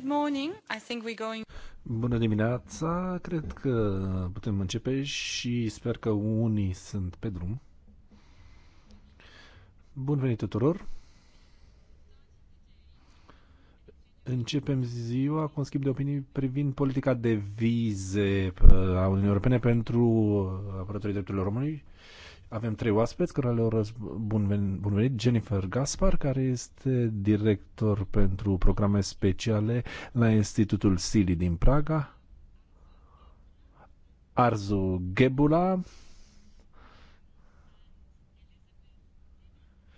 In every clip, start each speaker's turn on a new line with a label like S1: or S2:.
S1: Good morning. I think we're going...
S2: Bună dimineața, cred că putem începe și sper că unii sunt pe drum. Bun venit tuturor! Începem ziua cu un schimb de opinii privind politica de vize uh, a Uniunii Europene pentru uh, apărătorii drepturilor omului avem trei oaspeți care le-au bun, ven- bun venit. Jennifer Gaspar, care este director pentru programe speciale la Institutul Sili din Praga. Arzu Gebula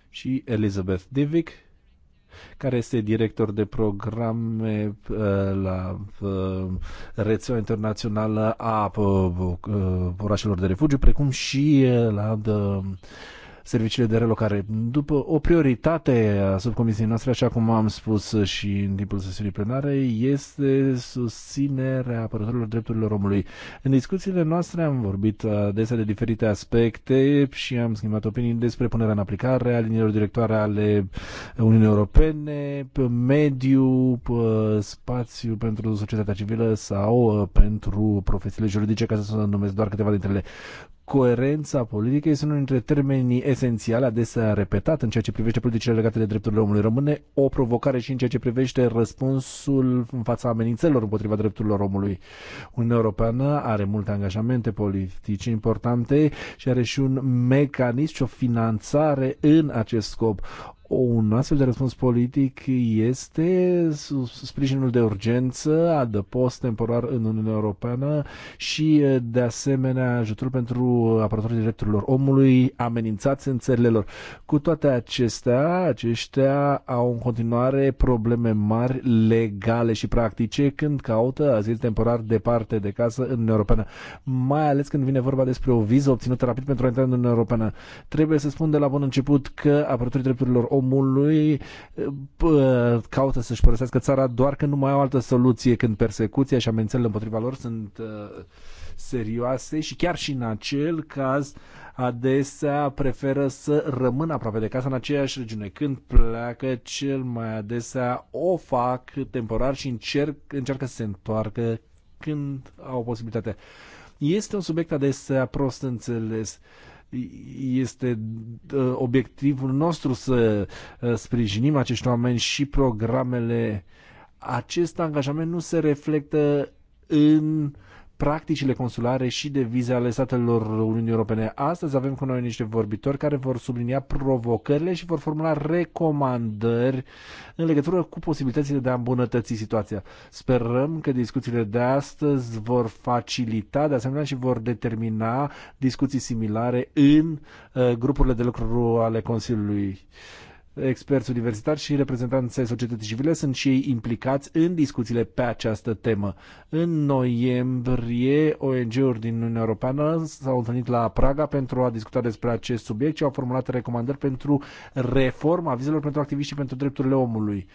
S2: și Elizabeth Divic, care este director de programe uh, la uh, rețeaua internațională a uh, orașelor de refugiu, precum și la serviciile de relocare. După o prioritate a subcomisiei noastre, așa cum am spus și în timpul sesiunii plenare, este susținerea apărătorilor drepturilor omului. În discuțiile noastre am vorbit adesea de diferite aspecte și am schimbat opinii despre punerea în aplicare a liniilor directoare ale Uniunii Europene, mediu, spațiu pentru societatea civilă sau uh, pentru profesiile juridice, ca să numesc doar câteva dintre ele coerența politică este unul dintre termenii esențiali, adesea repetat în ceea ce privește politicile legate de drepturile omului. Rămâne o provocare și în ceea ce privește răspunsul în fața amenințelor împotriva drepturilor omului. Uniunea Europeană are multe angajamente politice importante și are și un mecanism și o finanțare în acest scop. Un astfel de răspuns politic este sprijinul de urgență, adăpost temporar în Uniunea Europeană și, de asemenea, ajutorul pentru apărătorii drepturilor omului amenințați în țările lor. Cu toate acestea, aceștia au în continuare probleme mari legale și practice când caută azil temporar departe de casă în Uniunea Europeană, mai ales când vine vorba despre o viză obținută rapid pentru a intra în Uniunea Europeană. Trebuie să spun de la bun început că apărătorii drepturilor omului omului caută să-și părăsească țara doar că nu mai au altă soluție când persecuția și amenințările împotriva lor sunt uh, serioase și chiar și în acel caz adesea preferă să rămână aproape de casă în aceeași regiune. Când pleacă, cel mai adesea o fac temporar și încerc, încearcă să se întoarcă când au posibilitatea. Este un subiect adesea prost înțeles. Uh, este ă, obiectivul nostru să ă, sprijinim acești oameni și programele. Acest angajament nu se reflectă în uh, practicile consulare și de vize ale statelor Uniunii Europene. Astăzi avem cu noi niște vorbitori care vor sublinia provocările și vor formula recomandări în legătură cu posibilitățile de a îmbunătăți situația. Sperăm că discuțiile de astăzi vor facilita, de asemenea, și vor determina discuții similare în uh, grupurile de lucru ale Consiliului. Uh, experți universitari și reprezentanții societății civile sunt și ei implicați în discuțiile pe această temă. În noiembrie, ONG-uri din Uniunea Europeană s-au întâlnit la Praga pentru a discuta despre acest subiect și au formulat recomandări pentru reforma vizelor pentru activiști și pentru drepturile omului.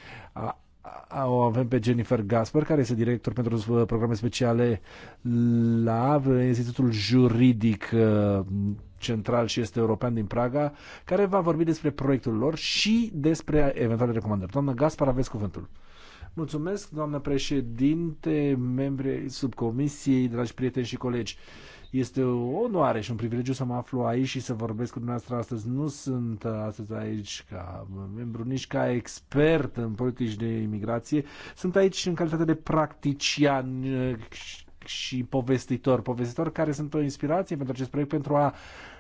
S2: O avem pe Jennifer Gasper, care este director pentru programe speciale la Institutul Juridic uh, central și este european din Praga, care va vorbi despre proiectul lor și despre eventuale recomandări. Doamna Gaspar, aveți cuvântul. Mulțumesc, doamnă președinte, membri subcomisiei, dragi prieteni și colegi. Este o onoare și un privilegiu să mă aflu aici și să vorbesc cu dumneavoastră astăzi. Nu sunt astăzi aici ca membru, nici ca expert în politici de imigrație. Sunt aici în calitate de practician și povestitor, povestitor care sunt o inspirație pentru acest proiect pentru a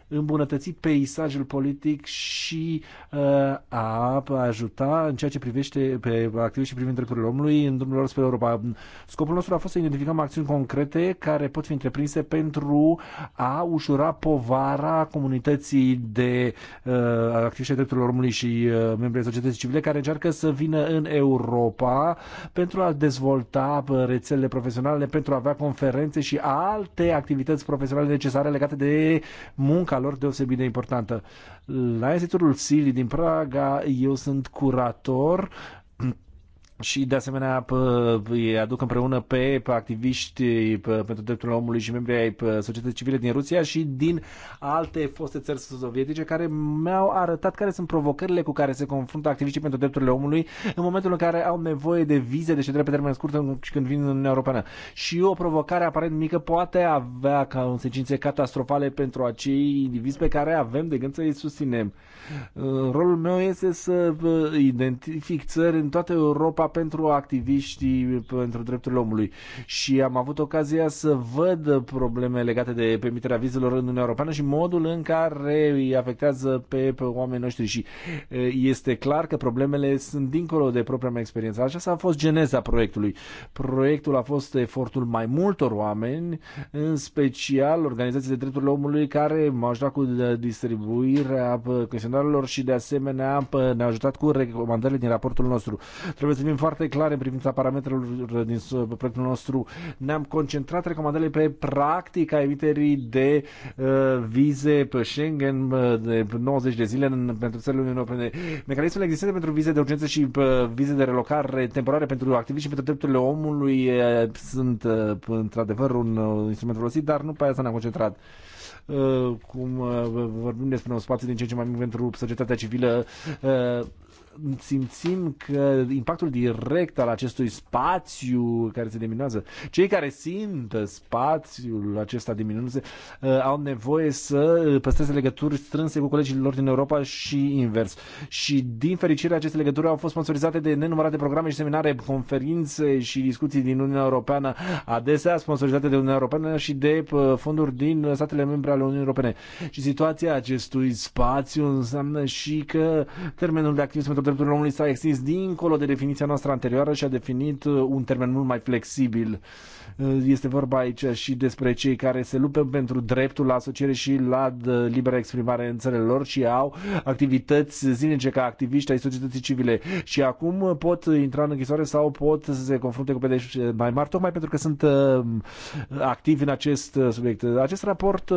S2: îmbunătăți peisajul politic și uh, a ajuta în ceea ce privește pe activiștii privind drepturile omului în drumul lor spre Europa. Scopul nostru a fost să identificăm acțiuni concrete care pot fi întreprinse pentru a ușura povara comunității de uh, activiști drepturilor omului și uh, membrii societății civile care încearcă să vină în Europa pentru a dezvolta uh, rețelele profesionale, pentru a avea conferențe și alte activități profesionale necesare legate de munca munca lor deosebit de importantă. La Institutul Sili din Praga eu sunt curator și de asemenea îi aduc împreună pe activiști pentru drepturile omului și membrii ai societății civile din Rusia și din alte foste țări sovietice care mi-au arătat care sunt provocările cu care se confruntă activiștii pentru drepturile omului în momentul în care au nevoie de vize de ședere pe termen scurt și când vin în Uniunea Europeană. Și o provocare aparent mică poate avea ca consecințe catastrofale pentru acei indivizi pe care avem de gând să îi susținem. Rolul meu este să identific țări în toată Europa pentru activiștii pentru drepturile omului și am avut ocazia să văd probleme legate de permiterea vizelor în Uniunea Europeană și modul în care îi afectează pe, pe oamenii noștri și este clar că problemele sunt dincolo de propria mea experiență. Aceasta a fost geneza proiectului. Proiectul a fost efortul mai multor oameni, în special organizații de drepturile omului care m-au ajutat cu distribuirea profesionalilor și de asemenea ne-a ajutat cu recomandările din raportul nostru. Trebuie să fim foarte clare în privința parametrelor din proiectul nostru. Ne-am concentrat recomandările pe practica emiterii de uh, vize pe Schengen uh, de 90 de zile în, pentru țările Uniunii Europene. Mecanismele existente pentru vize de urgență și uh, vize de relocare temporare pentru activiști și pentru drepturile omului uh, sunt uh, într-adevăr un uh, instrument folosit, dar nu pe asta ne am concentrat. Uh, Uh, cum uh, vorbim despre un spațiu din ce în ce mai mic pentru societatea civilă, uh, simțim că impactul direct al acestui spațiu care se diminuează, cei care simt spațiul acesta diminuându-se uh, au nevoie să păstreze legături strânse cu colegii lor din Europa și invers. Și din fericire aceste legături au fost sponsorizate de nenumărate programe și seminare, conferințe și discuții din Uniunea Europeană, adesea sponsorizate de Uniunea Europeană și de uh, fonduri din statele membre ale Uniunii Europene. Și situația acestui spațiu înseamnă și că termenul de activism drepturilor omului s-a extins dincolo de definiția noastră anterioară și a definit uh, un termen mult mai flexibil. Uh, este vorba aici și despre cei care se luptă pentru dreptul la asociere și la uh, liberă exprimare în țările lor și au activități zilnice ca activiști ai societății civile și acum pot intra în închisoare sau pot să se confrunte cu pedești mai mari, tocmai pentru că sunt activi în acest subiect. Acest raport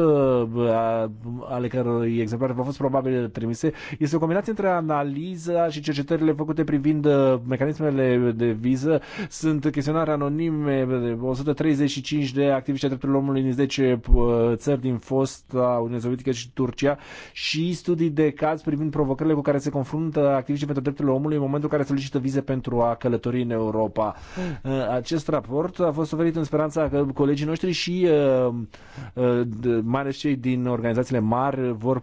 S2: ale cărui exemplare v-au fost probabil trimise este o combinație între analiza și și cercetările făcute privind uh, mecanismele de viză. Sunt chestionare anonime de 135 de activiști ai drepturilor omului din 10 uh, țări din fosta Uniunea Sovietică și Turcia și studii de caz privind provocările cu care se confruntă activiștii pentru drepturile omului în momentul în care solicită vize pentru a călători în Europa. Hmm. Uh, acest raport a fost oferit în speranța că colegii noștri și mai ales cei din organizațiile mari vor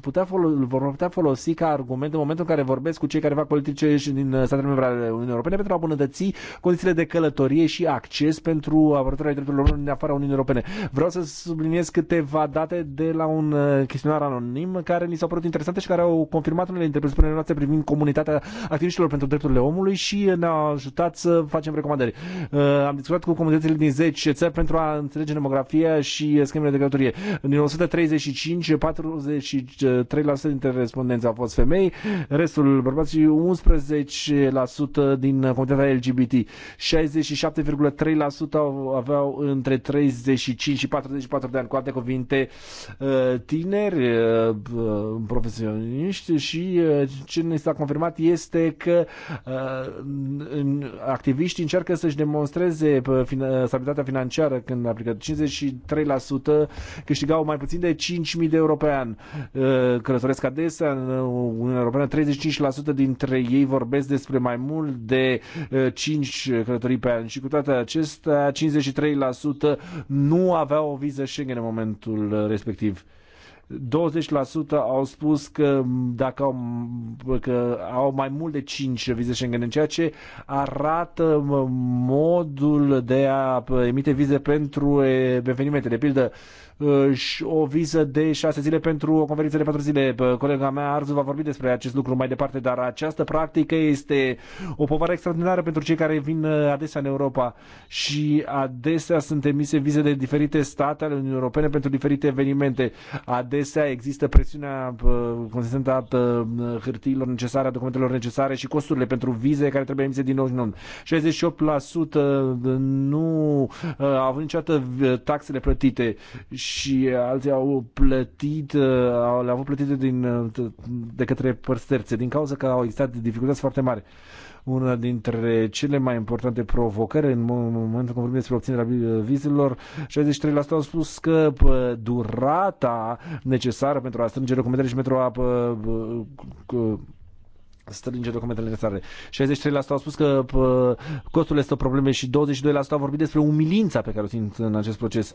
S2: putea, folosi, vor putea folosi ca argument în momentul în care vorbesc cu cei cei care fac politice și din uh, statele membre ale Uniunii Europene pentru a îmbunătăți condițiile de călătorie și acces pentru apărătorii drepturilor omului din afara Uniunii Europene. Vreau să subliniez câteva date de la un uh, chestionar anonim care ni s-au părut interesante și care au confirmat unele dintre presupunerile noastre privind comunitatea activiștilor pentru drepturile omului și ne-au ajutat să facem recomandări. Uh, am discutat cu comunitățile din 10 țări pentru a înțelege demografia și schemele de călătorie. Din 135, 43% dintre respondenți au fost femei, restul bărbați bărbați și 11% din comunitatea LGBT. 67,3% aveau între 35 și 44 de ani. Cu alte cuvinte, uh, tineri, uh, uh, profesioniști și ce ne s-a confirmat este că activiștii încearcă să-și demonstreze stabilitatea financiară când aplică 53% câștigau mai puțin de 5.000 de euro pe an. Călătoresc adesea în Uniunea Europeană, 35% 80% dintre ei vorbesc despre mai mult de 5 uh, călătorii pe an și cu toate acestea 53% nu aveau o viză Schengen în momentul uh, respectiv. 20% au spus că dacă au, că au mai mult de 5 vize Schengen, în ceea ce arată uh, modul de a emite vize pentru evenimente. De pildă, Uh, o viză de șase zile pentru o conferință de patru zile. Colega mea, Arzu, va vorbi despre acest lucru mai departe, dar această practică este o povară extraordinară pentru cei care vin uh, adesea în Europa și adesea sunt emise vize de diferite state ale Uniunii Europene pentru diferite evenimente. Adesea există presiunea consistentă a uh, hârtiilor necesare, a documentelor necesare și costurile pentru vize care trebuie emise din nou și nou. 68% nu au avut niciodată taxele plătite și și alții au plătit, uh, le-au avut plătite din, uh, de către părți terțe, din cauza că au existat dificultăți foarte mari. Una dintre cele mai importante provocări în momentul când vorbim despre obținerea uh, vizelor, 63% au spus că durata necesară pentru a strânge documentele și pentru a strânge documentele necesare. 63% au spus că costurile sunt o probleme și 22% au vorbit despre umilința pe care o simt în acest proces.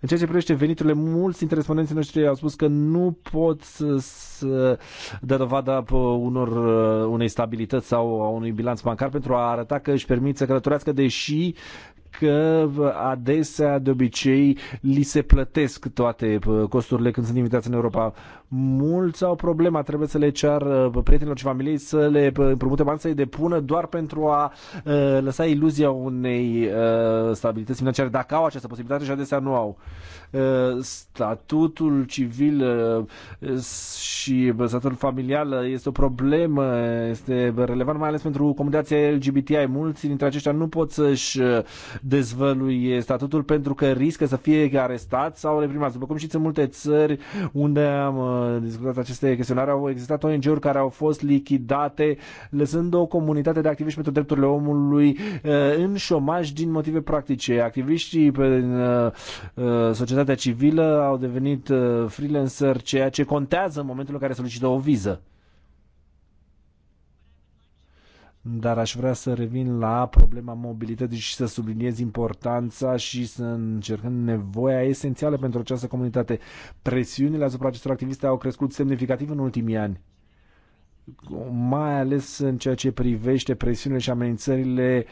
S2: În ceea ce privește veniturile, mulți dintre respondenții noștri au spus că nu pot să, să dă dovada unor, unei stabilități sau a unui bilanț bancar pentru a arăta că își permit să călătorească, deși că adesea, de obicei, li se plătesc toate uh, costurile când sunt invitați în Europa. Mulți au problema, trebuie să le ceară uh, prietenilor și familiei să le uh, împrumute bani să-i depună doar pentru a lăsa iluzia unei stabilități financiare, dacă au această posibilitate și adesea nu au. statutul civil și statutul familial este o problemă, este relevant mai ales pentru comunitatea LGBTI. Mulți dintre aceștia nu pot să-și dezvăluie statutul pentru că riscă să fie arestat sau reprimat. După cum știți, în multe țări unde am uh, discutat aceste chestionare au existat ONG-uri care au fost lichidate, lăsând o comunitate de activiști pentru drepturile omului uh, în șomaj din motive practice. Activiștii din uh, societatea civilă au devenit freelancer, ceea ce contează în momentul în care solicită o viză. dar aș vrea să revin la problema mobilității și să subliniez importanța și să încercăm nevoia esențială pentru această comunitate. Presiunile asupra acestor activiste au crescut semnificativ în ultimii ani mai ales în ceea ce privește presiunile și amenințările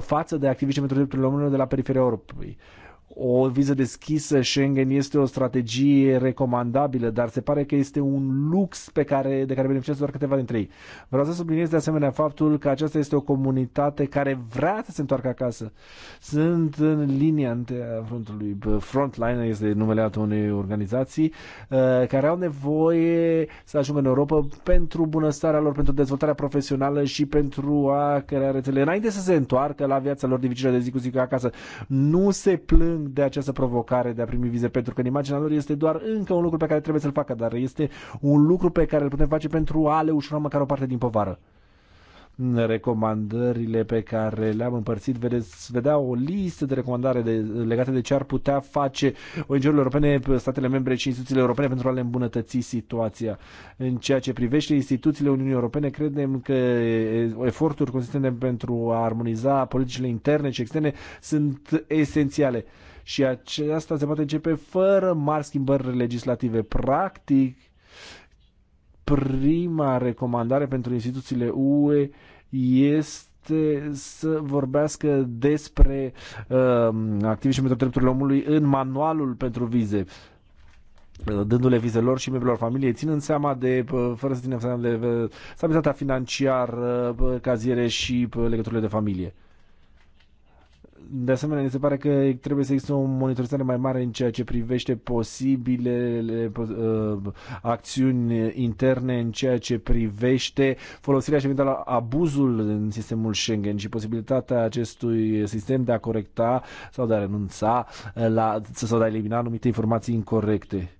S2: față de activiști pentru drepturile omului de la periferia Europei. Uh, o viză deschisă Schengen este o strategie recomandabilă, dar se pare că este un lux pe care, de care beneficiază doar câteva dintre ei. Vreau să subliniez de asemenea faptul că aceasta este o comunitate care vrea să se întoarcă acasă. Sunt în linia frontului, Frontline este numele unei organizații, uh, care au nevoie să ajungă în Europa pentru bunăstarea lor, pentru dezvoltarea profesională și pentru a crea rețele. Înainte să se întoarcă la viața lor dificilă de zi cu zi acasă, nu se plâng plâng de această provocare de a primi vize, pentru că în imaginea lor este doar încă un lucru pe care trebuie să-l facă, dar este un lucru pe care îl putem face pentru a le ușura măcar o parte din povară recomandările pe care le-am împărțit, vedeți, vedea o listă de recomandare de, legate de ce ar putea face ONG-urile europene, statele membre și instituțiile europene pentru a le îmbunătăți situația. În ceea ce privește instituțiile Uniunii Europene, credem că eforturi consistente pentru a armoniza politicile interne și externe sunt esențiale și aceasta se poate începe fără mari schimbări legislative. Practic, prima recomandare pentru instituțiile UE este să vorbească despre uh, um, și pentru drepturile omului în manualul pentru vize uh, dându-le vizelor și membrilor familiei, ținând seama de, uh, fără să ținem seama de uh, stabilitatea financiară, caziere și legăturile de familie. De asemenea, mi se pare că trebuie să există o monitorizare mai mare în ceea ce privește posibilele uh, acțiuni interne, în ceea ce privește folosirea și eventual abuzul în sistemul Schengen și posibilitatea acestui sistem de a corecta sau de a renunța la, sau de a elimina anumite informații incorrecte.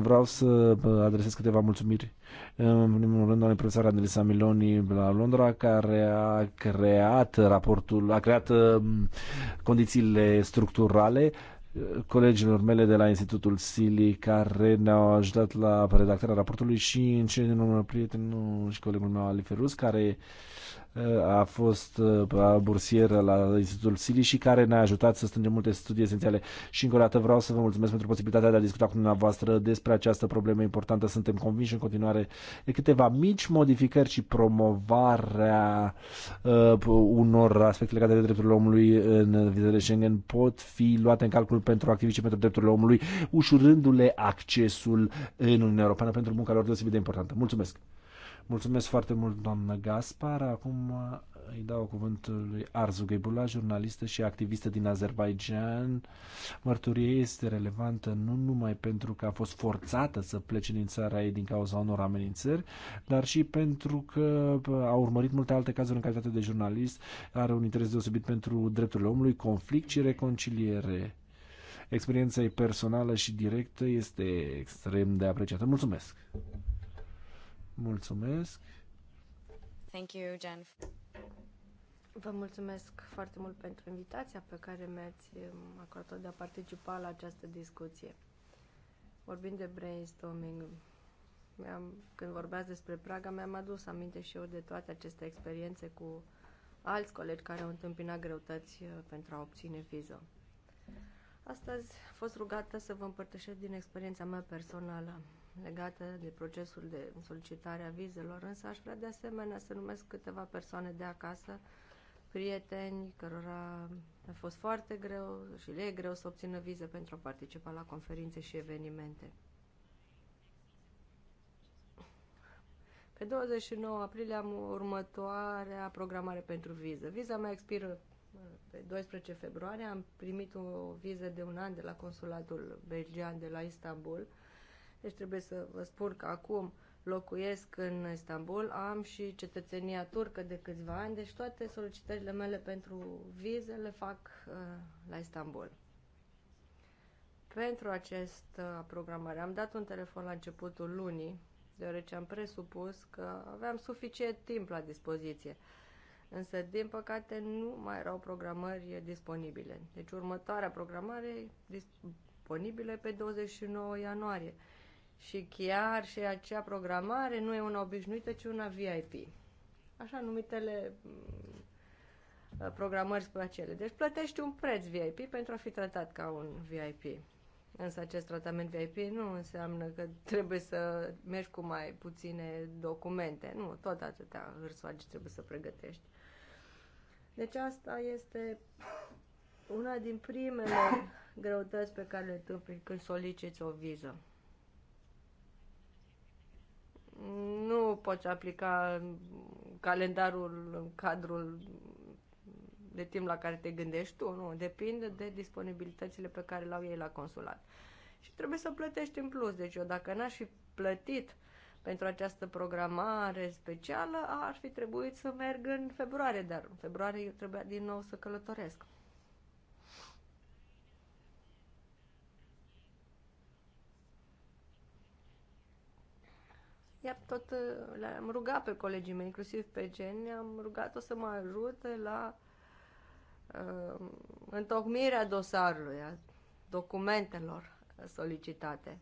S2: Vreau să adresez câteva mulțumiri în primul rând, doamne profesor Andrisa Miloni la Londra, care a creat raportul, a creat uh, condițiile structurale uh, colegilor mele de la Institutul Sili care ne-au ajutat la redactarea raportului și în ce din urmă prietenul și colegul meu Ali Ferus care uh, a fost bursieră la Institutul Sili și care ne-a ajutat să strângem multe studii esențiale. Și încă o dată vreau să vă mulțumesc pentru posibilitatea de a discuta cu dumneavoastră despre această problemă importantă. Suntem convinși în continuare de câteva mici modificări și promovarea uh, unor aspecte legate de drepturile omului în vizele Schengen pot fi luate în calcul pentru activiști pentru drepturile omului, ușurându-le accesul în Uniunea Europeană pentru munca lor deosebit de importantă. Mulțumesc! Mulțumesc foarte mult, doamnă Gaspar. Acum uh, îi dau cuvântul lui Arzu Ghebula, jurnalistă și activistă din Azerbaijan. Mărturie este relevantă nu numai pentru că a fost forțată să plece din țara ei din cauza unor amenințări, dar și pentru că a urmărit multe alte cazuri în calitate de jurnalist, are un interes deosebit pentru drepturile omului, conflict și reconciliere. Experiența ei personală și directă este extrem de apreciată. Mulțumesc! Mulțumesc.
S3: Thank you, Jen. Vă mulțumesc foarte mult pentru invitația pe care mi-ați um, acordat de a participa la această discuție. Vorbind de brainstorming, am când vorbeați despre Praga, mi-am adus aminte și eu de toate aceste experiențe cu alți colegi care au întâmpinat greutăți uh, pentru a obține viză. Astăzi a fost rugată să vă împărtășesc din experiența mea personală legate de procesul de solicitare a vizelor, însă aș vrea de asemenea să numesc câteva persoane de acasă, prieteni cărora a fost foarte greu și le e greu să obțină vize pentru a participa la conferințe și evenimente. Pe 29 aprilie am următoarea programare pentru viză. Viza mea expiră pe 12 februarie. Am primit o viză de un an de la consulatul belgian de la Istanbul deci trebuie să vă spun că acum locuiesc în Istanbul, am și cetățenia turcă de câțiva ani, deci toate solicitările mele pentru vize le fac uh, la Istanbul. Pentru această uh, programare am dat un telefon la începutul lunii, deoarece am presupus că aveam suficient timp la dispoziție. Însă, din păcate, nu mai erau programări disponibile. Deci, următoarea programare disponibilă pe 29 ianuarie. Și chiar și acea programare nu e una obișnuită, ci una VIP. Așa numitele mm, programări speciale. Deci plătești un preț VIP pentru a fi tratat ca un VIP. Însă acest tratament VIP nu înseamnă că trebuie să mergi cu mai puține documente. Nu, tot atâtea hârsoage trebuie să pregătești. Deci asta este una din primele greutăți pe care le întâmpli când soliciți o viză nu poți aplica calendarul în cadrul de timp la care te gândești tu, nu, depinde de disponibilitățile pe care le au ei la consulat. Și trebuie să plătești în plus, deci eu dacă n-aș fi plătit pentru această programare specială, ar fi trebuit să merg în februarie, dar în februarie eu trebuia din nou să călătoresc. Iar tot uh, le-am rugat pe colegii mei, inclusiv pe Gen, am rugat-o să mă ajute la uh, întocmirea dosarului, a documentelor solicitate.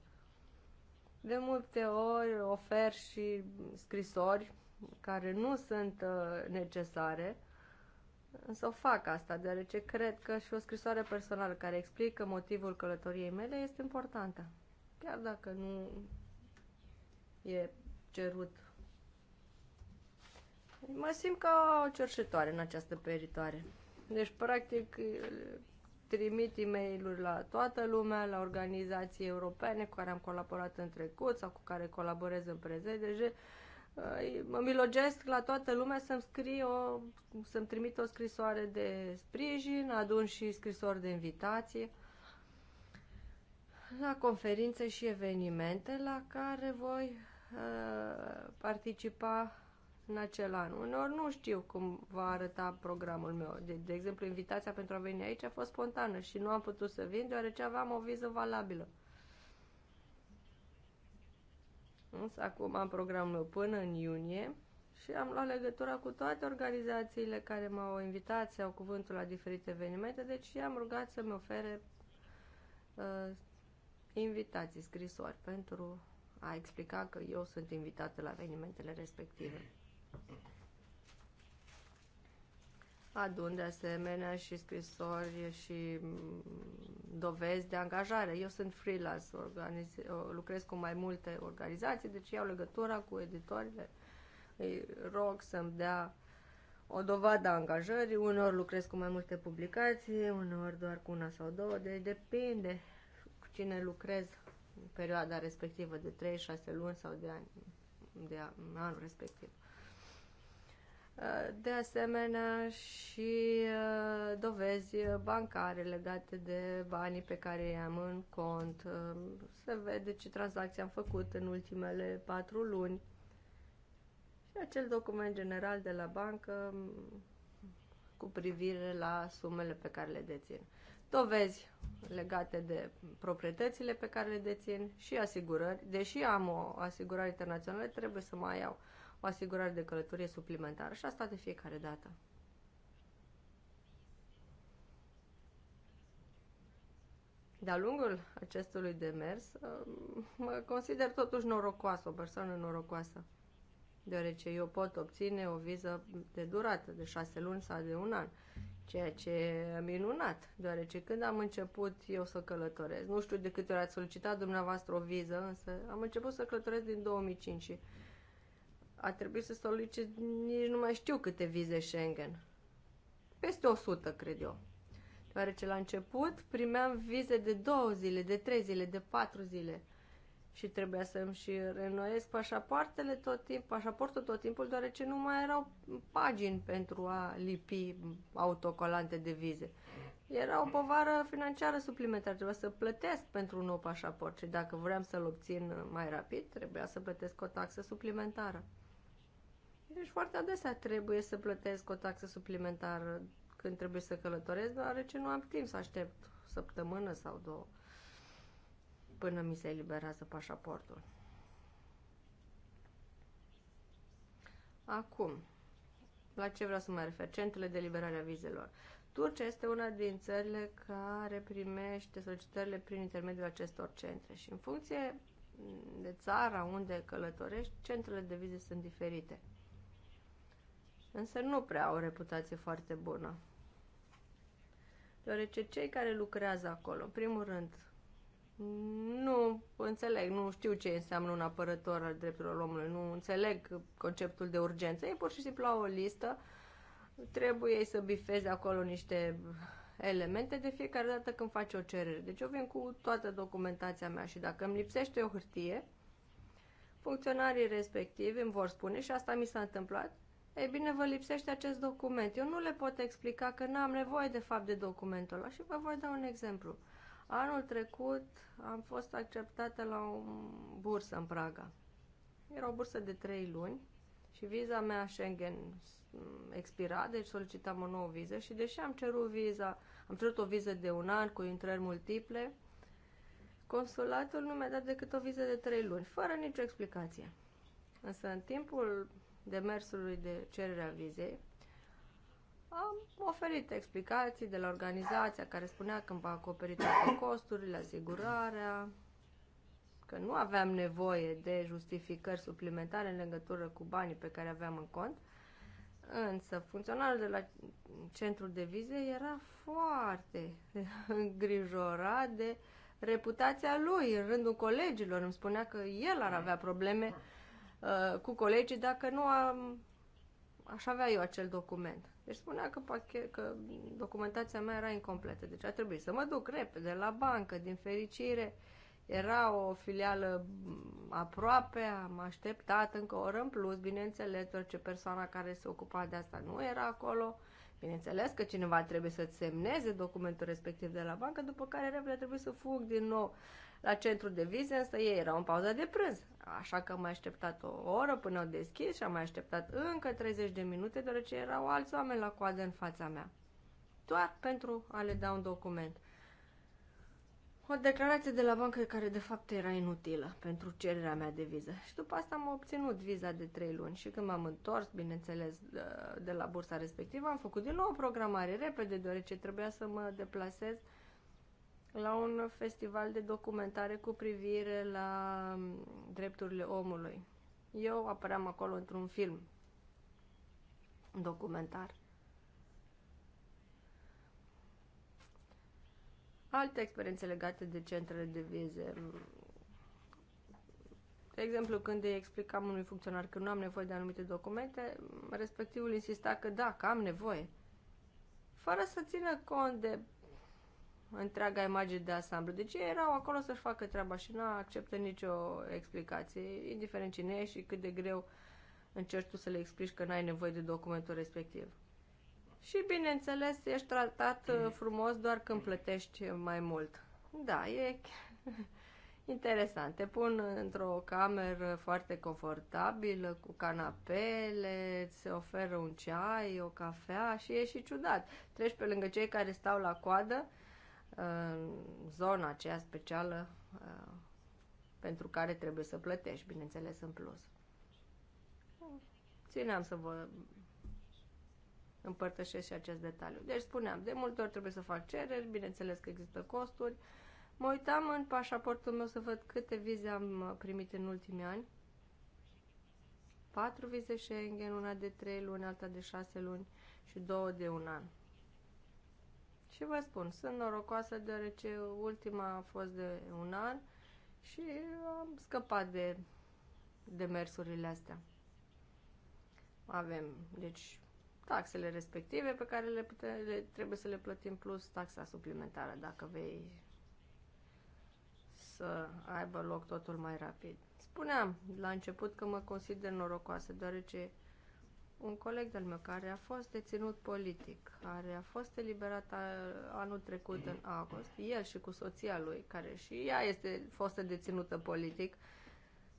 S3: De multe ori ofer și scrisori care nu sunt uh, necesare, însă o fac asta, deoarece cred că și o scrisoare personală care explică motivul călătoriei mele este importantă, chiar dacă nu e cerut. Mă simt ca o cerșetoare în această peritoare. Deci, practic, trimit e mail la toată lumea, la organizații europene cu care am colaborat în trecut sau cu care colaborez în prezent. Deci, eh, mă milogesc la toată lumea să-mi scrie o, să-mi trimit o scrisoare de sprijin, adun și scrisori de invitație la conferințe și evenimente la care voi Uh, participa în acel an. Unor nu știu cum va arăta programul meu. De, de exemplu, invitația pentru a veni aici a fost spontană și nu am putut să vin deoarece aveam o viză valabilă. Însă acum am programul meu până în iunie și am luat legătura cu toate organizațiile care m-au invitat au cuvântul la diferite evenimente, deci i-am rugat să-mi ofere uh, invitații, scrisori pentru a explica că eu sunt invitată la evenimentele respective. Adun de asemenea și scrisori și dovezi de angajare. Eu sunt freelance, organiz- lucrez cu mai multe organizații, deci iau legătura cu editorile. Îi rog să-mi dea o dovadă a angajării, unor lucrez cu mai multe publicații, unor doar cu una sau două, deci depinde cu cine lucrez perioada respectivă de 3-6 luni sau de, ani, de anul respectiv. Uh, de asemenea și uh, dovezi bancare legate de banii pe care i-am în cont. Uh, se vede ce tranzacții am făcut în ultimele patru luni. Și acel document general de la bancă mm, cu privire la sumele pe care le dețin dovezi legate de proprietățile pe care le dețin și asigurări. Deși am o asigurare internațională, trebuie să mai iau o asigurare de călătorie suplimentară și asta de fiecare dată. De-a lungul acestui demers, um, mă consider totuși norocoasă, o persoană norocoasă, deoarece eu pot obține o viză de durată de șase luni sau de un an Ceea ce e minunat, deoarece când am început eu să călătoresc, nu știu de câte ori ați solicitat dumneavoastră o viză, însă am început să călătoresc din 2005 și a trebuit să solicit nici nu mai știu câte vize Schengen. Peste 100, cred eu. Deoarece la început primeam vize de două zile, de trei zile, de patru zile – și trebuia să-mi și renoiesc pașapoartele tot timp, pașaportul tot timpul, deoarece nu mai erau pagini pentru a lipi autocolante de vize. Era o povară financiară suplimentară, trebuia să plătesc pentru un nou pașaport și dacă vreau să-l obțin mai rapid, trebuia să plătesc o taxă suplimentară. Deci foarte adesea trebuie să plătesc o taxă suplimentară când trebuie să călătoresc, deoarece nu am timp să aștept săptămână sau două până mi se eliberează pașaportul. Acum, la ce vreau să mă refer? Centrele de liberare a vizelor. Turcia este una din țările care primește solicitările prin intermediul acestor centre și în funcție de țara unde călătorești, centrele de vize sunt diferite. Însă nu prea au o reputație foarte bună. Deoarece cei care lucrează acolo, în primul rând, nu înțeleg, nu știu ce înseamnă un apărător al drepturilor omului, nu înțeleg conceptul de urgență. Ei pur și simplu au o listă, trebuie ei să bifeze acolo niște elemente de fiecare dată când faci o cerere. Deci eu vin cu toată documentația mea și dacă îmi lipsește o hârtie, funcționarii respectivi îmi vor spune și asta mi s-a întâmplat, ei bine, vă lipsește acest document. Eu nu le pot explica că n-am nevoie de fapt de documentul ăla și vă voi da un exemplu. Anul trecut am fost acceptată la o bursă în Praga. Era o bursă de trei luni și viza mea Schengen expira, deci solicitam o nouă viză și deși am cerut viza, am cerut o viză de un an cu intrări multiple, consulatul nu mi-a dat decât o viză de trei luni, fără nicio explicație. Însă în timpul demersului de cerere a vizei, am oferit explicații de la organizația care spunea că îmi va acoperi toate costurile, asigurarea, că nu aveam nevoie de justificări suplimentare în legătură cu banii pe care aveam în cont, însă funcționarul de la centrul de vize era foarte îngrijorat de reputația lui în rândul colegilor. Îmi spunea că el ar avea probleme uh, cu colegii dacă nu am, aș avea eu acel document. Deci spunea că, pachet, că documentația mea era incompletă, deci a trebuit să mă duc repede la bancă, din fericire. Era o filială aproape, am așteptat încă o oră în plus, bineînțeles, orice persoana care se ocupa de asta nu era acolo. Bineînțeles că cineva trebuie să-ți semneze documentul respectiv de la bancă, după care repede trebuie să fug din nou la centru de vize, însă ei erau în pauză de prânz. Așa că am mai așteptat o oră până au deschis și am mai așteptat încă 30 de minute, deoarece erau alți oameni la coadă în fața mea. Doar pentru a le da un document. O declarație de la bancă care de fapt era inutilă pentru cererea mea de viză. Și după asta am obținut viza de 3 luni și când m-am întors, bineînțeles, de la bursa respectivă, am făcut din nou o programare repede, deoarece trebuia să mă deplasez uh, la un festival de documentare cu privire la mm, drepturile omului. Eu apăream acolo într-un film documentar. Alte experiențe legate de centrele de vize. Mm. De exemplu, când îi explicam unui funcționar că nu am nevoie de anumite documente, mm, respectivul insista că da, că am nevoie. Fără să țină cont de întreaga imagine de ansamblu. Deci ei erau acolo să-și facă treaba și nu acceptă nicio explicație, indiferent cine e și cât de greu încerci tu să le explici că n-ai nevoie de documentul respectiv. Și bineînțeles, ești tratat uh, frumos doar când plătești mai mult. Da, e interesant. Te pun într-o cameră foarte confortabilă, cu canapele, îți oferă un ceai, o cafea și e și ciudat. Treci pe lângă cei care stau la coadă zona aceea specială uh, pentru care trebuie să plătești, bineînțeles, în plus. Țineam să vă împărtășesc și acest detaliu. Deci spuneam, de multe ori trebuie să fac cereri, bineînțeles că există costuri. Mă uitam în pașaportul meu să văd câte vize am primit în ultimii ani. Patru vize Schengen, una de trei luni, alta de șase luni și două de un an. Și vă spun, sunt norocoasă deoarece ultima a fost de un an și am scăpat de demersurile astea. Avem, deci, taxele respective pe care le, putem, le trebuie să le plătim plus taxa suplimentară dacă vei să aibă loc totul mai rapid. Spuneam la început că mă consider norocoasă deoarece un coleg de-al meu care a fost deținut politic, care a fost eliberat anul trecut în august, el și cu soția lui, care și ea este fostă deținută politic,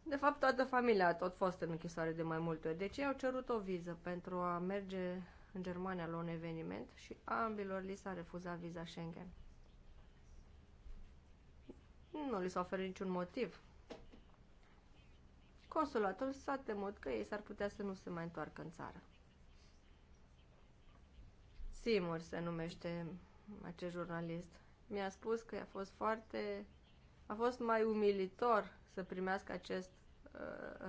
S3: de fapt toată familia a tot fost în închisoare de mai multe ori, deci ei au cerut o viză pentru a merge în Germania la un eveniment și ambilor li s-a refuzat viza Schengen. Nu li s-a oferit niciun motiv Consulatul s-a temut că ei s-ar putea să nu se mai întoarcă în țară. Simur se numește acest jurnalist. Mi-a spus că a fost foarte... A fost mai umilitor să primească acest uh,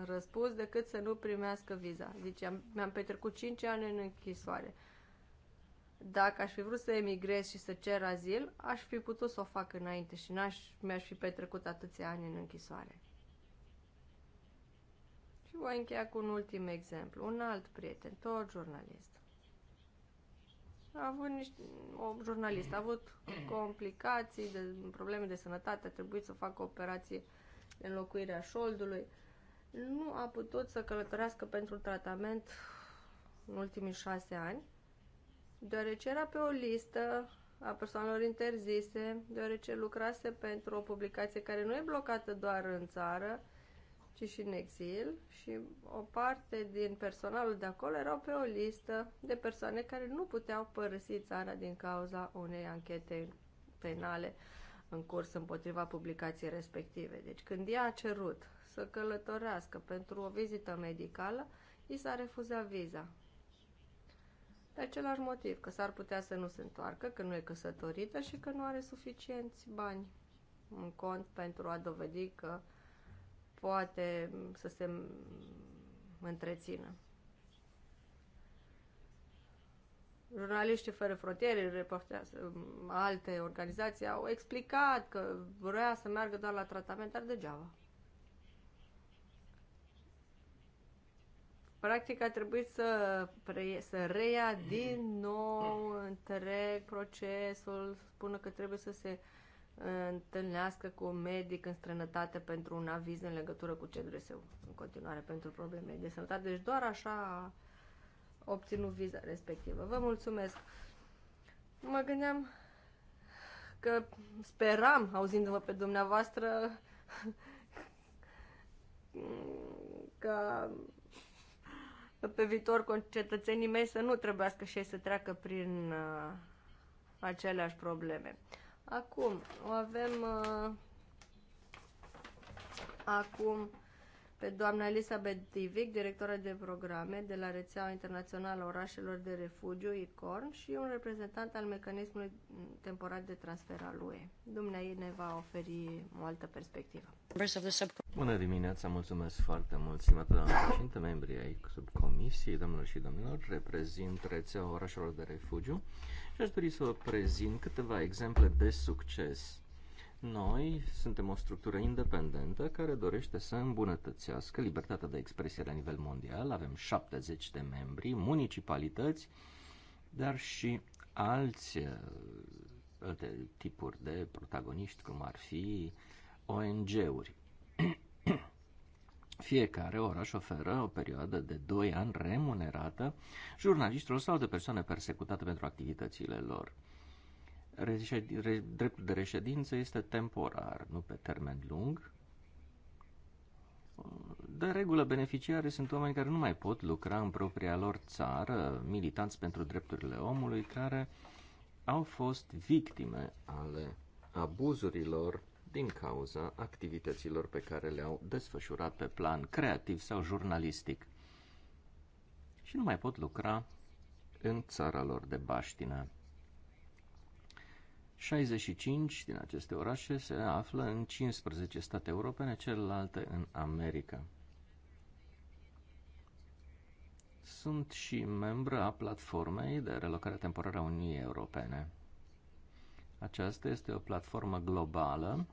S3: răspuns decât să nu primească viza. Zice, am, mi-am petrecut 5 ani în închisoare. Dacă aș fi vrut să emigrez și să cer azil, aș fi putut să o fac înainte și n-aș, mi-aș fi petrecut atâția ani în închisoare. Și voi încheia cu un ultim exemplu. Un alt prieten, tot jurnalist. A avut niște, o jurnalist a avut complicații, de, probleme de sănătate, a trebuit să facă operație de înlocuire a șoldului. Nu a putut să călătorească pentru tratament în ultimii șase ani, deoarece era pe o listă a persoanelor interzise, deoarece lucrase pentru o publicație care nu e blocată doar în țară, ci și în exil și o parte din personalul de acolo erau pe o listă de persoane care nu puteau părăsi țara din cauza unei anchete penale în curs împotriva publicației respective. Deci când ea a cerut să călătorească pentru o vizită medicală, i s-a refuzat viza. De același motiv, că s-ar putea să nu se întoarcă, că nu e căsătorită și că nu are suficienți bani în cont pentru a dovedi că uh, poate să se întrețină. Jurnaliștii Fără Frontiere, alte organizații au explicat că vrea să meargă doar la tratament, dar degeaba. Practic a trebuit să, preie, să reia din nou întreg procesul, spună că trebuie să se uh, întâlnească cu un medic în străinătate pentru un aviz în legătură cu CDRS-ul în continuare pentru probleme de sănătate. Deci doar așa a obținut viza respectivă. Vă mulțumesc! Mă gândeam că speram, auzindu-vă pe dumneavoastră, că pe viitor cetățenii mei să nu trebuiască și ei să treacă prin uh, aceleași probleme. Acum, o avem uh, acum pe doamna Elisabeth Divic, directoră de programe de la rețeaua internațională a orașelor de refugiu, ICORN, și un reprezentant al mecanismului temporar de transfer al UE. Dumnezeu ne va oferi o altă perspectivă.
S4: Bună dimineața, mulțumesc foarte mult, stimată doamnă președinte, membrii ai subcomisiei, domnilor și domnilor, reprezint rețeaua orașelor de refugiu și aș dori să vă prezint câteva exemple de succes. Noi suntem o structură independentă care dorește să îmbunătățească libertatea de expresie la nivel mondial. Avem 70 de membri, municipalități, dar și alți uh, alte tipuri de protagoniști, cum ar fi ONG-uri. Fiecare oraș oferă o perioadă de 2 ani remunerată jurnaliștilor sau de persoane persecutate pentru activitățile lor. Dreptul de reședință este temporar, nu pe termen lung. De regulă, beneficiare sunt oameni care nu mai pot lucra în propria lor țară, militanți pentru drepturile omului, care au fost victime ale abuzurilor din cauza activităților pe care le-au desfășurat pe plan creativ sau jurnalistic și nu mai pot lucra în țara lor de baștină. 65 din aceste orașe se află în 15 state europene, celelalte în America. Sunt și membră a platformei de relocare temporară a Uniunii Europene. Aceasta este o platformă globală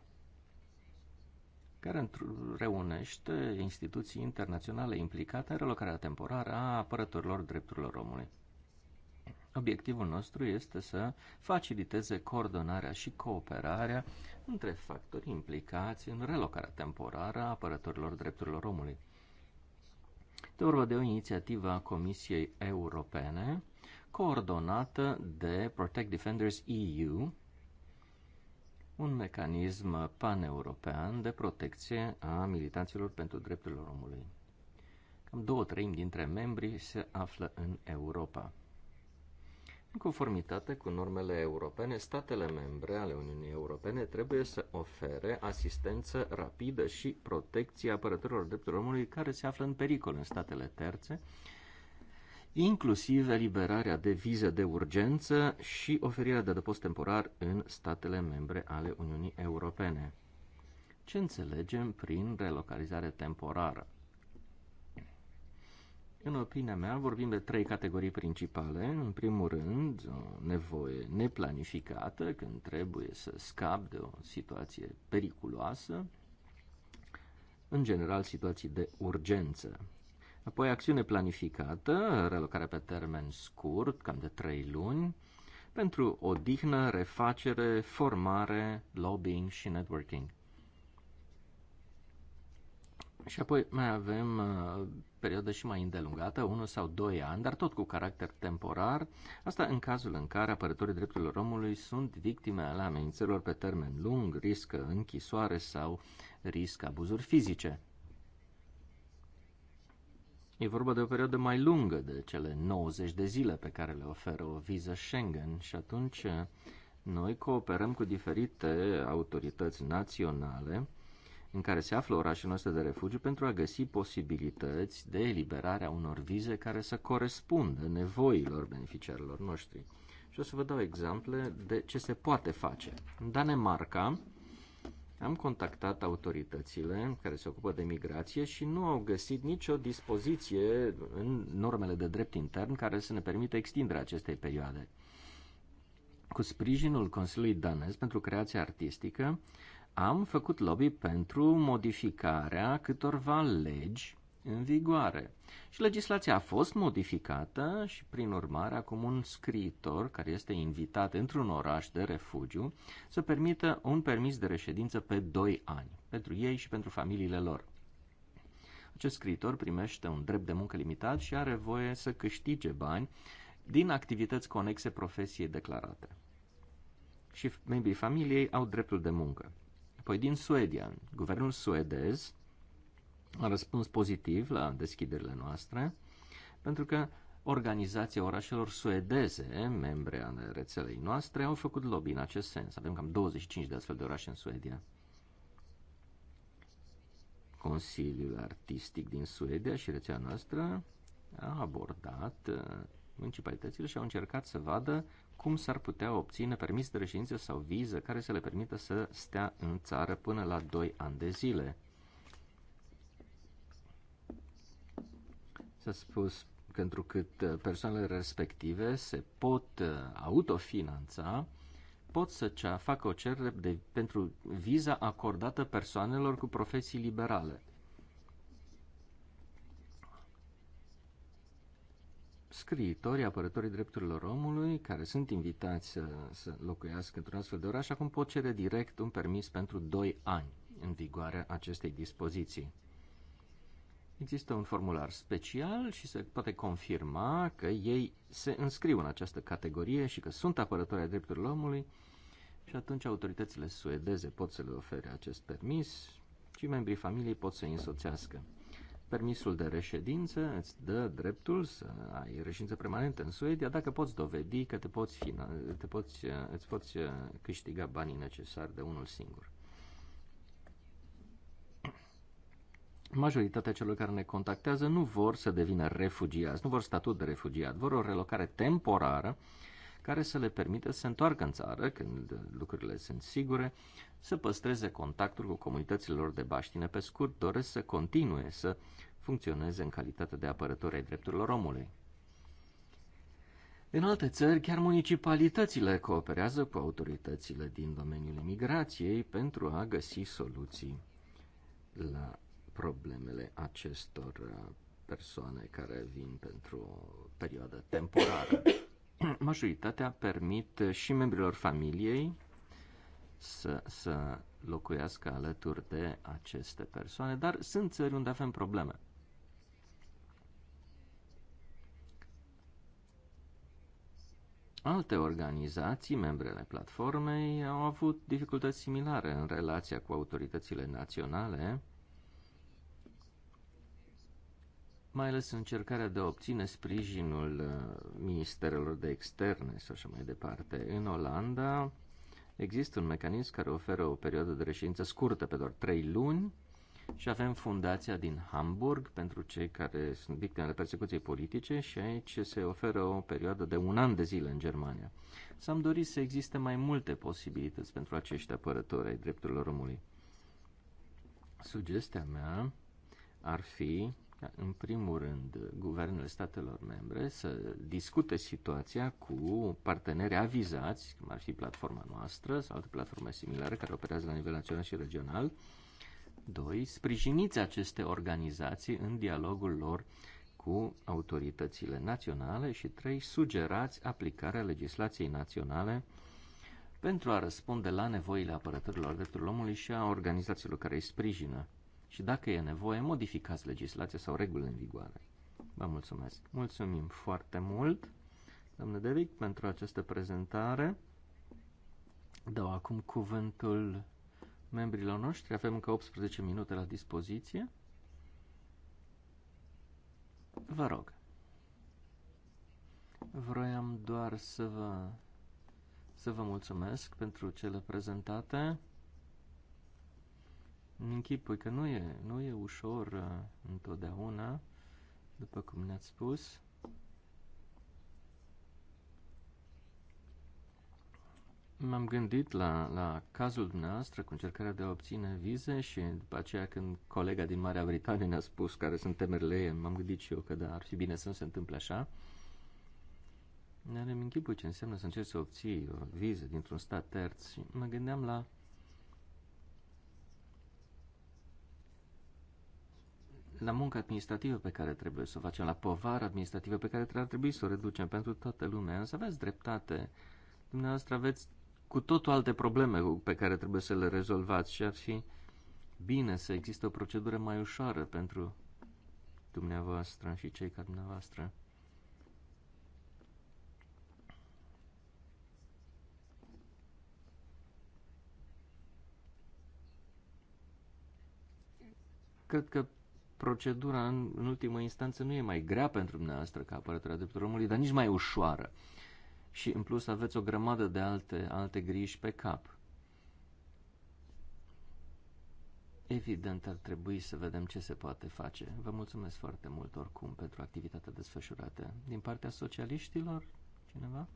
S4: care reunește instituții internaționale implicate în relocarea temporară a apărătorilor drepturilor omului. Obiectivul nostru este să faciliteze coordonarea și cooperarea între factori implicați în relocarea temporară a apărătorilor drepturilor omului. Este vorba de o inițiativă a Comisiei Europene coordonată de Protect Defenders EU, un mecanism paneuropean de protecție a militanților pentru drepturile omului. Cam două treimi dintre membrii se află în Europa. În conformitate cu normele europene, statele membre ale Uniunii Europene trebuie să ofere asistență rapidă și protecție apărătorilor drepturilor omului care se află în pericol în statele terțe inclusiv eliberarea de vize de urgență și oferirea de adăpost temporar în statele membre ale Uniunii Europene. Ce înțelegem prin relocalizare temporară? În opinia mea, vorbim de trei categorii principale. În primul rând, o nevoie neplanificată, când trebuie să scap de o situație periculoasă, în general situații de urgență. Apoi acțiune planificată, relocare pe termen scurt, cam de 3 luni, pentru odihnă, refacere, formare, lobbying și networking. Și apoi mai avem uh, perioadă și mai îndelungată, 1 sau 2 ani, dar tot cu caracter temporar, asta în cazul în care apărătorii drepturilor omului sunt victime ale amenințelor pe termen lung, riscă închisoare sau riscă abuzuri fizice. E vorba de o perioadă mai lungă de cele 90 de zile pe care le oferă o viză Schengen și atunci eh, noi cooperăm cu diferite autorități naționale în care se află orașul nostru de refugiu pentru a găsi posibilități de eliberare a unor vize care să corespundă nevoilor beneficiarilor noștri. Și o să vă dau exemple de ce se poate face. În Danemarca, am contactat autoritățile care se ocupă de migrație și nu au găsit nicio dispoziție în normele de drept intern care să ne permită extinderea acestei perioade. Cu sprijinul Consiliului Danez pentru creația artistică, am făcut lobby pentru modificarea câtorva legi în vigoare. Și legislația a fost modificată și, prin urmare, acum un scriitor care este invitat într-un oraș de refugiu să permită un permis de reședință pe 2 ani, pentru ei și pentru familiile lor. Acest scriitor primește un drept de muncă limitat și are voie să câștige bani din activități conexe profesiei declarate. Și membrii familiei au dreptul de muncă. Apoi din Suedia, guvernul suedez a răspuns pozitiv la deschiderile noastre, pentru că organizația orașelor suedeze, membre ale rețelei noastre, au făcut lobby în acest sens. Avem cam 25 de astfel de orașe în Suedia. Consiliul Artistic din Suedia și rețea noastră a abordat uh, municipalitățile și au încercat să vadă cum s-ar putea obține permis de reședință sau viză care să le permită să stea în țară până la 2 ani de zile. Asta spus pentru că uh, persoanele respective se pot uh, autofinanța, pot să cea, facă o cerere de, pentru viza acordată persoanelor cu profesii liberale. scriitorii, apărătorii drepturilor omului, care sunt invitați să, să locuiască într-un astfel de oraș, acum pot cere direct un permis pentru 2 ani în vigoarea acestei dispoziții. Există un formular special și se poate confirma că ei se înscriu în această categorie și că sunt apărători ai drepturilor omului și atunci autoritățile suedeze pot să le ofere acest permis și membrii familiei pot să îi însoțească. Permisul de reședință îți dă dreptul să ai reședință permanentă în Suedia dacă poți dovedi că te poți, te poți, uh, îți poți uh, câștiga banii necesari de unul singur. majoritatea celor care ne contactează nu vor să devină refugiați, nu vor statut de refugiat, vor o relocare temporară care să le permită să se întoarcă în țară când lucrurile sunt sigure, să păstreze contactul cu comunitățile lor de baștine. Pe scurt, doresc să continue să funcționeze în calitate de apărători ai drepturilor omului. În alte țări, chiar municipalitățile cooperează cu autoritățile din domeniul imigrației pentru a găsi soluții la problemele acestor uh, persoane care vin pentru o perioadă temporară. Majoritatea permit și membrilor familiei să, să locuiască alături de aceste persoane, dar sunt țări unde avem probleme. Alte organizații, membrele platformei, au avut dificultăți similare în relația cu autoritățile naționale mai ales încercarea de a obține sprijinul uh, ministerelor de externe sau așa mai departe. În Olanda există un mecanism care oferă o perioadă de reședință scurtă pe doar trei luni și avem fundația din Hamburg pentru cei care sunt victimele persecuției politice și aici se oferă o perioadă de un an de zile în Germania. S-am dorit să existe mai multe posibilități pentru acești apărători ai drepturilor omului. Sugestia mea ar fi în primul rând, guvernele statelor membre să discute situația cu parteneri avizați, cum ar fi platforma noastră sau alte platforme similare care operează la nivel național și regional. Doi, sprijiniți aceste organizații în dialogul lor cu autoritățile naționale și trei, sugerați aplicarea legislației naționale pentru a răspunde la nevoile apărătorilor drepturilor omului și a organizațiilor care îi sprijină și dacă e nevoie, modificați legislația sau regulile în vigoare. Vă mulțumesc. Mulțumim foarte mult, domnule Deric, pentru această prezentare. Dau acum cuvântul membrilor noștri. Avem încă 18 minute la dispoziție. Vă rog. Vroiam doar să vă, să vă mulțumesc pentru cele prezentate închipui că nu e, nu e ușor uh, întotdeauna, după cum ne-ați spus. M-am gândit la, la cazul dumneavoastră cu încercarea de a obține vize și după aceea când colega din Marea Britanie ne-a spus care sunt temerile ei, m-am gândit și eu că da, ar fi bine să nu se întâmple așa. Ne-am închipui ce înseamnă să încerci să obții o uh, viză dintr-un stat terț și mă gândeam la la munca administrativă pe care trebuie să o facem, la povara administrativă pe care ar trebui să o reducem pentru toată lumea, însă aveți dreptate. Dumneavoastră aveți cu totul alte probleme pe care trebuie să le rezolvați și ar fi bine să existe o procedură mai ușoară pentru dumneavoastră și cei ca dumneavoastră. Cred că procedura în, în ultimă instanță nu e mai grea pentru dumneavoastră ca apărătoarea drepturilor omului, dar nici mai ușoară. Și în plus aveți o grămadă de alte, alte griji pe cap. Evident, ar trebui să vedem ce se poate face. Vă mulțumesc foarte mult oricum pentru activitatea desfășurată. Din partea socialiștilor, cineva?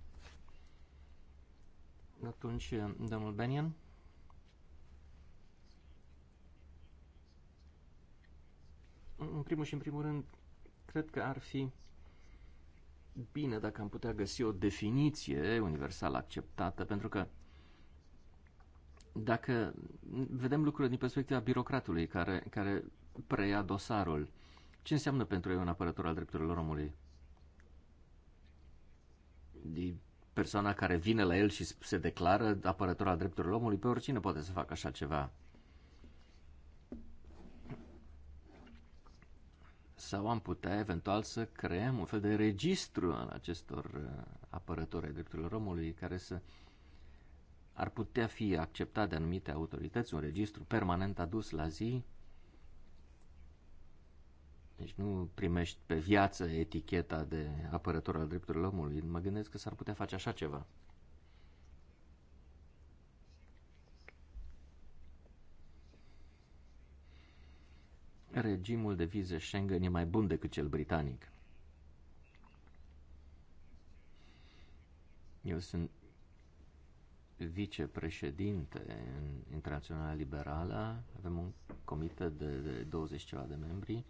S4: Atunci, domnul Benian? În primul și în primul rând, cred că ar fi bine dacă am putea găsi o definiție universal acceptată, pentru că dacă vedem lucrurile din perspectiva birocratului care, care preia dosarul, ce înseamnă pentru ei un apărător al drepturilor omului? E persoana care vine la el și se declară apărător al drepturilor omului, pe oricine poate să facă așa ceva. sau am putea eventual să creăm un fel de registru al acestor uh, apărători ai drepturilor omului care să ar putea fi acceptat de anumite autorități, un registru permanent adus la zi. Deci nu primești pe viață eticheta de apărător al drepturilor omului. Mă gândesc că s-ar putea face așa ceva. regimul de vize Schengen e mai bun decât cel britanic. Eu sunt vicepreședinte în Internaționala Liberală, avem un comitet de, de 20 ceva de membri.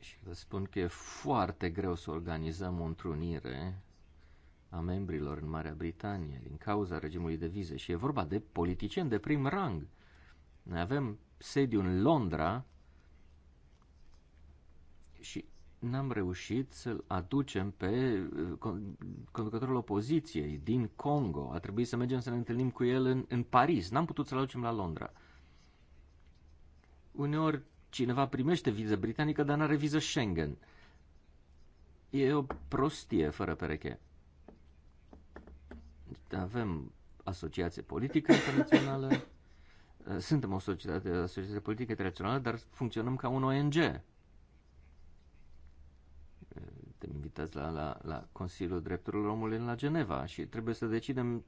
S4: Și vă spun că e foarte greu să organizăm o întrunire a membrilor în Marea Britanie din cauza regimului de vize și e vorba de politicieni de prim rang. Noi avem sediu în Londra și n-am reușit să-l aducem pe uh, conducătorul opoziției din Congo. A trebuit să mergem să ne întâlnim cu el în, în Paris. N-am putut să-l aducem la Londra. Uneori cineva primește viză britanică, dar n-are viză Schengen. E o prostie fără pereche avem asociație politică internațională, eh, suntem o societate, asociație politică internațională, dar funcționăm ca un ONG. Eh, suntem invitați la, la, la Consiliul Drepturilor Omului la Geneva și trebuie să decidem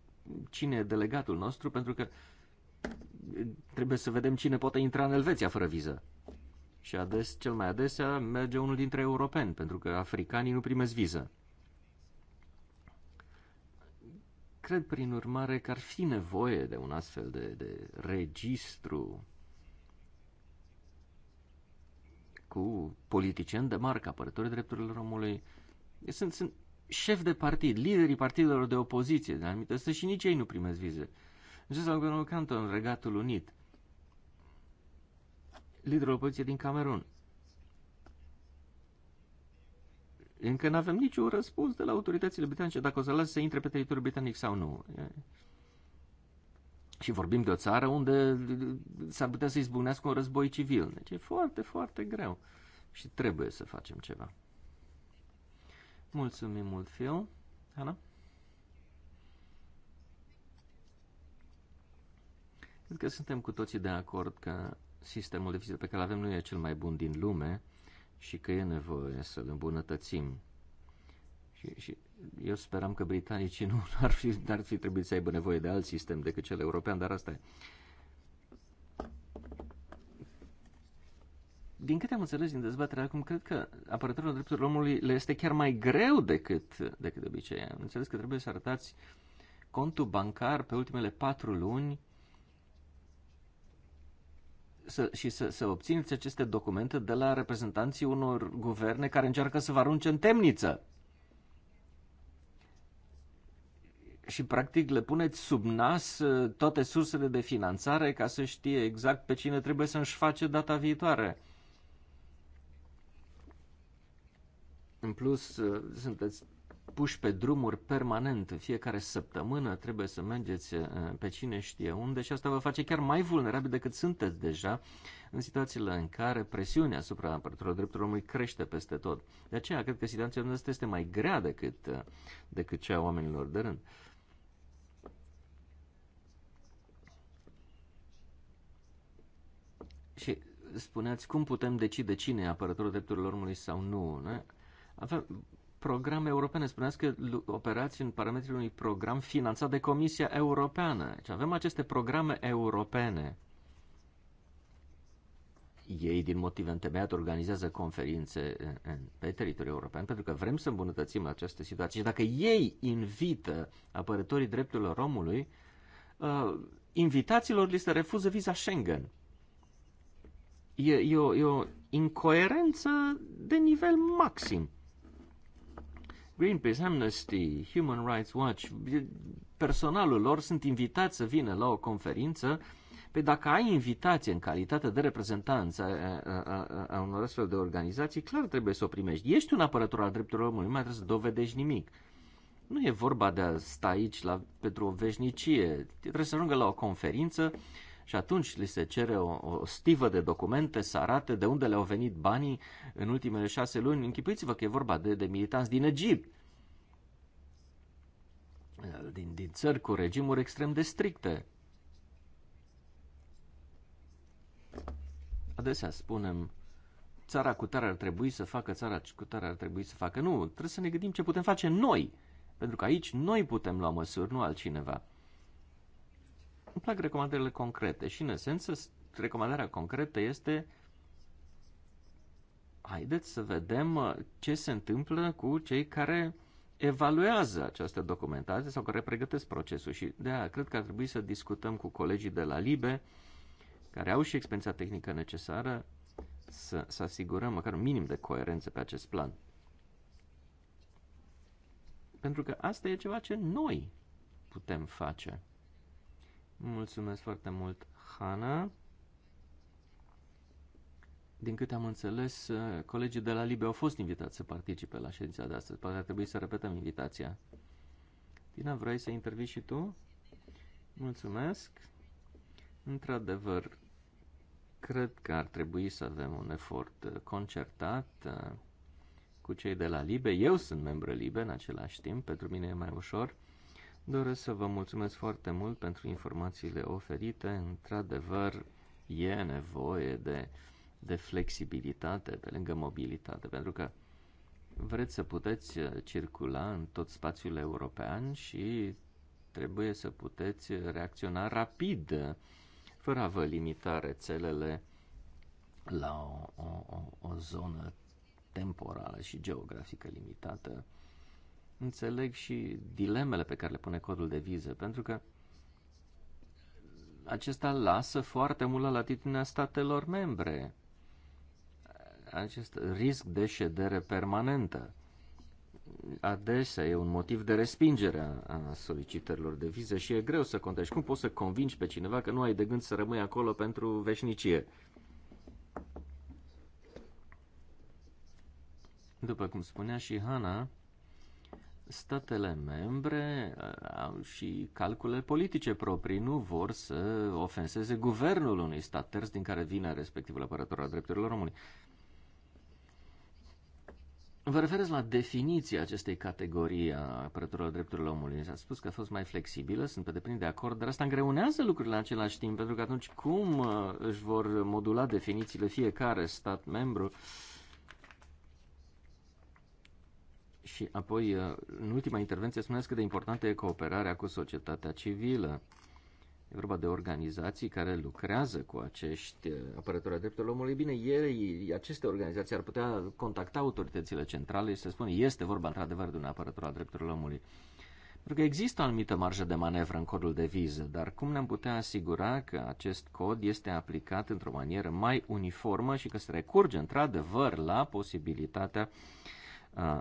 S4: cine e delegatul nostru, pentru că eh, trebuie să vedem cine poate intra în Elveția fără viză. Și ades, cel mai adesea merge unul dintre europeni, pentru că africanii nu primesc viză. Cred, prin urmare, că ar fi nevoie de un astfel de, de registru cu politicieni de marcă, apărătorii drepturilor omului. Sunt, sunt șefi de partid, liderii partidelor de opoziție, de anumite să și nici ei nu primesc vize. Ce s Canton, în Regatul Unit, liderul opoziției din Camerun. Încă nu avem niciun răspuns de la autoritățile britanice dacă o să lase să intre pe teritoriul britanic sau nu. Și vorbim de o țară unde s-ar putea să izbucnească un război civil. Deci e foarte, foarte greu. Și trebuie să facem ceva. Mulțumim mult, Phil. Ana? Cred că suntem cu toții de acord că sistemul de vizită pe care îl avem nu e cel mai bun din lume și că e nevoie să-l îmbunătățim. Și, și eu speram că britanicii nu ar fi, ar fi trebuit să aibă nevoie de alt sistem decât cel european, dar asta e. Din câte am înțeles din dezbaterea acum, cred că apărătorul drepturilor omului le este chiar mai greu decât, decât de obicei. Am înțeles că trebuie să arătați contul bancar pe ultimele patru luni să, și să, să obțineți aceste documente de la reprezentanții unor guverne care încearcă să vă arunce în temniță. Și practic le puneți sub nas uh, toate sursele de finanțare ca să știe exact pe cine trebuie să își face data viitoare. În plus, uh, sunteți puși pe drumuri permanent. În fiecare săptămână trebuie să mergeți uh, pe cine știe unde și asta vă face chiar mai vulnerabil decât sunteți deja în situațiile în care presiunea asupra apărătorilor drepturilor omului crește peste tot. De aceea cred că situația noastră este mai grea decât, uh, decât cea a oamenilor de rând. Și spuneați cum putem decide cine e apărătorul drepturilor omului sau nu. Ne? Avem programe europene. Spuneați că operați în parametrii unui program finanțat de Comisia Europeană. Deci avem aceste programe europene. Ei, din motive întemeiate, organizează conferințe pe teritoriul european pentru că vrem să îmbunătățim această situație. Și dacă ei invită apărătorii drepturilor omului, uh, invitațiilor li se refuză viza Schengen. E, e, o, e o incoerență de nivel maxim. Greenpeace, Amnesty, Human Rights Watch, personalul lor sunt invitați să vină la o conferință. Pe păi dacă ai invitație în calitate de reprezentanță a, a, a, a unor astfel de organizații, clar trebuie să o primești. Ești un apărător al drepturilor omului, nu mai trebuie să dovedești nimic. Nu e vorba de a sta aici la, pentru o veșnicie. Trebuie să ajungă la o conferință și atunci li se cere o, o stivă de documente să arate de unde le-au venit banii în ultimele șase luni. Închipuiți-vă că e vorba de, de militanți din Egipt, din, din țări cu regimuri extrem de stricte. Adesea spunem, țara cu tare ar trebui să facă, țara cu tare ar trebui să facă. Nu, trebuie să ne gândim ce putem face noi. Pentru că aici noi putem lua măsuri, nu altcineva. Îmi plac recomandările concrete și, în esență, recomandarea concretă este haideți să vedem uh, ce se întâmplă cu cei care evaluează această documentație sau care pregătesc procesul și de aia cred că ar trebui să discutăm cu colegii de la LIBE care au și experiența tehnică necesară să, să asigurăm măcar un minim de coerență pe acest plan. Pentru că asta e ceva ce noi putem face. Mulțumesc foarte mult, Hana. Din câte am înțeles, colegii de la Libe au fost invitați să participe la ședința de astăzi. Poate ar trebui să repetăm invitația. Tina, vrei să intervii și tu? Mulțumesc. Într-adevăr, cred că ar trebui să avem un efort concertat uh, cu cei de la Libe. Eu sunt membru Libe în același timp, pentru mine e mai ușor. Doresc să vă mulțumesc foarte mult pentru informațiile oferite. Într-adevăr, e nevoie de, de flexibilitate pe lângă mobilitate, pentru că vreți să puteți uh, circula în tot spațiul european și trebuie să puteți uh, reacționa rapid, uh, fără a vă limita rețelele la o, o, o, o zonă temporală și geografică limitată înțeleg și dilemele pe care le pune codul de viză, pentru că acesta lasă foarte mult la latitudinea statelor membre acest risc de ședere permanentă. Adesea e un motiv de respingere a solicitărilor de viză și e greu să contești. Cum poți să convingi pe cineva că nu ai de gând să rămâi acolo pentru veșnicie? După cum spunea și Hana, statele membre au și calcule politice proprii, nu vor să ofenseze guvernul unui stat terț din care vine respectivul apărător al drepturilor omului. Vă referiți la definiția acestei categorii a apărătorilor drepturilor omului. S-a spus că a fost mai flexibilă, sunt pe deplin de acord, dar asta îngreunează lucrurile în același timp, pentru că atunci cum uh, își vor modula definițiile fiecare stat membru? Uh, Și apoi, uh, în ultima intervenție, spuneați cât de importantă e cooperarea cu societatea civilă. E vorba de organizații care lucrează cu acești uh, apărători a drepturilor omului. Bine, ei, aceste organizații ar putea contacta autoritățile centrale și să spună este vorba într-adevăr de un apărător al drepturilor omului. Pentru că există o anumită marjă de manevră în codul de viză, dar cum ne-am putea asigura că acest cod este aplicat într-o manieră mai uniformă și că se recurge într-adevăr la posibilitatea uh,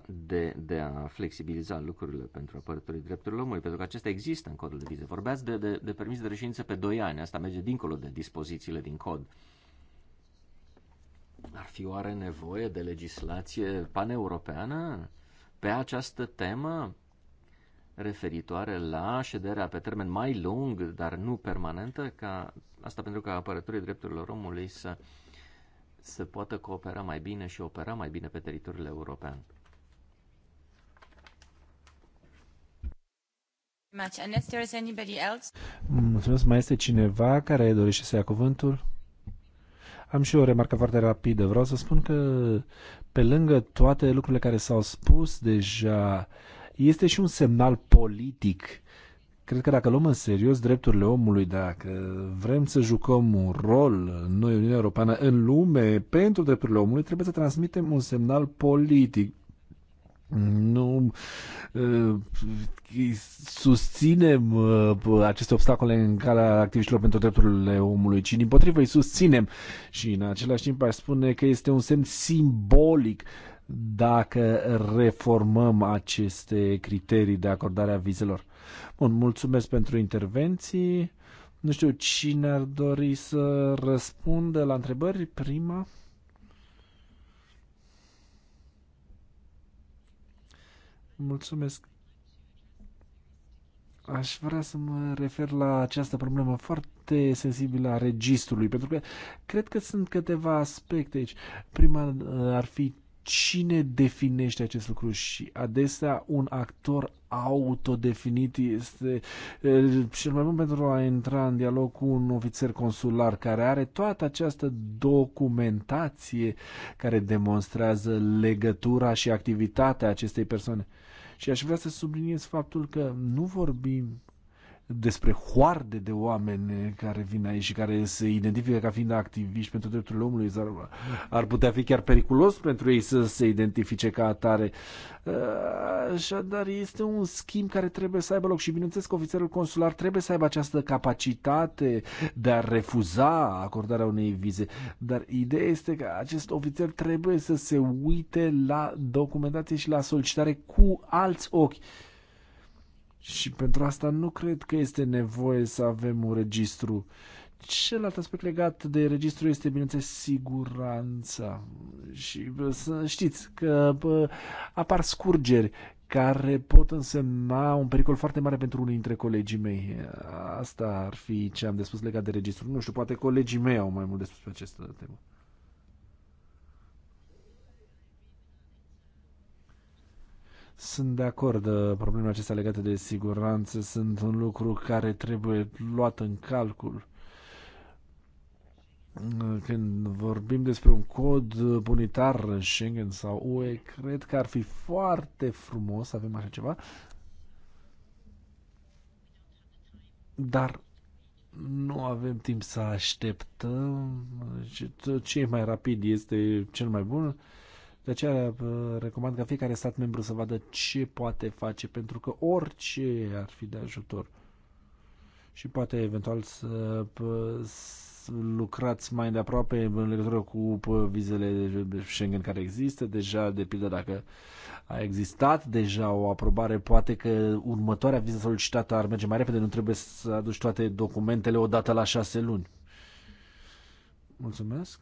S4: de, de a flexibiliza lucrurile pentru apărătorii drepturilor omului, pentru că acestea există în codul de vize. Vorbeați de, de, de permis de reședință pe 2 ani, asta merge dincolo de dispozițiile din cod. Ar fi oare nevoie de legislație paneuropeană pe această temă referitoare la șederea pe termen mai lung, dar nu permanentă, ca, asta pentru că apărătorii drepturilor omului să, să poată coopera mai bine și opera mai bine pe teritoriul european?
S2: Mulțumesc. Mai este cineva care dorește să ia cuvântul? Am și eu o remarcă foarte rapidă. Vreau să spun că pe lângă toate lucrurile care s-au spus deja, este și un semnal politic. Cred că dacă luăm în serios drepturile omului, dacă vrem să jucăm un rol noi, Uniunea Europeană, în lume, pentru drepturile omului, trebuie să transmitem un semnal politic nu susținem aceste obstacole în calea activiștilor pentru drepturile omului, ci din potrivă îi susținem și în același timp aș spune că este un semn simbolic dacă reformăm aceste criterii de acordare a vizelor. Bun, mulțumesc pentru intervenții. Nu știu cine ar dori să răspundă la întrebări prima. Mulțumesc. Aș vrea să mă refer la această problemă foarte sensibilă a registrului, pentru că cred că sunt câteva aspecte aici. Prima uh, ar fi cine definește acest lucru și adesea un actor autodefinit este uh, cel mai bun pentru a intra în dialog cu un ofițer consular care are toată această documentație care demonstrează legătura și activitatea acestei persoane. Uh, și aș vrea să subliniez faptul că nu vorbim despre hoarde de oameni care vin aici și care se identifică ca fiind activiști pentru drepturile omului. dar ar putea fi chiar periculos pentru ei să se identifice ca atare. Uh, așadar, este un schimb care trebuie să aibă loc și, bineînțeles, că ofițerul consular trebuie să aibă această capacitate de a refuza acordarea unei vize. Dar ideea este că acest ofițer trebuie să se uite la documentație și la solicitare cu alți ochi și pentru asta nu cred că este nevoie să avem un registru. Celălalt aspect legat de registru este, bineînțeles, siguranța. Și să știți că apar scurgeri care pot însemna un pericol foarte mare pentru unii dintre colegii mei. Asta ar fi ce am de spus legat de registru. Nu știu, poate colegii mei au mai mult de spus pe această temă. Sunt de acord, uh, problemele acestea legate de siguranță sunt un lucru care trebuie luat în calcul. Uh, când vorbim despre un cod unitar în Schengen sau UE, cred că ar fi foarte frumos să avem așa ceva, dar nu avem timp să așteptăm. Ce mai rapid este cel mai bun de aceea recomand ca fiecare stat membru să vadă ce poate face, pentru că orice ar fi de ajutor. Și poate eventual să, să lucrați mai de aproape în legătură cu vizele Schengen care există deja, de pildă dacă a existat deja o aprobare, poate că următoarea viză solicitată ar merge mai repede, nu trebuie să aduci toate documentele odată la șase luni. Mulțumesc!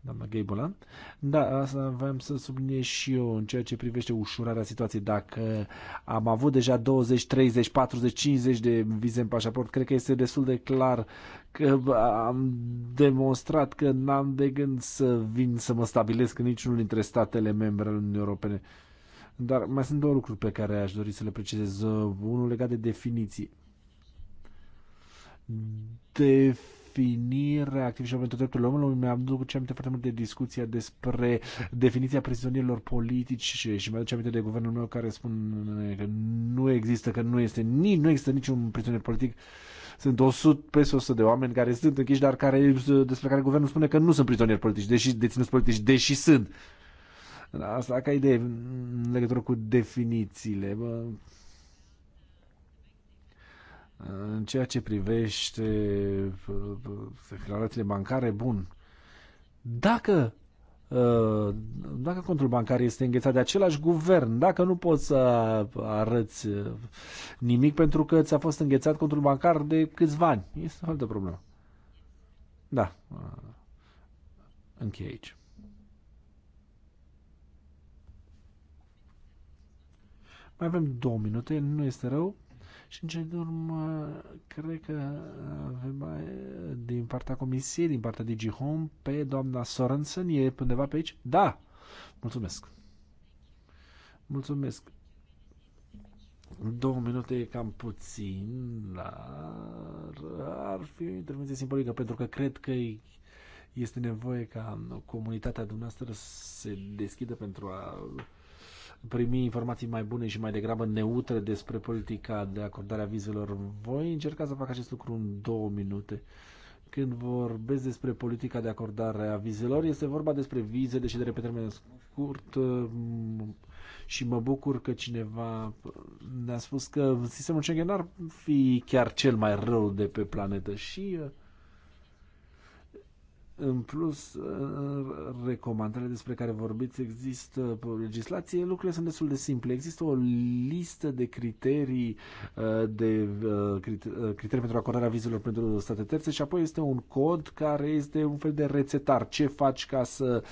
S2: doamna Gaybolan. Da, asta vreau să subliniez și eu în ceea ce privește ușurarea situației. Dacă am avut deja 20, 30, 40, 50 de vize în pașaport, cred că este destul de clar că am demonstrat că n-am de gând să vin să mă stabilesc în niciunul dintre statele membre ale Uniunii Europene. Dar mai sunt două lucruri pe care aș dori să le precizez. Unul legat de definiții. Definiții definire activiștilor pentru drepturile omului. Mi-am ce aminte foarte mult de discuția despre definiția prizonierilor politici și, și mi-aduce aminte de guvernul meu care spun că nu există, că nu este ni, nu există niciun prizonier politic. Sunt 100, peste 100 de oameni care sunt închiși, dar care, despre care guvernul spune că nu sunt prizonieri politici, deși deținuți politici, deși sunt. Asta ca idee în legătură cu definițiile. Bă, în ceea ce privește uh, uh, declarațiile bancare, bun. Dacă uh, dacă contul bancar este înghețat de același guvern, dacă nu poți să arăți nimic pentru că ți-a fost înghețat contul bancar de câțiva ani, este o altă problemă. Da. Încheie aici. Mai avem două minute, nu este rău. Și în cele din urmă, cred că avem din partea comisiei, din partea DigiHome, pe doamna Sorensen, e undeva pe aici? Da! Mulțumesc! Mulțumesc! Două minute e cam puțin, dar ar fi o intervenție simbolică, pentru că cred că este nevoie ca comunitatea dumneavoastră să se deschidă pentru a primi informații mai bune și mai degrabă neutre despre politica de acordare a vizelor. Voi încerca să fac acest lucru în două minute. Când vorbesc despre politica de acordare a vizelor, este vorba despre vize de ședere pe termen scurt mm, și mă bucur că cineva ne-a spus că sistemul Schengen ar fi chiar cel mai rău de pe planetă și uh, în plus, uh, recomandările despre care vorbiți există pe legislație, lucrurile sunt destul de simple. Există o listă de criterii uh, de uh, criterii pentru acordarea vizelor pentru state terțe și apoi este un cod care este un fel de rețetar. Ce faci ca să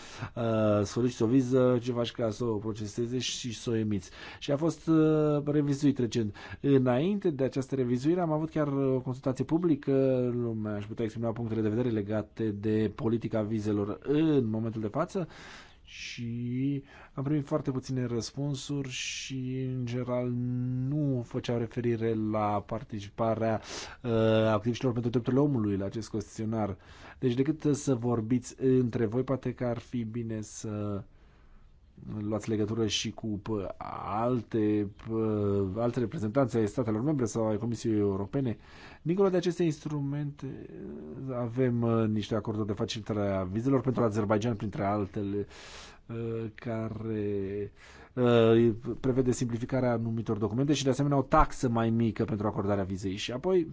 S2: soliciți o viză, ce faci ca să o procesezi și să o emiți. Și a fost revizuit recent. Înainte de această revizuire am avut chiar o consultație publică, lumea aș putea exprima punctele de vedere legate de politica vizelor în momentul de față și am primit foarte puține răspunsuri și în general nu făceau referire la participarea uh, activiștilor pentru drepturile omului la acest constituționar. Deci decât să vorbiți între voi, poate că ar fi bine să uh, luați legătură și cu alte, alte reprezentanțe ai statelor membre sau ai Comisiei Europene. Dincolo de aceste instrumente avem uh, niște acorduri de facilitare a vizelor pentru Azerbaijan, printre altele, uh, care uh, prevede simplificarea anumitor documente și de asemenea o taxă mai mică pentru acordarea vizei. Și apoi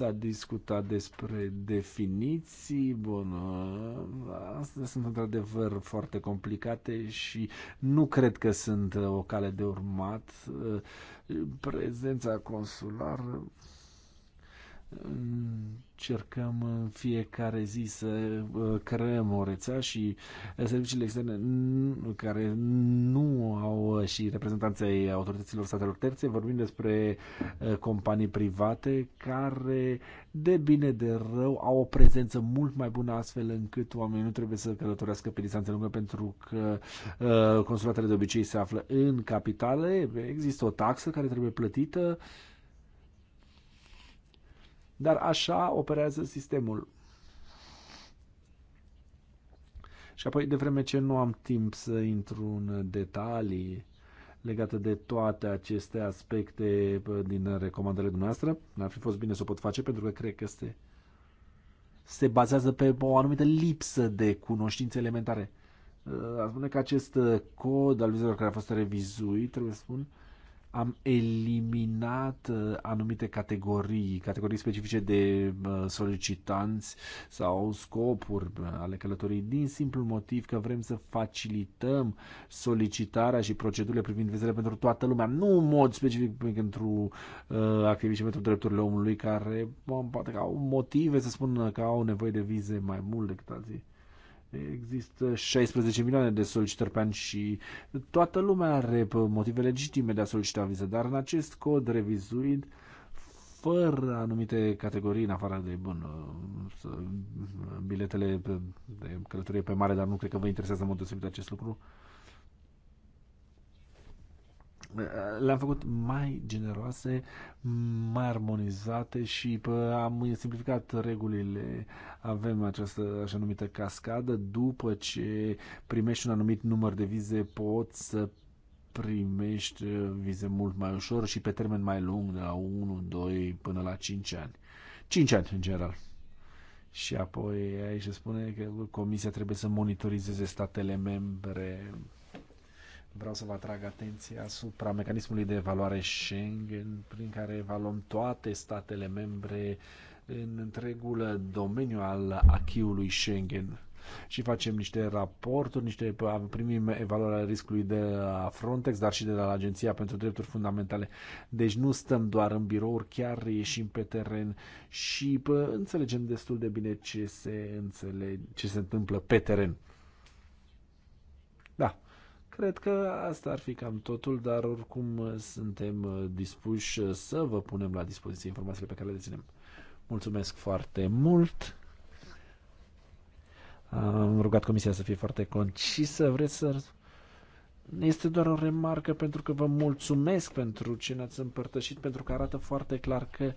S2: S-a discutat despre definiții, bun, ă, astea sunt într-adevăr foarte complicate și nu cred că sunt o cale de urmat. Ă, prezența consulară Încercăm în fiecare zi să uh, creăm o rețea și uh, serviciile externe care nu au uh, și reprezentanței autorităților statelor terțe, vorbim despre companii private care de bine de rău au o prezență mult mai bună astfel încât oamenii nu trebuie să călătorească pe distanțe lungă pentru că consulatele de obicei se află în capitale, există o taxă care trebuie plătită, uh, dar așa operează sistemul. Și apoi, de vreme ce nu am timp să intru în detalii legate de toate aceste aspecte din recomandările dumneavoastră, ar fi fost bine să o pot face pentru că cred că este, se bazează pe o anumită lipsă de cunoștințe elementare. Ar spune că acest cod al vizorilor care a fost revizuit, trebuie să spun, uh, am eliminat uh, anumite categorii, categorii specifice de uh, solicitanți sau scopuri uh, ale călătoriei din simplu motiv că vrem să facilităm solicitarea și procedurile privind vizele pentru toată lumea, nu în mod specific pentru uh, activiști pentru drepturile omului care poate că au motive să spună că au nevoie de vize mai mult decât alții. Există 16 milioane de solicitări pe an și toată lumea are motive legitime de a solicita viză, dar în acest cod revizuit fără anumite categorii, în afară de bun, biletele de călătorie pe mare, dar nu cred că vă interesează în mod deosebit acest lucru, le-am făcut mai generoase, mai armonizate și am simplificat regulile. Avem această așa numită cascadă. După ce primești un anumit număr de vize, poți să primești uh, vize mult mai ușor și pe termen mai lung, de la 1, 2 până la 5 ani. 5 ani în general. Și apoi aici se spune că Comisia trebuie să monitorizeze statele membre vreau să vă atrag atenția asupra mecanismului de evaluare Schengen, prin care evaluăm toate statele membre în întregul domeniu al achiului Schengen și facem niște raporturi, niște, primim evaluarea riscului de la Frontex, dar și de la Agenția pentru Drepturi Fundamentale. Deci nu stăm doar în birouri, chiar ieșim pe teren și pă, înțelegem destul de bine ce se, înțeleg, ce se întâmplă pe teren. Da, Cred că asta ar fi cam totul, dar oricum suntem uh, dispuși uh, să vă punem la dispoziție informațiile pe care le deținem. Mulțumesc foarte mult! Am rugat comisia să fie foarte concisă. Vreți să este doar o remarcă pentru că vă mulțumesc pentru ce ne-ați împărtășit, pentru că arată foarte clar că uh,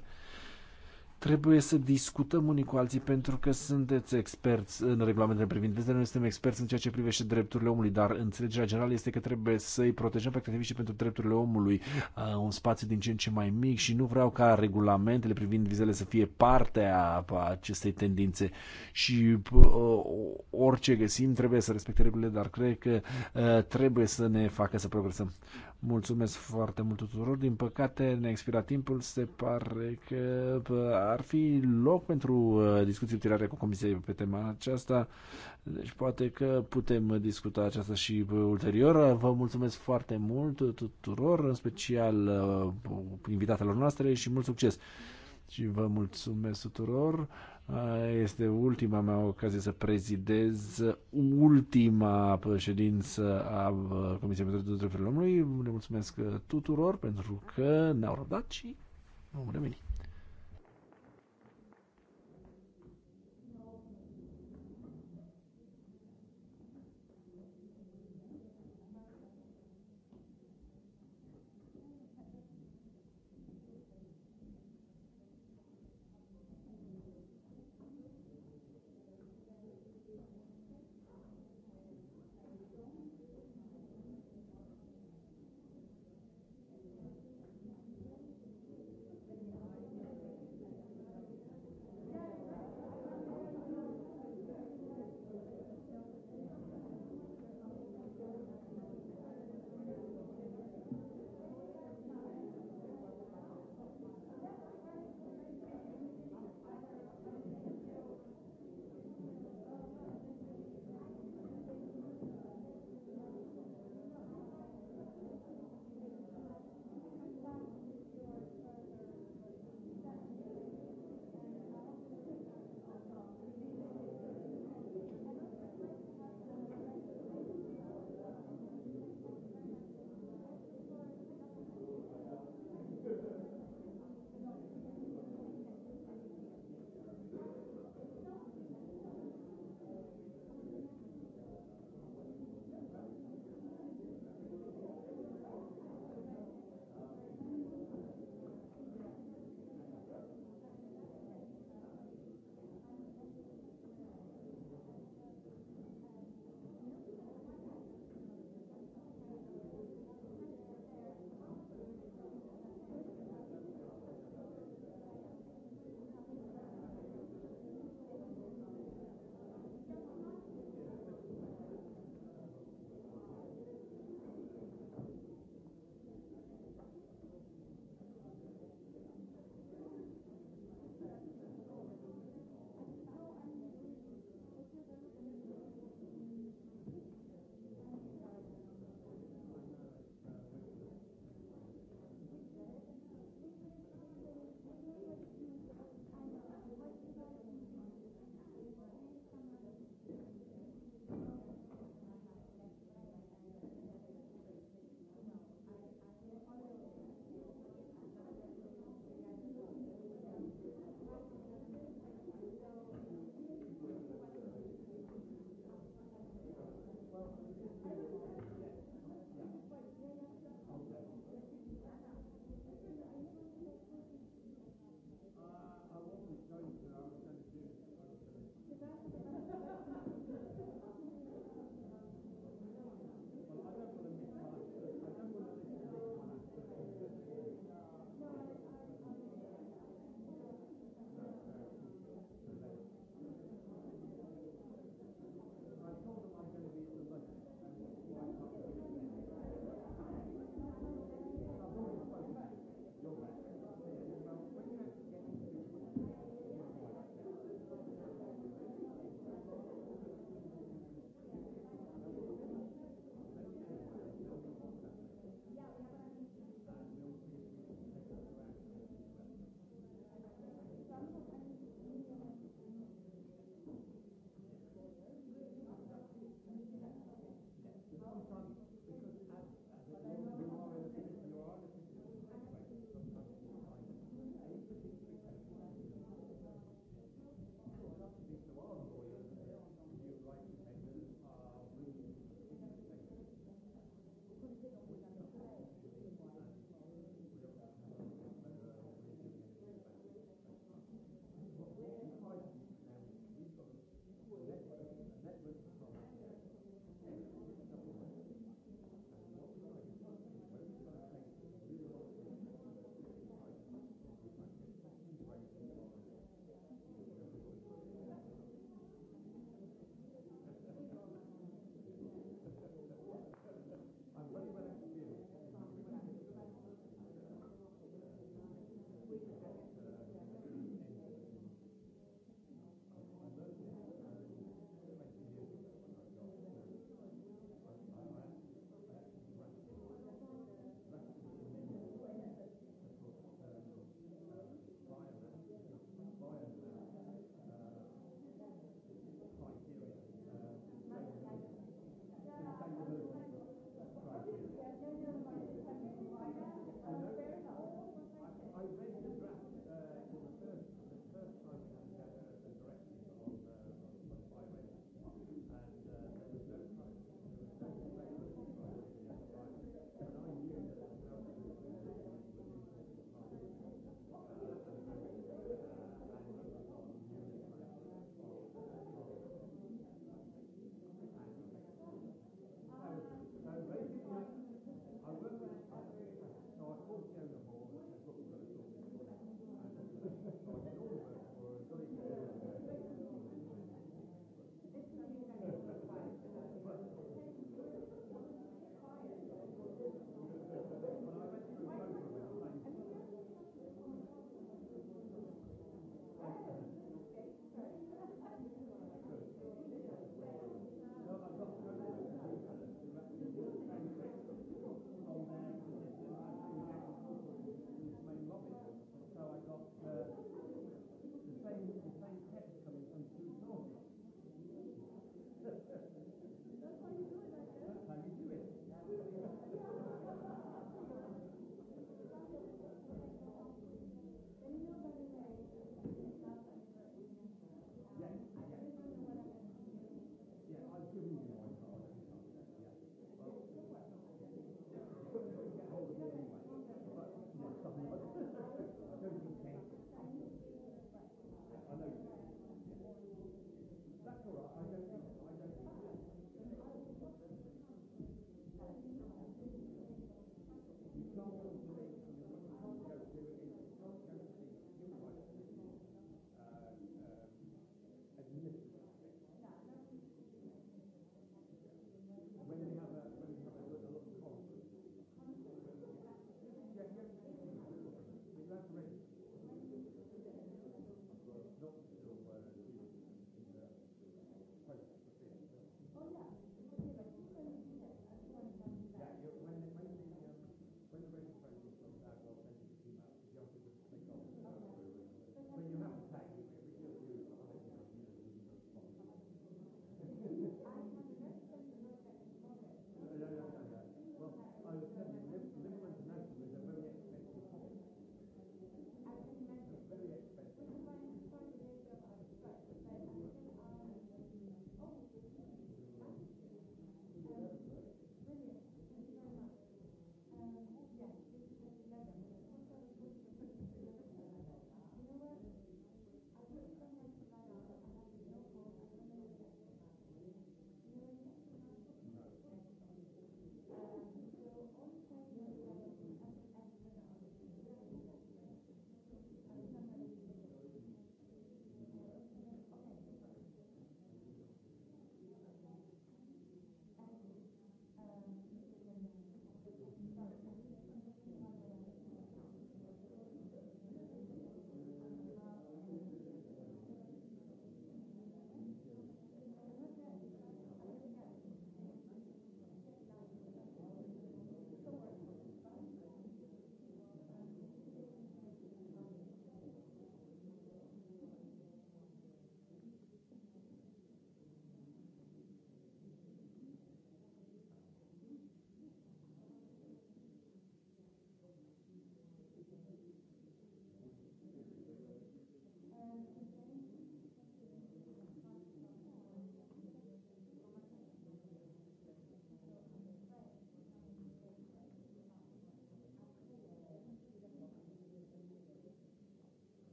S2: trebuie să discutăm unii cu alții pentru că sunteți experți în regulamentele privind dezele, noi suntem experți în ceea ce privește drepturile omului, dar înțelegerea generală este că trebuie să-i protejăm pe activiștii pentru drepturile omului, uh, un spațiu din ce în ce mai mic și nu vreau ca regulamentele privind vizele să fie parte a acestei tendințe și uh, orice găsim trebuie să respecte regulile, dar cred că uh, trebuie să ne facă să progresăm. Mulțumesc foarte mult tuturor. Din păcate, ne expira timpul. Se pare că ar fi loc pentru uh, discuții utilare cu Comisia pe tema aceasta. Deci poate că putem discuta aceasta și ulterior. Vă mulțumesc foarte mult tuturor, în special uh, invitatelor noastre și mult succes. Și vă mulțumesc tuturor. Este ultima mea ocazie să prezidez ultima ședință a Comisiei pentru Drepturile Omului. Le mulțumesc uh, tuturor pentru că ne-au răbdat și vom reveni.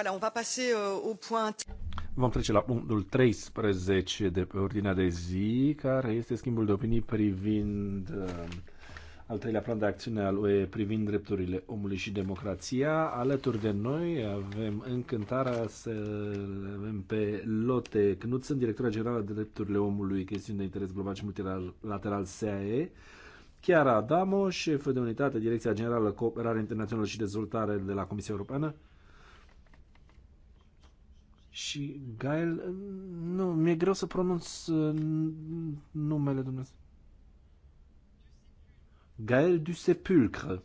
S5: Voilà, on va passer euh, au point...
S2: Vom trece la punctul 13 de pe ordinea de zi, care este schimbul de opinii privind uh, al treilea plan de acțiune al UE privind drepturile omului și democrația. Alături de noi avem încântarea să avem pe Lote Knudsen, directora generală de drepturile omului, chestiuni de interes global și multilateral SAE, Chiara Adamo, șef de unitate, Direcția Generală Cooperare Internațională și Dezvoltare de la Comisia Europeană, și Gael, nu, mi-e greu să pronunț uh, numele Dumnezeu. Gael du Sepulcre,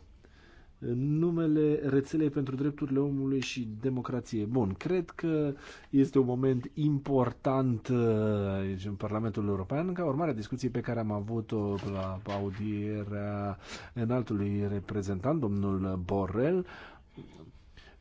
S2: numele rețelei pentru drepturile omului și democrație. Bun, cred că este un moment important uh, aici în Parlamentul European, ca urmare a discuției pe care am avut-o la audierea înaltului reprezentant, domnul Borrell,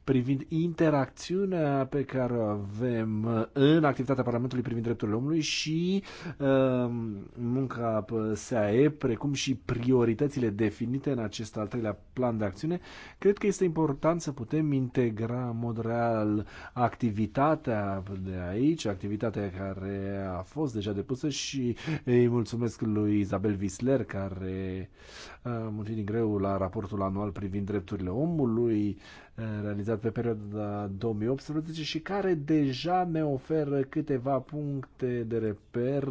S2: privind interacțiunea pe care o avem în activitatea Parlamentului privind drepturile omului și uh, munca SAE, precum și prioritățile definite în acest al treilea plan de acțiune, cred că este important să putem integra în mod real activitatea de aici, activitatea care a fost deja depusă și îi mulțumesc lui Isabel Visler care a uh, muncit din greu la raportul anual privind drepturile omului, realizat pe perioada 2018 și care deja ne oferă câteva puncte de reper,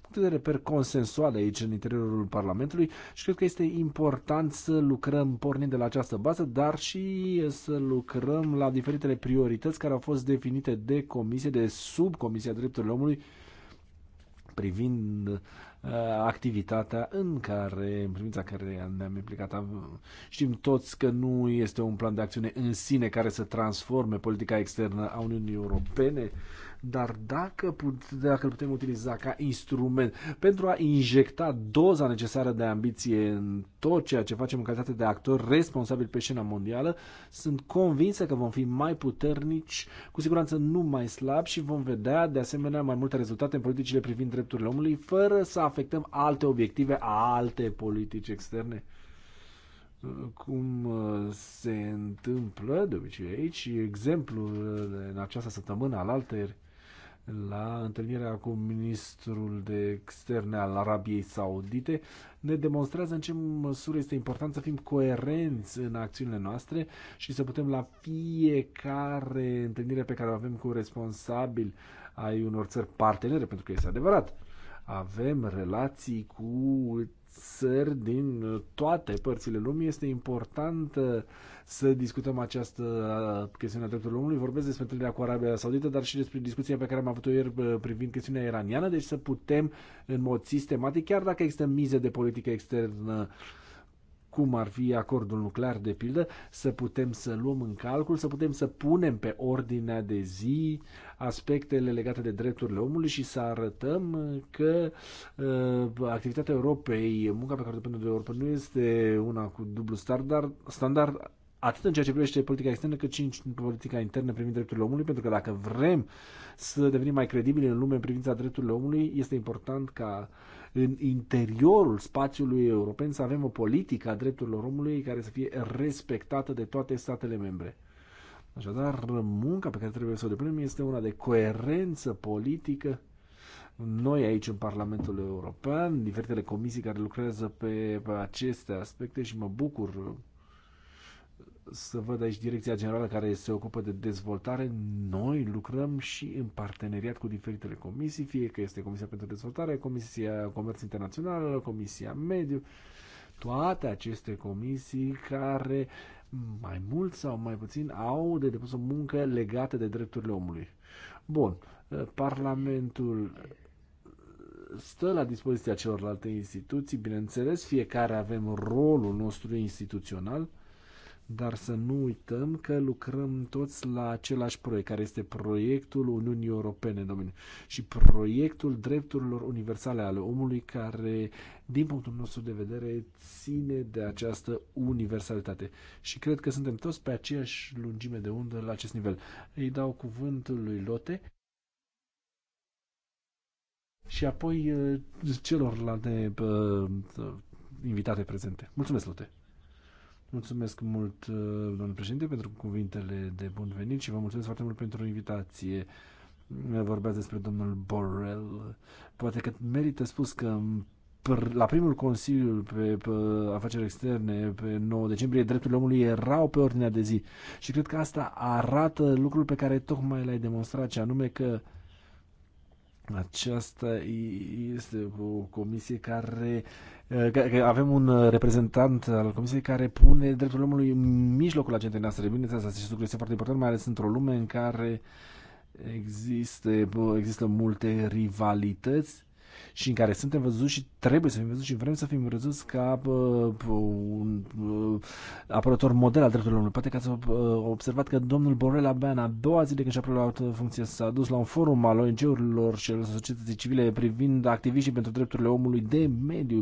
S2: puncte de reper consensuale aici în interiorul Parlamentului și cred că este important să lucrăm pornind de la această bază, dar și să lucrăm la diferitele priorități care au fost definite de comisie, de subcomisia drepturilor omului privind Uh, activitatea în care, în privința care ne-am implicat. Știm toți că nu este un plan de acțiune în sine care să transforme politica externă a Uniunii Europene dar dacă, put, dacă îl putem utiliza ca instrument pentru a injecta doza necesară de ambiție în tot ceea ce facem în calitate de actor responsabil pe scena mondială, sunt convinsă că vom fi mai puternici, cu siguranță nu mai slabi și vom vedea de asemenea mai multe rezultate în politicile privind drepturile omului, fără să afectăm alte obiective, alte politici externe cum uh, se întâmplă de obicei Aici exemplul uh, în această săptămână al alteri la întâlnirea cu ministrul de externe al Arabiei Saudite, ne demonstrează în ce măsură este important să fim coerenți în acțiunile noastre și să putem la fiecare întâlnire pe care o avem cu responsabili ai unor țări partenere, pentru că este adevărat, avem relații cu țări din toate părțile lumii. Este important uh, să discutăm această uh, chestiune a drepturilor omului. Vorbesc despre întâlnirea cu Arabia Saudită, dar și despre discuția pe care am avut-o ieri uh, privind chestiunea iraniană, deci să putem în mod sistematic, chiar dacă există mize de politică externă uh, cum ar fi acordul nuclear de pildă, să putem să luăm în calcul, să putem să punem pe ordinea de zi aspectele legate de drepturile omului și să arătăm că uh, activitatea Europei, munca pe care depinde de Europa nu este una cu dublu standard, standard atât în ceea ce privește politica externă, cât și în politica internă privind drepturile omului, pentru că dacă vrem să devenim mai credibili în lume în privința drepturilor omului, este important ca în interiorul spațiului european să avem o politică a drepturilor omului care să fie respectată de toate statele membre. Așadar, munca pe care trebuie să o depunem este una de coerență politică noi aici în Parlamentul European, diferitele comisii care lucrează pe aceste aspecte și mă bucur să văd aici Direcția Generală care se ocupă de dezvoltare. Noi lucrăm și în parteneriat cu diferitele comisii, fie că este Comisia pentru Dezvoltare, Comisia Comerț Internațional, Comisia Mediu, toate aceste comisii care mai mult sau mai puțin au de depus o muncă legată de drepturile omului. Bun, Parlamentul stă la dispoziția celorlalte instituții, bineînțeles, fiecare avem rolul nostru instituțional, dar să nu uităm că lucrăm toți la același proiect, care este proiectul Uniunii Europene în domeniu și proiectul drepturilor universale ale omului, care, din punctul nostru de vedere, ține de această universalitate. Și cred că suntem toți pe aceeași lungime de undă la acest nivel. Îi dau cuvântul lui Lote și apoi eh, celorlalte eh, invitate prezente. Mulțumesc, Lote! Mulțumesc mult, uh, domnul președinte, pentru cuvintele de bun venit și vă mulțumesc foarte mult pentru invitație. Vorbeați despre domnul Borrell. Poate că merită spus că la primul Consiliu pe, pe afaceri externe, pe 9 decembrie, drepturile omului erau pe ordinea de zi. Și cred că asta arată lucrul pe care tocmai l-ai demonstrat, ce anume că uh, aceasta este o comisie care eh, că avem un reprezentant al Comisiei care pune dreptul omului în mijlocul agendei noastre. Bineînțeles, acest lucru este foarte important, mai ales într-o lume în care există, există multe rivalități și în care suntem văzuți și trebuie să fim văzuți și vrem să fim văzuți ca uh, un uh, apărător model al drepturilor omului. Poate că ați uh, observat că domnul Borrell abia în a doua zi de când și-a preluat funcție s-a dus la un forum al ONG-urilor și al societății civile privind activiștii pentru drepturile omului de mediu.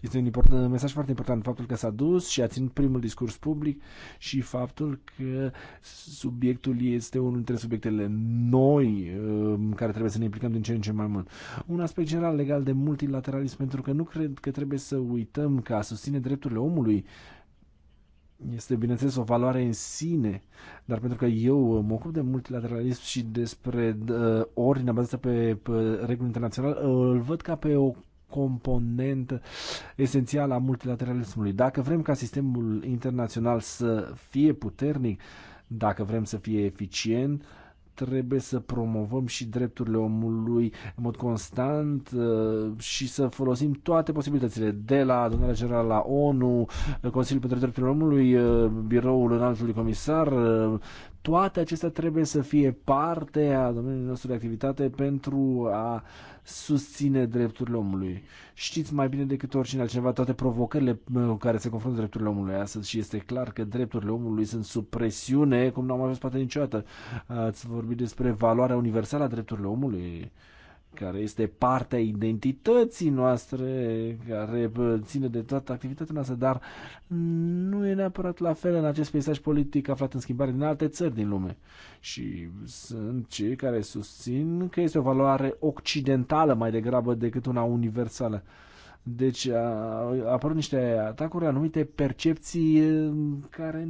S2: Este un, important, un mesaj foarte important faptul că s-a dus și a ținut primul discurs public și faptul că subiectul este unul dintre subiectele noi uh, care trebuie să ne implicăm din ce în ce mai mult. Un aspect general legal de multilateralism, pentru că nu cred că trebuie să uităm că a susține drepturile omului este, bineînțeles, o valoare în sine, dar pentru că eu mă ocup de multilateralism și despre uh, ordinea bazată pe, pe reguli internaționale, îl văd ca pe o componentă esențială a multilateralismului. Dacă vrem ca sistemul internațional să fie puternic, dacă vrem să fie eficient, uh, trebuie să promovăm și drepturile omului în mod constant uh, și să folosim toate posibilitățile, de la adunarea generală la ONU, uh, Consiliul pentru Drepturile Omului, uh, Biroul Înaltului Comisar, toate acestea trebuie să fie parte a domeniului nostru de activitate pentru a susține drepturile omului. Știți mai bine decât oricine altceva toate provocările cu care se confruntă drepturile omului astăzi și este clar că drepturile omului sunt sub presiune, cum n-am avut poate niciodată. Ați vorbit despre valoarea universală a drepturilor omului. Uh, care este partea identității noastre, care ține de toată activitatea noastră, dar nu e neapărat la fel în acest peisaj politic aflat în schimbare din alte țări din lume. Și sunt cei care susțin că este o valoare occidentală mai degrabă decât una universală. Deci apar niște atacuri, anumite percepții uh, care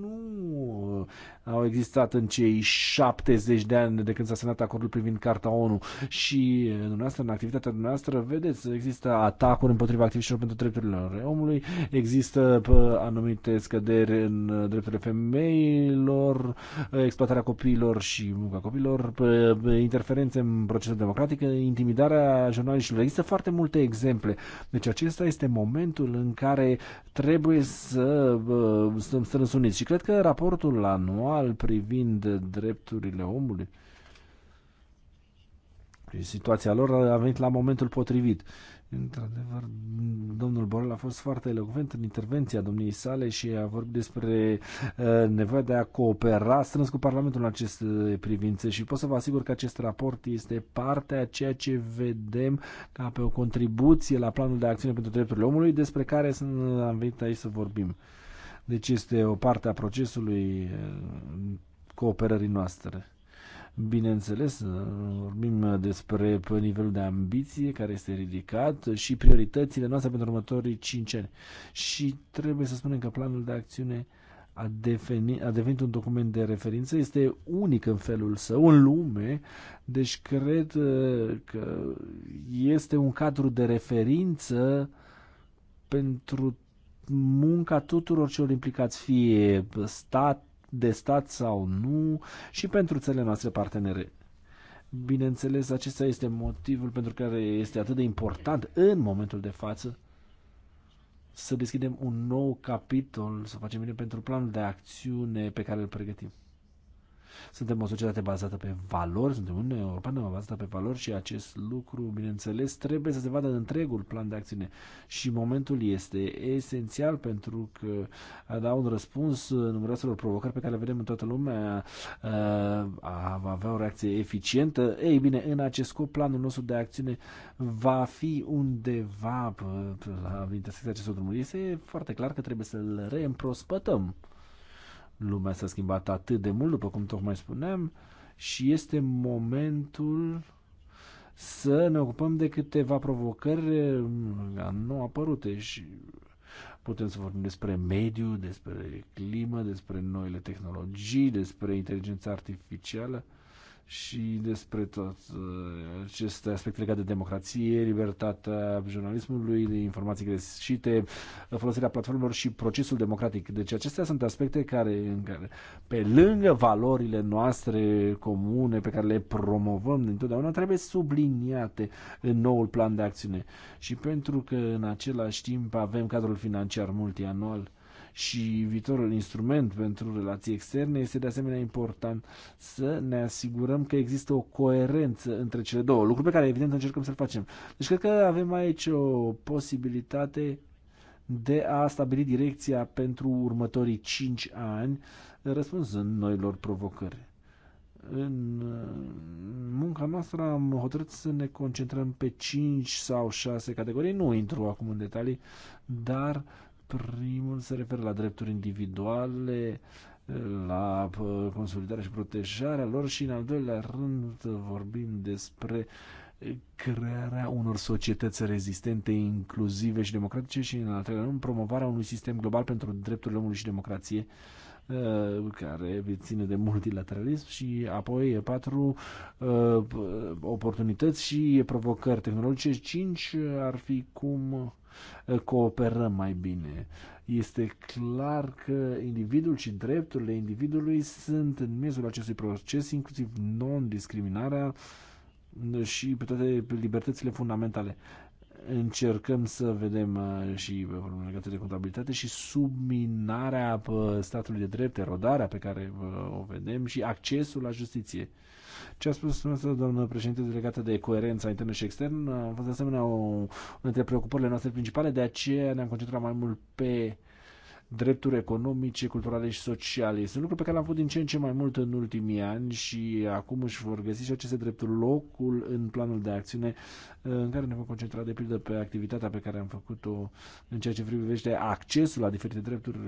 S2: nu au existat în cei 70 de ani de când s-a semnat acordul privind Carta ONU și eh, dumneavoastră, în activitatea dumneavoastră, vedeți, există atacuri împotriva activiștilor pentru drepturile omului, există anumite scăderi în eh, drepturile femeilor, eh, exploatarea copiilor și munca copiilor, interferențe în procesul democratic, intimidarea jurnaliștilor. Există foarte multe exemple. Deci acesta este momentul în care trebuie să stăm strâns uniți. Și cred că raportul anual global privind drepturile omului și situația lor a venit la momentul potrivit. Într-adevăr, domnul Borel a fost foarte elocvent în intervenția domniei sale și a vorbit despre uh, nevoia de a coopera strâns cu Parlamentul în aceste privințe și pot să vă asigur că acest raport este parte a ceea ce vedem ca pe o contribuție la planul de acțiune pentru drepturile omului despre care am venit aici să vorbim. Deci este o parte a procesului eh, cooperării noastre. Bineînțeles, eh, vorbim eh, despre nivelul de ambiție care este ridicat și prioritățile noastre pentru următorii 5 ani. Și trebuie să spunem că planul de acțiune a, defini, a devenit un document de referință, este unic în felul său, în lume, deci cred că este un cadru de referință pentru munca tuturor celor implicați, fie stat, de stat sau nu, și pentru țările noastre partenere. Bineînțeles, acesta este motivul pentru care este atât de important în momentul de față să deschidem un nou capitol, să facem bine pentru planul de acțiune pe care îl pregătim. Suntem o societate bazată pe valori, suntem Uniunea Europeană bazată pe valori și acest lucru, bineînțeles, trebuie să se vadă în întregul plan de acțiune și momentul este esențial pentru că a da un răspuns numeroaselor provocări pe care le vedem în toată lumea, a avea o reacție eficientă, ei bine, în acest scop, planul nostru de acțiune va fi undeva la intersecția acestor drumuri. Este foarte clar că trebuie să-l reîmprospătăm. Lumea s-a schimbat atât de mult, după cum tocmai spuneam, și este momentul să ne ocupăm de câteva provocări mm, nou apărute și putem să vorbim despre mediu, despre climă, despre noile tehnologii, despre inteligența artificială și despre tot uh, aceste aspecte legate de democrație, libertatea jurnalismului, de informații greșite, folosirea platformelor și procesul democratic. Deci acestea sunt aspecte care, în care pe lângă valorile noastre comune pe care le promovăm dintotdeauna, trebuie subliniate în noul plan de acțiune. Și pentru că în același timp avem cadrul financiar multianual și viitorul instrument pentru relații externe, este de asemenea important să ne asigurăm că există o coerență între cele două, lucru pe care evident încercăm să-l facem. Deci cred că avem aici o posibilitate de a stabili direcția pentru următorii 5 ani, răspunzând noilor provocări. În munca noastră am hotărât să ne concentrăm pe 5 sau 6 categorii, nu intru acum în detalii, dar uh, Primul se referă la drepturi individuale, la uh, consolidarea și protejarea lor și în al doilea rând vorbim despre crearea unor societăți rezistente, inclusive și democratice și în al treilea rând promovarea unui sistem global pentru drepturile omului și democrație uh, care ține de multilateralism și apoi patru uh, oportunități și provocări tehnologice, cinci ar fi cum cooperăm mai bine. Este clar că individul și drepturile individului sunt în miezul acestui proces, inclusiv non-discriminarea și pe toate libertățile fundamentale încercăm să vedem uh, și probleme legate de contabilitate și subminarea uh, statului de drept, erodarea pe care uh, o vedem și accesul la justiție. Ce a spus doamnă președinte delegată de coerența internă și extern, a fost de asemenea o, una dintre preocupările noastre principale, de aceea ne-am concentrat mai mult pe uh, drepturi economice, culturale și sociale. Este un lucru pe care l-am avut din ce în ce mai mult în ultimii ani și acum își vor găsi și aceste drepturi locul în planul de acțiune în care ne vom concentra de pildă pe activitatea pe care am făcut-o în ceea ce privește accesul la diferite drepturi,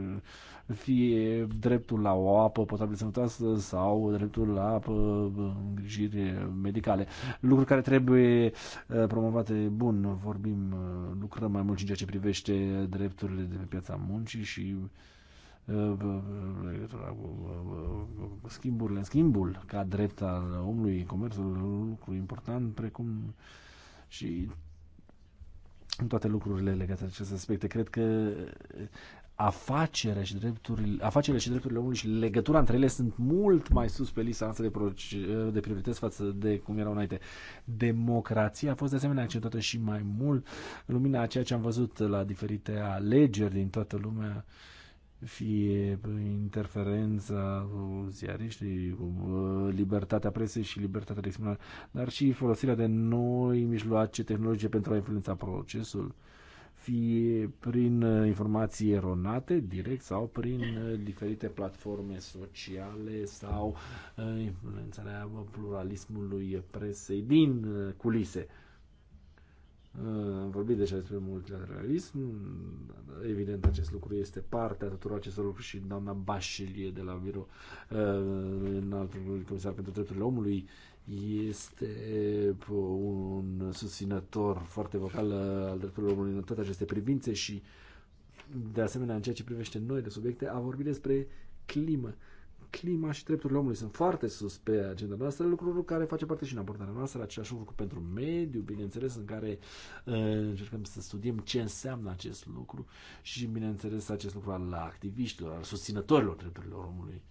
S2: fie dreptul la o apă potabilă sănătoasă sau dreptul la apă îngrijiri medicale. Lucruri care trebuie uh, promovate bun, vorbim, uh, lucrăm mai mult în ceea ce privește drepturile de pe piața muncii și Uh, uh, uh, schimburile în schimbul ca drept al omului, comerțul un lucru important, precum și toate lucrurile legate de aceste aspecte. Cred că afacere și drepturile, afacerile și drepturile omului și legătura între ele sunt mult mai sus pe lista noastră de, proc- de priorități față de cum erau înainte. Democrația a fost de asemenea accentuată și mai mult în lumina a ceea ce am văzut la diferite alegeri din toată lumea fie interferența ziariștii, uh, libertatea presei și libertatea de exprimare, dar și folosirea de noi mijloace tehnologice pentru a influența procesul fie prin uh, informații eronate, direct sau prin uh, diferite platforme sociale sau uh, influențarea pluralismului presei din culise. Am vorbit deja despre multilateralism, evident acest lucru este parte a tuturor acestor lucruri și doamna Bașilie de la Viro, în altul comisar pentru drepturile omului, este un susținător foarte vocal al drepturilor omului în toate aceste privințe și, de asemenea, în ceea ce privește noile subiecte, a vorbit despre climă. Clima și drepturile omului sunt foarte sus pe agenda noastră, lucruri care face parte și în abordarea noastră, același lucru pentru mediu, bineînțeles, în care uh, încercăm să studiem ce înseamnă acest lucru și, bineînțeles, acest lucru al activiștilor, al susținătorilor drepturilor omului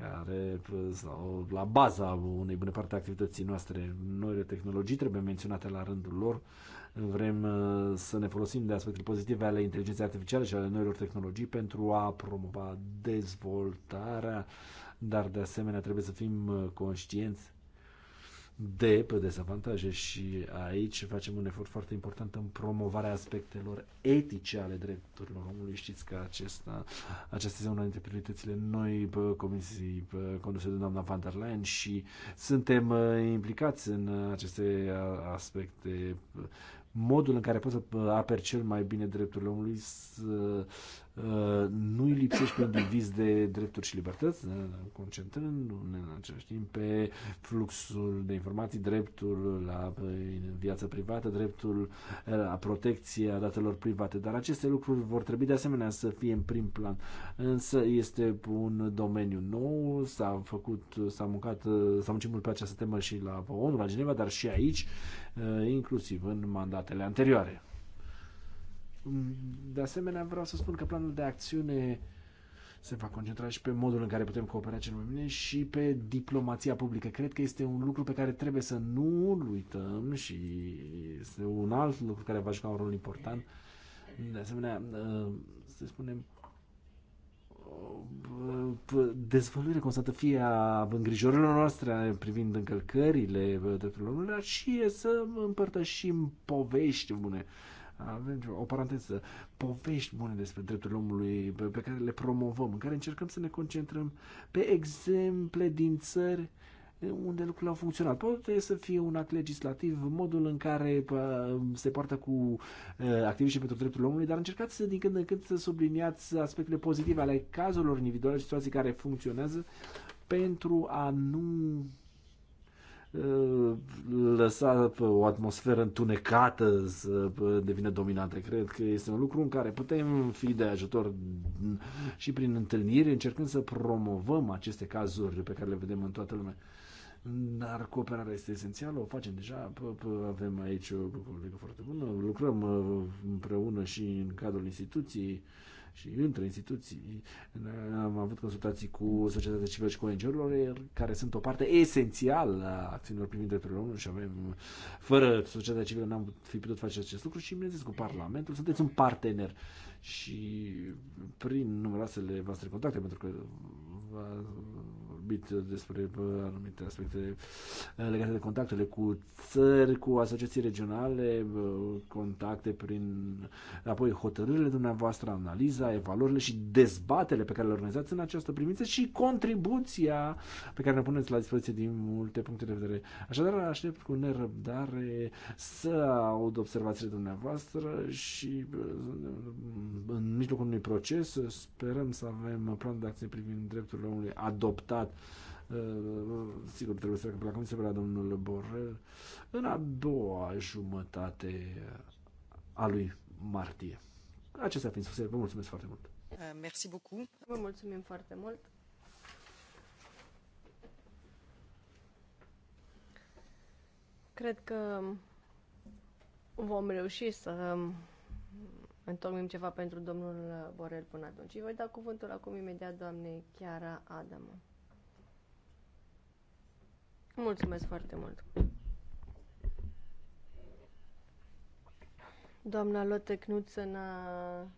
S2: care sau la baza unei bune parte a activității noastre. Noile tehnologii trebuie menționate la rândul lor. Vrem uh, să ne folosim de aspectele pozitive ale inteligenței artificiale și ale noilor tehnologii pentru a promova dezvoltarea, dar de asemenea trebuie să fim uh, conștienți de pe dezavantaje și aici facem un efort foarte important în promovarea aspectelor etice ale drepturilor omului. Știți că acesta, acesta este una dintre prioritățile noi comisii conduse de doamna van der Leyen și suntem uh, implicați în uh, aceste uh, aspecte modul în care poți să aperci cel mai bine drepturile omului să nu îi lipsește pe diviz de drepturi și libertăți, concentrându-ne în același timp pe fluxul de informații, dreptul la viață privată, dreptul eh, la protecție a datelor private, dar aceste lucruri vor trebui de asemenea să fie în prim plan. Însă este un domeniu nou, s-a făcut, s-a muncat, s-a muncit mult pe această temă și la ONU, la Geneva, dar și aici, eh, inclusiv în mandatele anterioare. De asemenea, vreau să spun că planul de acțiune se va concentra și pe modul în care putem coopera cel mai bine și pe diplomația publică. Cred că este un lucru pe care trebuie să nu îl uităm și este un alt lucru care va juca un rol important. De asemenea, uh, să spunem, uh, dezvăluire constată fie a îngrijorilor noastre privind încălcările drepturilor omului, dar și să împărtășim povești bune avem o paranteză, povești bune despre drepturile omului pe, pe care le promovăm, în care încercăm să ne concentrăm pe exemple din țări unde lucrurile au funcționat. Poate să fie un act legislativ, modul în care se poartă cu activiștii pentru drepturile omului, dar încercați să din când în când să subliniați aspectele pozitive ale cazurilor individuale, situații care funcționează, pentru a nu lăsa o atmosferă întunecată să devină dominantă. Cred că este un lucru în care putem fi de ajutor și prin întâlniri, încercând să promovăm aceste cazuri pe care le vedem în toată lumea. Dar cooperarea este esențială, o facem deja, avem aici o lucrare foarte bună, lucrăm uh, împreună și în cadrul instituției, și între instituții. Am avut consultații cu societatea civilă și cu ong care sunt o parte esențială a acțiunilor privind drepturile omului și avem, fără societatea civilă n-am fi putut face acest lucru și, bineînțeles, cu Parlamentul sunteți un partener și prin numeroasele voastre contacte, pentru că vorbit despre uh, anumite aspecte uh, legate de contactele cu țări, cu asociații regionale, uh, contacte prin apoi hotărârile dumneavoastră, analiza, evaluările și dezbatele pe care le organizați în această privință și contribuția pe care ne puneți la dispoziție din multe puncte de vedere. Așadar, aștept cu nerăbdare să aud observațiile dumneavoastră și în mijlocul unui proces sperăm să avem plan de acțiune privind drepturile omului adoptat Uh, sigur, trebuie să treacă pe la Comisie, pe la domnul Borrell, în a doua jumătate a lui martie. Acestea fiind spuse, vă mulțumesc foarte mult.
S3: Uh, merci beaucoup. Vă mulțumim foarte mult. Cred că vom reuși să întocmim ceva pentru domnul Borel până atunci. voi da cuvântul acum imediat doamnei Chiara Adamă. Mulțumesc foarte mult. Doamna Lotte Knudsen a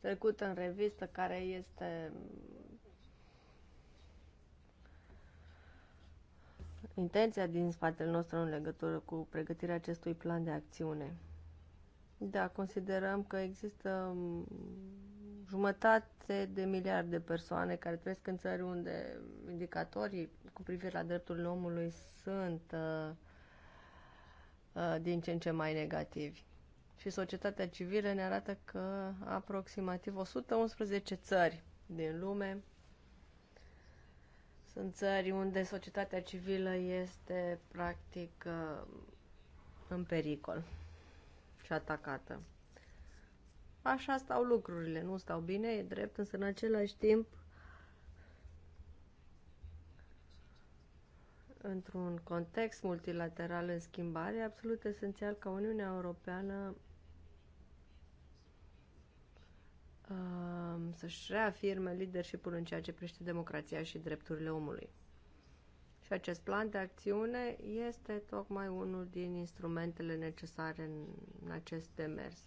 S3: trecut în revistă care este intenția din spatele nostru în legătură cu pregătirea acestui plan de acțiune. Da, considerăm că există jumătate de miliard de persoane care trăiesc în țări unde indicatorii cu privire la drepturile omului sunt uh, uh din ce în ce mai negativi. Și societatea civilă ne arată că aproximativ 111 țări din lume sunt țări unde societatea civilă este practic uh, în pericol și atacată. Așa stau lucrurile, nu stau bine, e drept, însă în același timp într-un context multilateral în schimbare, e absolut esențial ca Uniunea Europeană uh, să-și reafirme leadership-ul în ceea ce privește democrația și drepturile omului. Și acest plan de acțiune este tocmai unul din instrumentele necesare în acest demers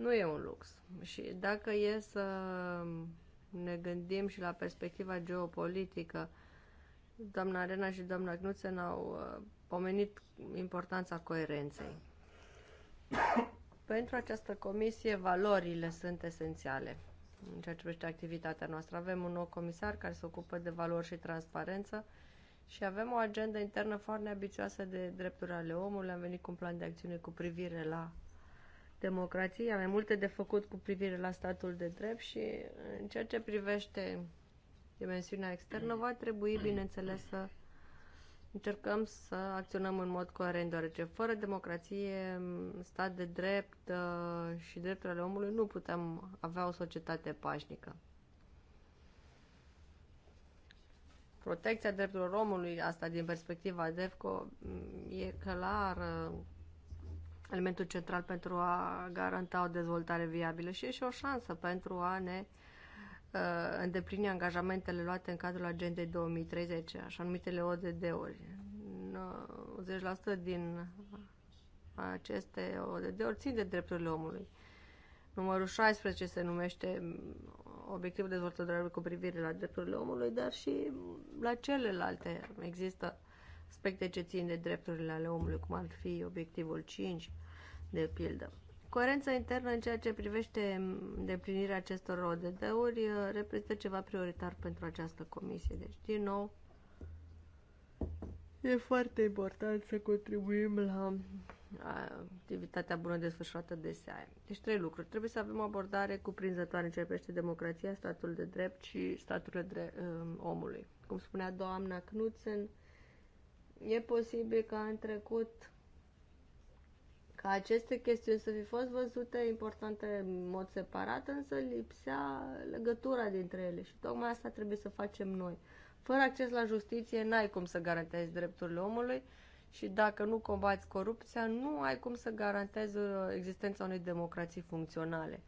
S3: nu e un lux. Și dacă e să ne gândim și la perspectiva geopolitică, doamna Arena și doamna Knudsen au uh, pomenit importanța coerenței. Pentru această comisie, valorile sunt esențiale. În ceea ce privește activitatea noastră, avem un nou comisar care se ocupă de valori și transparență și avem o agendă internă foarte ambițioasă de drepturi ale omului. Am venit cu un plan de acțiune cu privire la democrației, mai multe de făcut cu privire la statul de drept și în ceea ce privește dimensiunea externă, va trebui, bineînțeles, să încercăm să acționăm în mod coerent, deoarece fără democrație, stat de drept uh, și drepturile omului nu putem avea o societate pașnică. Protecția drepturilor omului, asta din perspectiva DEFCO, mm, e clar elementul central pentru a garanta o dezvoltare viabilă și e și o șansă pentru a ne uh, îndeplini angajamentele luate în cadrul agendei 2030, așa numitele ODD-uri. 10 uh, din aceste ODD-uri țin de drepturile omului. Numărul 16 se numește mm, obiectivul dezvoltării cu privire la drepturile omului, dar și la celelalte există aspecte ce țin de drepturile ale omului, cum ar fi obiectivul 5, de pildă. Coerența internă în ceea ce privește îndeplinirea acestor ODD-uri uh, reprezintă ceva prioritar pentru această comisie. Deci, din nou, e foarte important să contribuim la uh, activitatea bună desfășurată de SAE. Deci trei lucruri. Trebuie să avem o abordare cuprinzătoare în ceea ce privește democrația, statul de drept și staturile dre- uh, omului. Cum spunea doamna Knudsen, E posibil ca în trecut ca aceste chestiuni să fi fost văzute importante în mod separat, însă lipsea legătura dintre ele și tocmai asta trebuie să facem noi. Fără acces la justiție n-ai cum să garantezi drepturile omului și dacă nu combați corupția, nu ai cum să garantezi uh, existența unei democrații funcționale.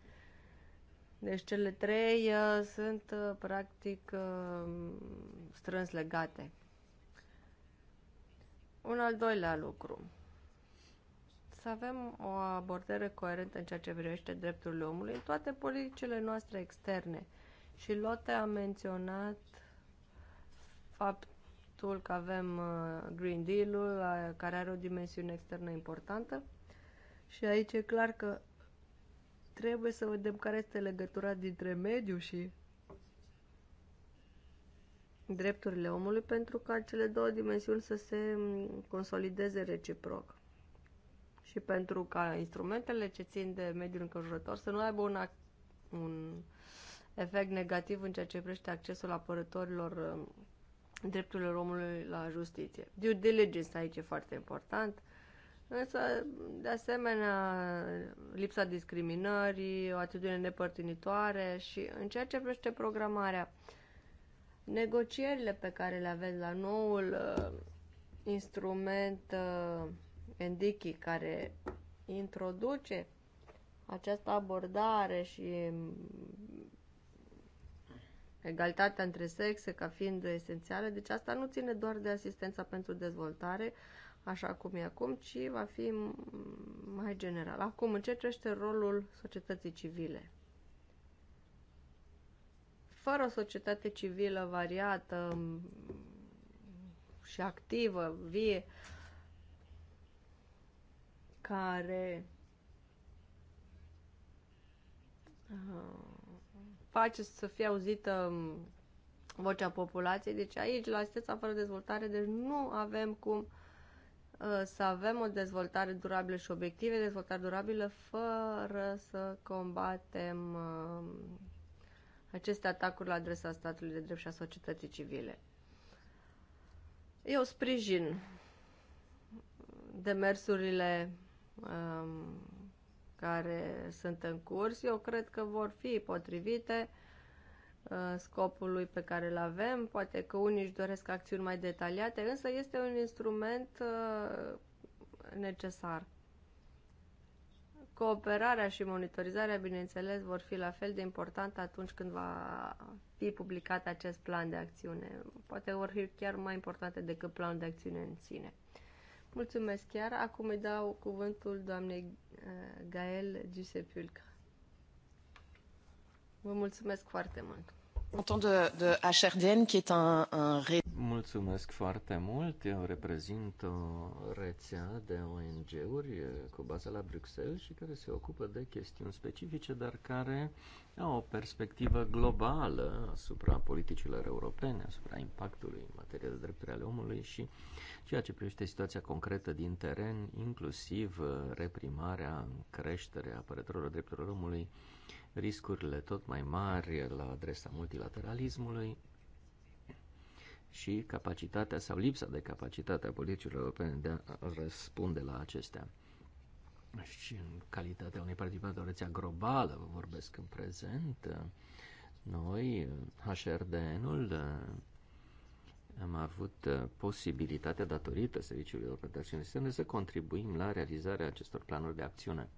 S3: Deci cele trei uh, sunt uh, practic uh, strâns legate. Un al doilea lucru. Să avem o abordare coerentă în ceea ce privește drepturile omului în toate politicile noastre externe. Și Lotte a menționat faptul că avem uh, Green Deal-ul, uh, care are o dimensiune externă importantă. Și aici e clar că trebuie să vedem care este legătura dintre mediu și drepturile omului pentru ca cele două dimensiuni să se consolideze reciproc și pentru ca instrumentele ce țin de mediul înconjurător să nu aibă un, un efect negativ în ceea ce privește accesul apărătorilor drepturilor omului la justiție. Due diligence aici e foarte important, însă, de asemenea, lipsa discriminării, o atitudine nepărtinitoare și în ceea ce privește programarea, uh, Negocierile pe care le aveți la noul uh, instrument uh, Endiki care introduce această abordare și mm, egalitatea între sexe ca fiind esențială, deci asta nu ține doar de asistența pentru dezvoltare, așa cum e acum, ci va fi mm, mai general. Acum, în ce crește rolul societății civile? fără o societate civilă variată și activă, vie, care uh, face să fie auzită vocea populației. Deci aici, la steța fără dezvoltare, deci nu avem cum uh, să avem o dezvoltare durabilă și obiective, dezvoltare durabilă, fără să combatem uh, aceste atacuri la adresa statului de drept și a societății civile. Eu sprijin demersurile um, care sunt în curs. Eu cred că vor fi potrivite uh, scopului pe care îl avem. Poate că unii își doresc acțiuni mai detaliate, însă este un instrument uh, necesar Cooperarea și monitorizarea, bineînțeles, vor fi la fel de importante atunci când va fi publicat acest plan de acțiune. Poate vor fi chiar mai importante decât planul de acțiune în sine. Mulțumesc chiar. Acum îi dau cuvântul doamnei uh, Gael Giusepiulca. Vă mulțumesc foarte mult
S6: de, de HRDN, qui est un, un...
S4: Mulțumesc foarte mult. Eu reprezint o rețea de ONG-uri cu bază la Bruxelles și care se ocupă de chestiuni specifice, dar care au o perspectivă globală asupra politicilor europene, asupra impactului în materie de drepturi ale omului și ceea ce privește situația concretă din teren, inclusiv uh, reprimarea, creșterea apărătorilor drepturilor omului, riscurile tot mai mari la adresa multilateralismului și capacitatea sau lipsa de capacitate a politicilor europene de a răspunde la acestea. Și în calitatea unei participante o rețea globală, vă vorbesc în prezent, noi, HRDN-ul, am avut posibilitatea, datorită Serviciului de Acțiune să contribuim la realizarea acestor planuri de acțiune.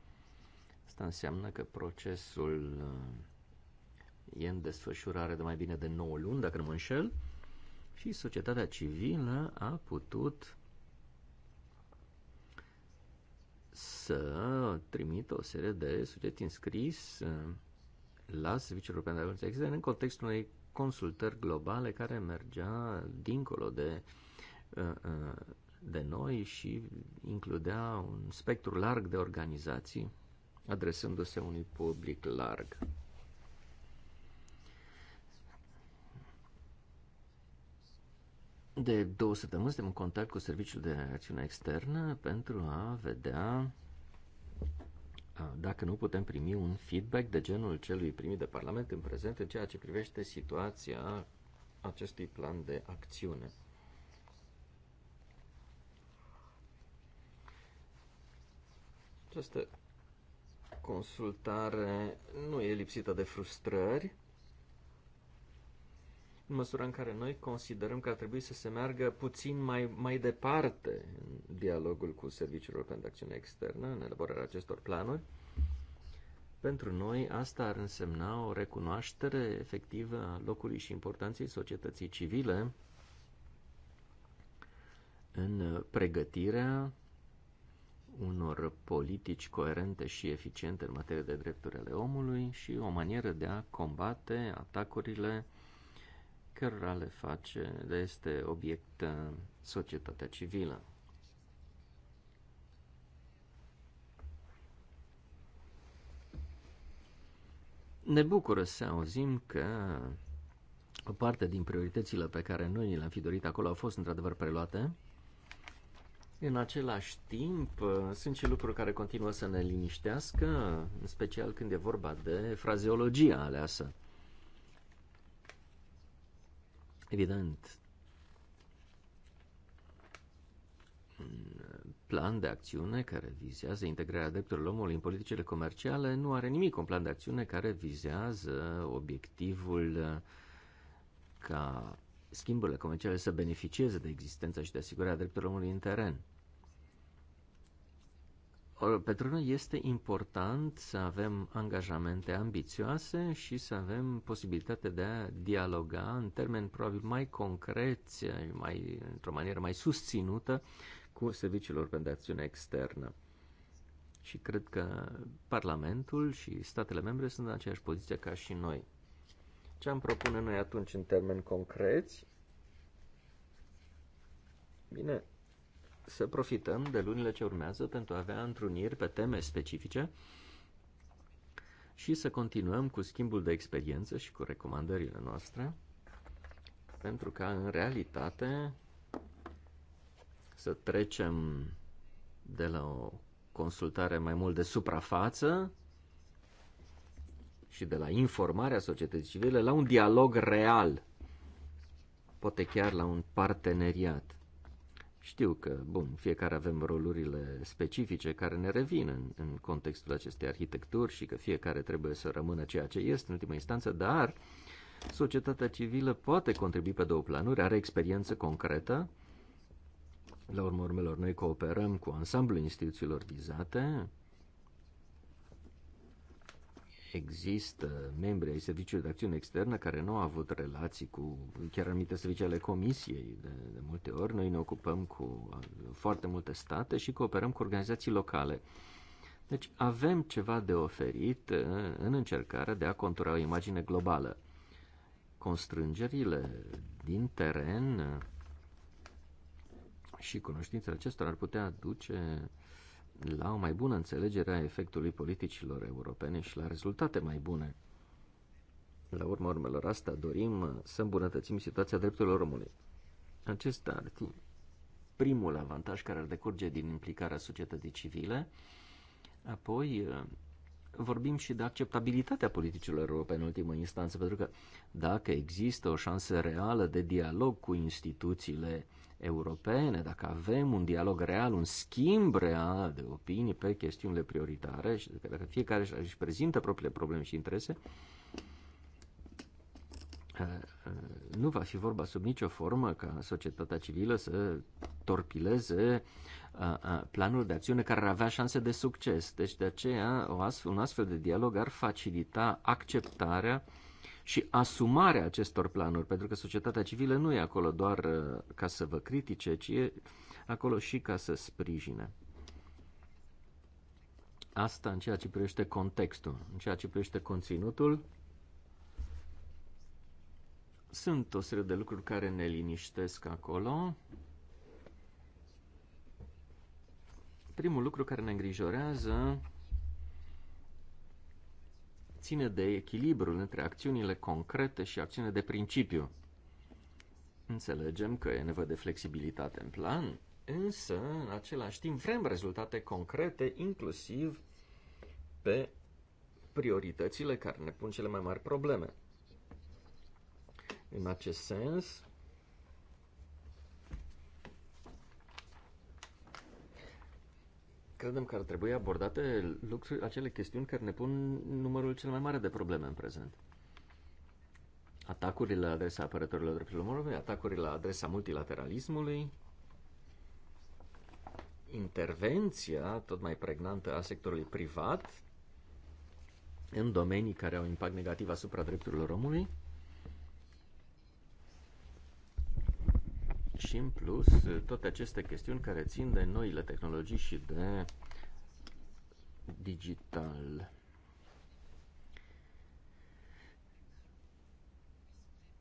S4: Asta înseamnă că procesul uh, e în desfășurare de mai bine de 9 luni, dacă nu mă înșel, și societatea civilă a putut să trimită o serie de subiecti înscris uh, la Serviciul European de Relații Externe în contextul unei consultări globale care mergea dincolo de, uh, de noi și includea un spectru larg de organizații adresându-se unui public larg. De două săptămâni suntem în contact cu Serviciul de Acțiune Externă pentru a vedea dacă nu putem primi un feedback de genul celui primit de Parlament în prezent în ceea ce privește situația acestui plan de acțiune. Această consultare nu e lipsită de frustrări, în măsura în care noi considerăm că ar trebui să se meargă puțin mai, mai departe în dialogul cu Serviciul European de Acțiune Externă, în elaborarea acestor planuri. Pentru noi asta ar însemna o recunoaștere efectivă a locului și importanței societății civile în pregătirea unor politici coerente și eficiente în materie de drepturile omului și o manieră de a combate atacurile cărora le face, le este obiect uh, societatea civilă. Ne bucură să auzim că o parte din prioritățile pe care noi le-am fi dorit acolo au fost într-adevăr preluate în același timp, uh, sunt și lucruri care continuă să ne liniștească, în special când e vorba de frazeologia aleasă. Evident, plan de acțiune care vizează integrarea drepturilor omului în politicile comerciale nu are nimic un plan de acțiune care vizează obiectivul uh, ca schimburile comerciale să beneficieze de existența și de asigurarea drepturilor omului în teren. Ă, pentru noi este important să avem angajamente ambițioase și să avem posibilitatea de a dialoga în termeni probabil mai concreți, mai, într-o manieră mai susținută cu serviciul lor de acțiune externă. Și cred că Parlamentul și statele membre sunt în aceeași poziție ca și noi. Ce am propune noi atunci în termeni concreți? Bine, să profităm de lunile ce urmează pentru a avea întruniri pe teme specifice și să continuăm cu schimbul de experiență și cu recomandările noastre, pentru ca în realitate să trecem de la o consultare mai mult de suprafață și de la informarea societății civile la un dialog real, poate chiar la un parteneriat. Știu că, bun, fiecare avem rolurile specifice care ne revin în, în contextul acestei arhitecturi și că fiecare trebuie să rămână ceea ce este în ultima instanță, dar societatea civilă poate contribui pe două planuri, are experiență concretă. La urmă urmelor, noi cooperăm cu ansamblul instituțiilor vizate, există membri ai Serviciului de Acțiune Externă care nu au avut relații cu chiar anumite servicii ale Comisiei de, de multe ori. Noi ne ocupăm cu foarte multe state și cooperăm cu organizații locale. Deci avem ceva de oferit în încercarea de a contura o imagine globală. Constrângerile din teren și cunoștințele acestora ar putea aduce la o mai bună înțelegere a efectului politicilor europene și la rezultate mai bune. La urma urmelor asta dorim uh, să îmbunătățim situația drepturilor omului. Acesta ar fi primul avantaj care ar decurge din implicarea societății civile. Apoi uh, vorbim și de acceptabilitatea politicilor europene în ultimă instanță, pentru că dacă există o șansă reală de dialog cu instituțiile europene, dacă avem un dialog real, un schimb real de opinii pe chestiunile prioritare și dacă fiecare își prezintă propriile probleme și interese, eh, eh, nu va fi vorba sub nicio formă ca societatea civilă să torpileze eh, planul de acțiune care ar avea șanse de succes. Deci de aceea un astfel de dialog ar facilita acceptarea uh, și asumarea acestor planuri, pentru că societatea civilă nu e acolo doar uh, ca să vă critique, ci e acolo și ca să sprijine. Asta în ceea ce privește contextul, în ceea ce privește conținutul, sunt o serie de lucruri care ne liniștesc acolo. Primul lucru care ne îngrijorează ține de echilibrul între acțiunile concrete și acțiunile de principiu. Înțelegem că e nevoie de flexibilitate în plan, însă, în același timp, vrem rezultate concrete, inclusiv pe prioritățile care ne pun cele mai mari probleme. În acest sens, Credem că ar trebui abordate lucruri, acele chestiuni care ne pun numărul cel mai mare de probleme în prezent. Atacurile la adresa apărătorilor drepturilor omului, atacurile la adresa multilateralismului, intervenția tot mai pregnantă a sectorului privat în domenii care au impact negativ asupra drepturilor omului, Și în plus, toate aceste chestiuni care țin de noile tehnologii și de digital.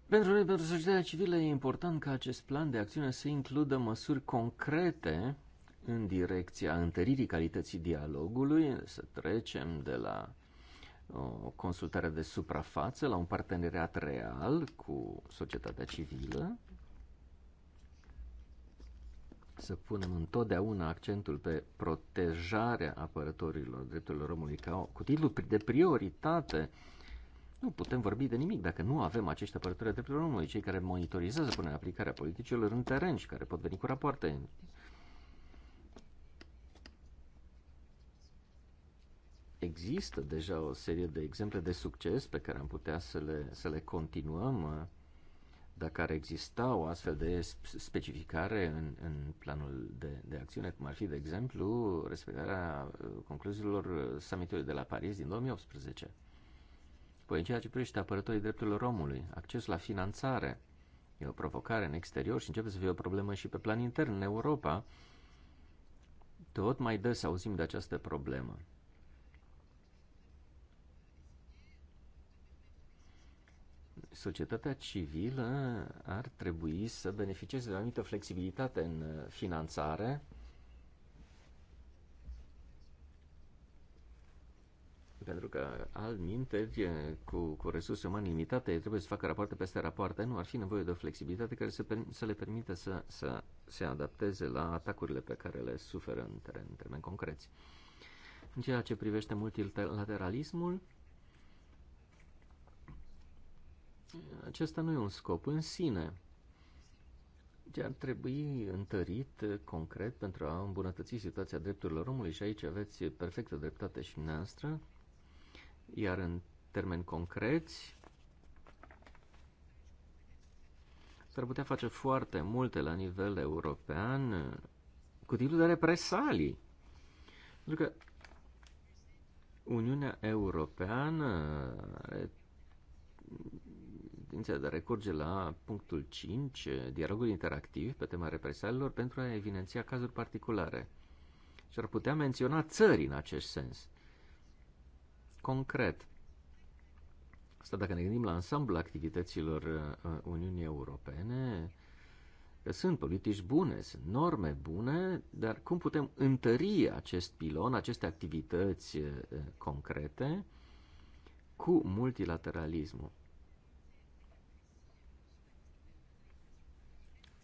S4: Pentru noi, pentru societatea civilă, e important ca acest plan de acțiune să includă măsuri concrete în direcția întăririi calității dialogului, să trecem de la uh, o consultare de suprafață la un parteneriat real cu societatea civilă, să punem întotdeauna accentul pe protejarea apărătorilor drepturilor omului ca cu titlu de prioritate. Nu putem vorbi de nimic dacă nu avem acești apărători ai drepturilor omului, cei care monitorizează până în aplicarea politicilor în teren și care pot veni cu rapoarte. Există deja o serie de exemple de succes pe care am putea să le, să le continuăm dacă ar exista o astfel de specificare în, în planul de, de acțiune, cum ar fi, de exemplu, respectarea uh, concluziilor uh, summitului de la Paris din 2018. Păi în ceea ce privește apărătorii drepturilor omului, accesul la finanțare e o provocare în exterior și începe să fie o problemă și pe plan intern în Europa, tot mai des auzim de această problemă. societatea civilă ar trebui să beneficieze de o anumită flexibilitate în uh, finanțare. Pentru că, al minteri, cu, cu resurse umane limitate, trebuie să facă rapoarte peste rapoarte. Nu, ar fi nevoie de o flexibilitate care să, să le permită să, să se adapteze la atacurile pe care le suferă în, teren, în termeni concreți. În ceea ce privește multilateralismul, acesta nu e un scop în sine, ce deci ar trebui întărit concret pentru a îmbunătăți situația drepturilor omului și aici aveți perfectă dreptate și noastră, iar în termeni concreți s-ar putea face foarte multe la nivel european cu titlul de represalii. Pentru că Uniunea Europeană are intenția de a recurge la punctul 5, dialogul interactiv pe tema represaliilor, pentru a evidenția cazuri particulare. Și ar putea menționa țări în acest sens. Concret, asta dacă ne gândim la ansamblul activităților uh, Uniunii Europene, că sunt politici bune, sunt norme bune, dar cum putem întări acest pilon, aceste activități uh, concrete cu multilateralismul?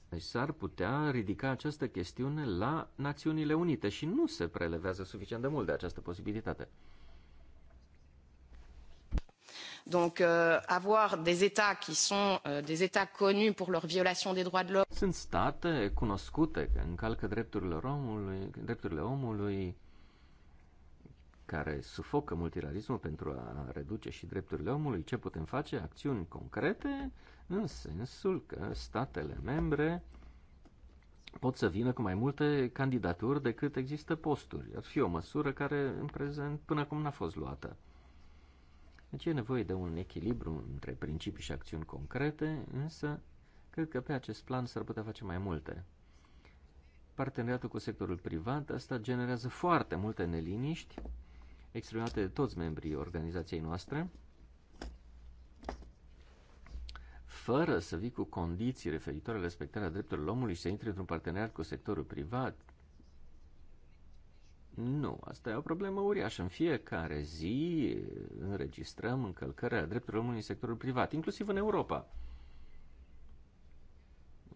S4: Deci s-ar putea ridica această chestiune la Națiunile Unite și nu se prelevează suficient de mult de această posibilitate.
S6: Donc euh, avoir des États qui sont euh, des États connus pour leur violation des droits de l'homme. Sunt
S4: state cunoscute că încalcă drepturile omului, drepturile omului care sufocă multilateralismul pentru a reduce și drepturile omului. Ce putem face? Acțiuni concrete în sensul că statele membre pot să vină cu mai multe candidaturi decât există posturi. Ar fi o măsură care în prezent până acum n-a fost luată. Deci e nevoie de un echilibru între principii și acțiuni concrete, însă cred că pe acest plan s-ar putea face mai multe. Parteneriatul cu sectorul privat, asta generează foarte multe neliniști exprimate de toți membrii organizației noastre, fără să vii cu condiții referitoare la respectarea drepturilor omului și să intri într-un parteneriat cu sectorul privat, nu, asta e o problemă uriașă. În fiecare zi înregistrăm încălcarea drepturilor omului în sectorul privat, inclusiv în Europa.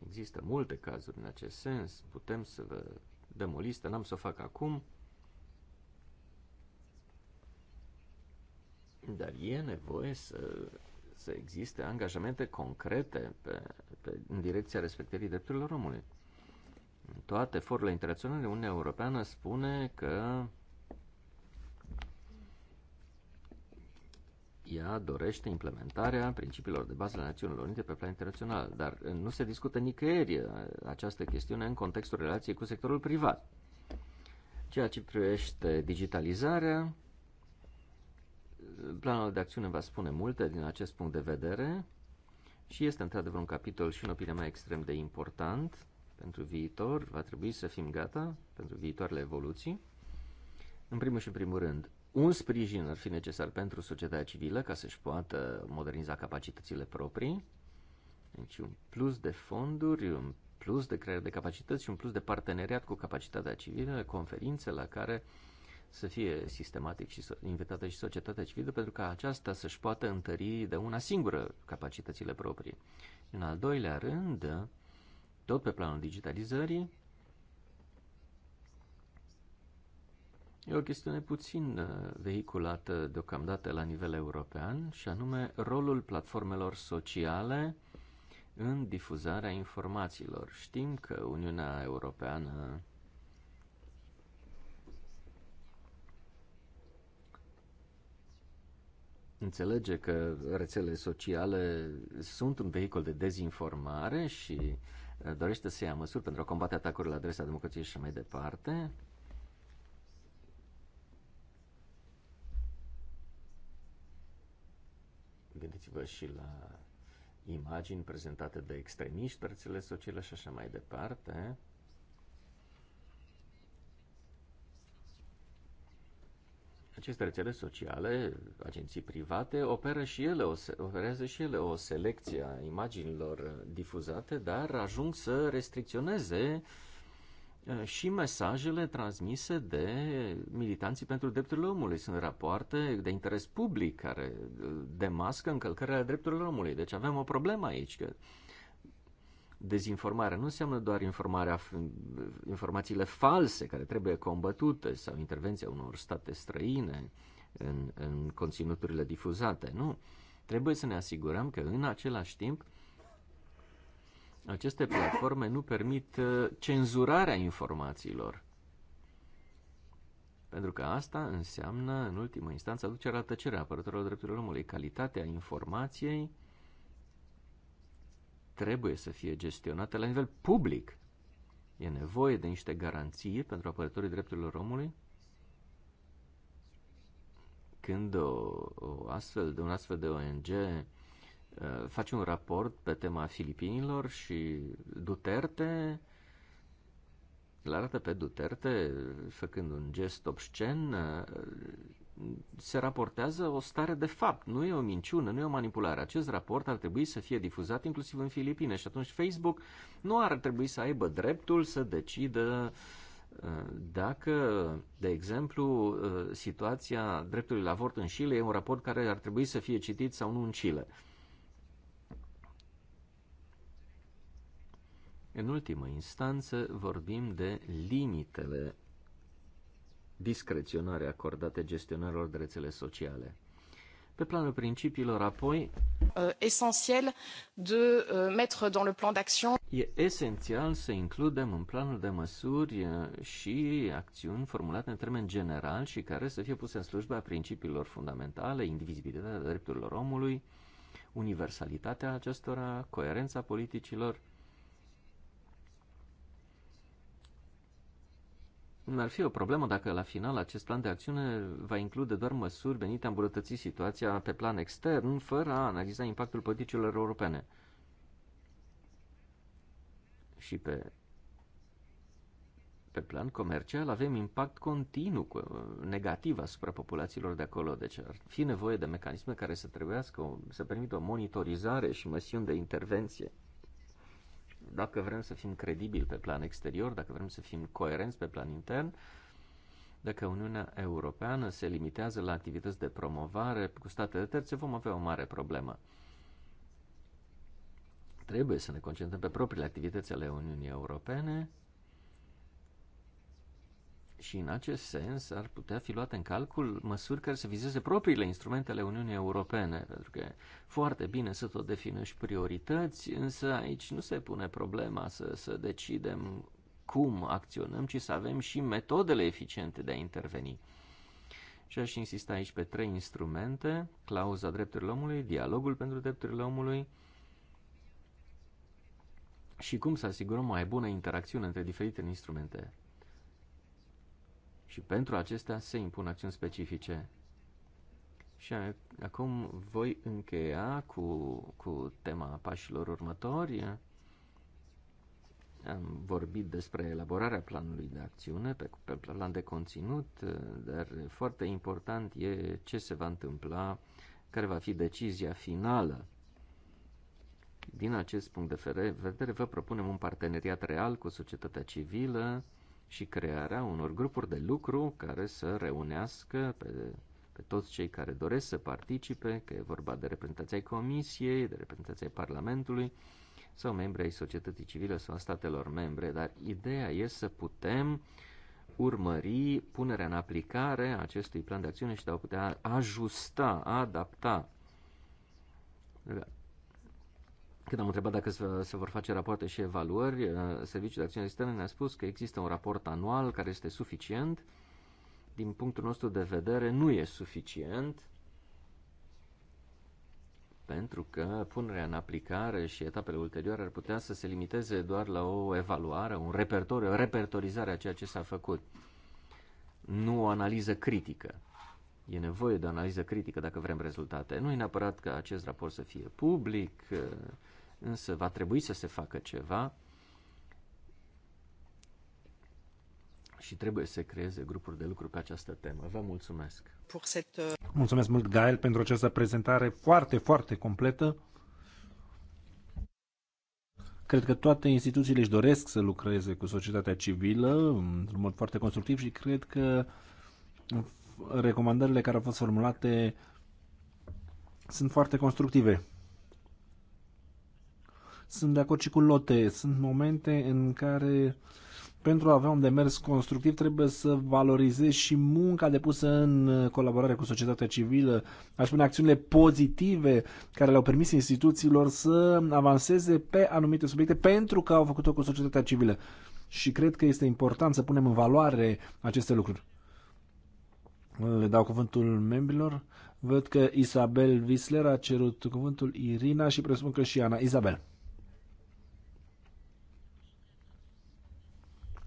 S4: Există multe cazuri în acest sens, putem să vă dăm o listă, n-am să o fac acum. Dar e nevoie să să existe angajamente concrete pe, pe, în direcția respectării drepturilor omului. În toate forurile internaționale, Uniunea Europeană spune că ea dorește implementarea principiilor de bază ale Națiunilor Unite pe plan internațional, dar nu se discută nicăieri această chestiune în contextul relației cu sectorul privat. Ceea ce privește digitalizarea, planul de acțiune va spune multe din acest punct de vedere și este într-adevăr un capitol și în opinia mea extrem de important pentru viitor. Va trebui să fim gata pentru viitoarele evoluții. În primul și în primul rând, un sprijin ar fi necesar pentru societatea civilă ca să-și poată moderniza capacitățile proprii. Deci un plus de fonduri, un plus de creare de capacități și un plus de parteneriat cu capacitatea civilă, conferințe la care uh, să fie sistematic și invitată și societatea civilă pentru ca aceasta să-și poată întări de una singură capacitățile proprii. În al doilea rând, tot pe planul digitalizării, E o chestiune puțin uh, vehiculată deocamdată la nivel european și anume rolul platformelor sociale în difuzarea informațiilor. Știm că Uniunea Europeană înțelege că rețelele sociale sunt un vehicul de dezinformare și uh, dorește să ia măsuri pentru a combate atacurile la adresa democrației și mai departe. Gândiți-vă și la imagini prezentate de extremiști pe rețelele sociale și așa mai departe. Aceste rețele sociale, agenții private, operă și ele, operează și ele o selecție a imaginilor difuzate, dar ajung să restricționeze uh, și mesajele transmise de militanții pentru drepturile omului. Sunt rapoarte de interes public care uh, demască încălcările drepturilor omului. Deci avem o problemă aici, că dezinformarea nu înseamnă doar informarea, informațiile false care trebuie combătute sau intervenția unor state străine în, în conținuturile difuzate. Nu. Trebuie să ne asigurăm că în același timp aceste platforme nu permit uh, cenzurarea informațiilor. Pentru că asta înseamnă, în ultimă instanță, aducerea la tăcerea apărătorilor drepturilor omului, calitatea informației trebuie să fie gestionate la nivel public. E nevoie de niște garanții pentru apărătorii drepturilor omului când o, o astfel, de un astfel de ONG uh, face un raport pe tema Filipinilor și Duterte îl arată pe Duterte făcând un gest obscen uh, se raportează o stare de fapt, nu e o minciună, nu e o manipulare. Acest raport ar trebui să fie difuzat inclusiv în Filipine și atunci Facebook nu ar trebui să aibă dreptul să decidă uh, dacă, de exemplu, uh, situația dreptului la avort în Chile e un raport care ar trebui să fie citit sau nu în Chile. În ultimă instanță vorbim de limitele discreționare acordate gestionarilor de rețele sociale.
S6: Pe planul principiilor, apoi, euh, esențial de euh, mettre dans le plan d'action. E esențial
S4: să includem în planul de măsuri uh, și acțiuni formulate în termen general și care să fie puse în slujba principiilor fundamentale, indivizibilitatea drepturilor omului, universalitatea acestora, coerența politicilor, Ar fi o problemă dacă la final acest plan de acțiune va include doar măsuri venite a îmbunătăți situația pe plan extern, fără a analiza impactul politicilor europene. Și pe, pe plan comercial avem impact continuu negativ asupra populațiilor de acolo, deci ar fi nevoie de mecanisme care să trebuiască, să permită o monitorizare și măsiuni de intervenție dacă vrem să fim credibili pe plan exterior, dacă vrem să fim coerenți pe plan intern, dacă Uniunea Europeană se limitează la activități de promovare cu statele terțe, vom avea o mare problemă. Trebuie să ne concentrăm pe propriile activități ale Uniunii Europene și în acest sens ar putea fi luate în calcul măsuri care să vizeze propriile instrumente ale Uniunii Europene, pentru că foarte bine să tot definești priorități, însă aici nu se pune problema să, să decidem cum acționăm, ci să avem și metodele eficiente de a interveni. Și aș insista aici pe trei instrumente, clauza drepturilor omului, dialogul pentru drepturile omului și cum să asigurăm mai bună interacțiune între diferite instrumente și pentru acestea se impun acțiuni specifice. Și acum voi încheia cu, cu tema pașilor următori. Am vorbit despre elaborarea planului de acțiune pe, pe plan de conținut, dar foarte important e ce se va întâmpla, care va fi decizia finală. Din acest punct de vedere, vă propunem un parteneriat real cu societatea civilă, și crearea unor grupuri de lucru care să reunească pe, pe toți cei care doresc să participe, că e vorba de reprezentanții Comisiei, de reprezentanții Parlamentului sau membri ai societății civile sau a statelor membre, dar ideea e să putem urmări punerea în aplicare a acestui plan de acțiune și de a putea ajusta, adapta când am întrebat dacă se vor face rapoarte și evaluări, uh, Serviciul de Acțiune Externe ne-a spus că există un raport anual care este suficient. Din punctul nostru de vedere, nu e suficient pentru că punerea în aplicare și etapele ulterioare ar putea să se limiteze doar la o evaluare, un repertoriu, o repertorizare a ceea ce s-a făcut. Nu o analiză critică. E nevoie de o analiză critică dacă vrem rezultate. Nu e neapărat ca acest raport să fie public, uh, însă va trebui să se facă ceva și trebuie să creeze grupuri de lucru pe această temă. Vă mulțumesc!
S5: Uh,
S2: mulțumesc mult, Gael, pentru această prezentare foarte, foarte completă. Cred că toate instituțiile își doresc să lucreze cu societatea civilă într-un mod foarte constructiv și cred că recomandările care au fost formulate sunt foarte constructive. Sunt de acord și cu Lote. Sunt momente în care pentru a avea un demers constructiv trebuie să valorizezi și munca depusă în colaborare cu societatea civilă, aș spune acțiunile pozitive care le-au permis instituțiilor să avanseze pe anumite subiecte pentru că au făcut-o cu societatea civilă. Și cred că este important să punem în valoare aceste lucruri. Le dau cuvântul membrilor. Văd că Isabel Visler a cerut cuvântul Irina și presupun că și Ana. Isabel.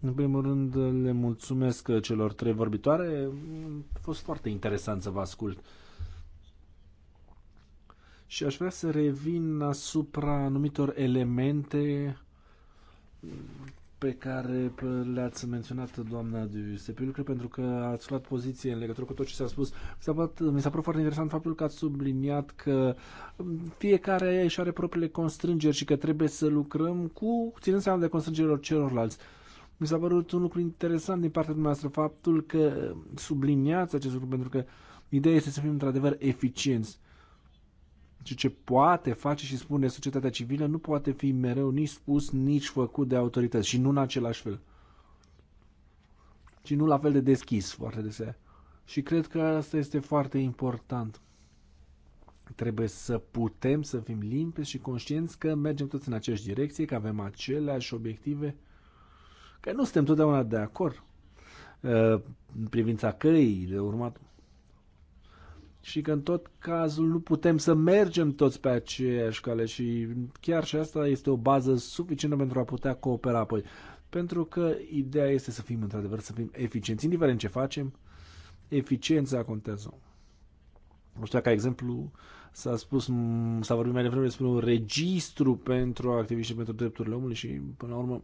S2: În primul rând, le mulțumesc celor trei vorbitoare. A fost foarte interesant să vă ascult. Și aș vrea să revin asupra anumitor elemente pe care le-ați menționat, doamna cred pentru că ați luat poziție în legătură cu tot ce s-a spus. Mi s-a părut foarte interesant faptul că ați subliniat că fiecare își are propriile constrângeri și că trebuie să lucrăm cu, ținând seama de constrângerilor celorlalți. Uh, mi s-a părut un lucru interesant din partea dumneavoastră, faptul că subliniați acest lucru, pentru că ideea este să fim într-adevăr eficienți. Și ce poate face și spune societatea civilă nu poate fi mereu nici spus, nici făcut de autorități și nu în același fel. Și nu la fel de deschis foarte desea. Și cred că asta este foarte important. Trebuie să putem să fim limpezi și conștienți că mergem toți în aceeași direcție, că avem aceleași obiective că nu suntem totdeauna de acord uh, în privința căii de urmat și că în tot cazul nu putem să mergem toți pe aceeași cale și chiar și asta este o bază suficientă pentru a putea coopera apoi. Pentru că ideea este să fim într-adevăr, să fim eficienți. Indiferent ce facem, eficiența contează. Nu știu, ca exemplu, s-a spus, s-a vorbit mai devreme despre un registru pentru activiști și pentru drepturile omului și, până la urmă,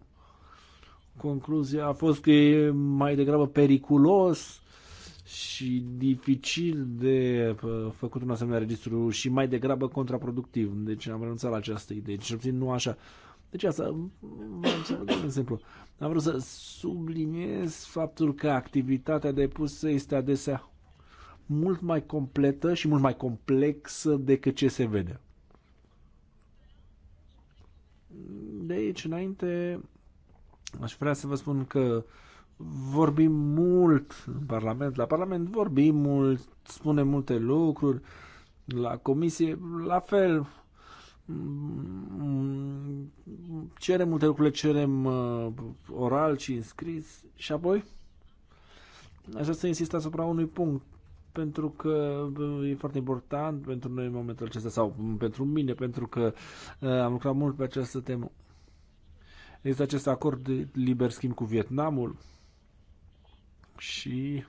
S2: Concluzia a fost că e mai degrabă periculos și dificil de uh, făcut un asemenea registru și mai degrabă contraproductiv. Deci am renunțat la această idee. Deci puțin nu așa. Deci asta, să vă dau un exemplu. Am vrut să subliniez faptul că activitatea depusă este adesea mult mai completă și mult mai complexă decât ce se vede. De aici înainte Aș vrea să vă spun că vorbim mult în Parlament, la Parlament vorbim mult, spunem multe lucruri, la Comisie la fel, cerem multe lucruri, cerem uh, oral și înscris și apoi aș vrea să insist asupra unui punct pentru că uh, e foarte important pentru noi în momentul acesta sau pentru mine, pentru că uh, am lucrat mult pe această temă. Există acest acord de liber schimb cu Vietnamul și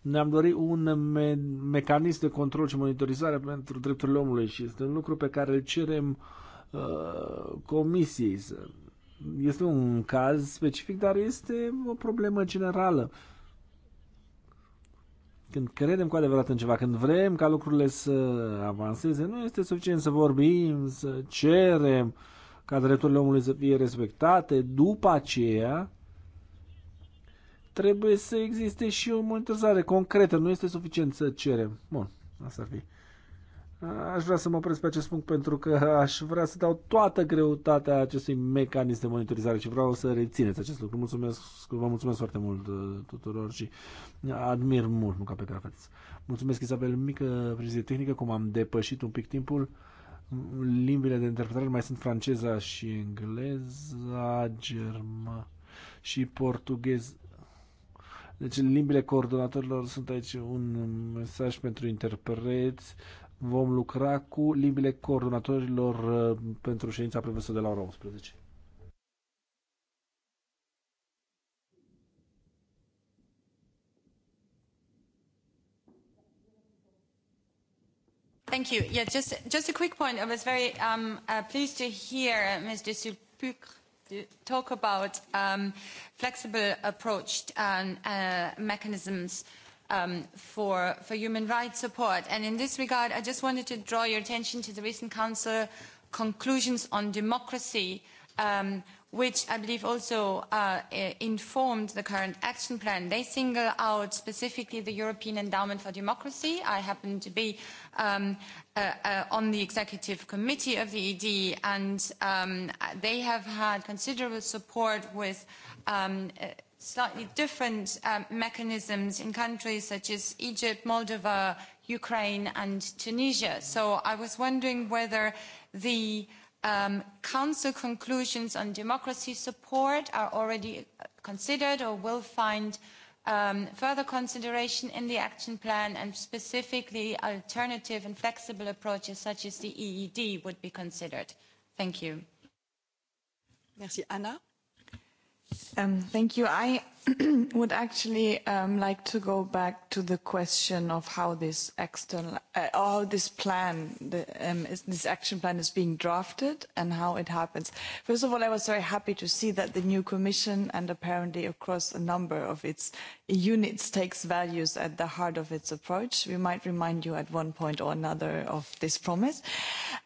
S2: ne-am dorit un me- mecanism de control și monitorizare pentru drepturile omului și este un lucru pe care îl cerem uh, comisiei. Este un caz specific, dar este o problemă generală. Când credem cu adevărat în ceva, când vrem ca lucrurile să avanseze, nu este suficient să vorbim, să cerem, uh, ca drepturile omului să fie respectate, după aceea trebuie să existe și o monitorizare concretă. Nu este suficient să cerem. Bun, asta ar fi. Aș vrea să mă opresc pe acest punct pentru că aș vrea să dau toată greutatea acestui mecanism de monitorizare și vreau să rețineți acest lucru. Mulțumesc, vă mulțumesc foarte mult uh, tuturor și admir mult munca pe care o faceți. Mulțumesc, Isabel, mică prezidie tehnică, cum am depășit un pic timpul limbile de interpretare mai sunt franceza și engleza, germa și portughez. Deci limbile coordonatorilor sunt aici un mesaj pentru interpreți. Vom lucra cu limbile coordonatorilor uh, pentru ședința prevăzută de la ora 11.
S1: Thank you. Yeah, just, just a quick point. I was very um, uh, pleased to hear uh, Mr. Sulpucre talk about um, flexible approach and uh, mechanisms um, for, for human rights support. And in this regard, I just wanted to draw your attention to the recent Council conclusions on democracy um, which I believe also uh, informed the current action plan. They single out specifically the European Endowment for Democracy. I happen to be um, uh, uh, on the executive committee of the ED, and um, they have had considerable support with um, uh, slightly different um, mechanisms in countries such as Egypt, Moldova, Ukraine, and Tunisia. So I was wondering whether the Um, council conclusions on democracy support are already considered or will find um, further consideration in the action plan and specifically alternative and flexible approaches such as the EED would be considered. Thank you. Merci. Anna?
S7: Um, thank you. I would actually um, like to go back to the question of how this external, uh, how this plan, the, um, is, this action plan is being drafted and how it happens. First of all, I was very happy to see that the new Commission and apparently across a number of its units takes values at the heart of its approach. We might remind you at one point or another of this promise.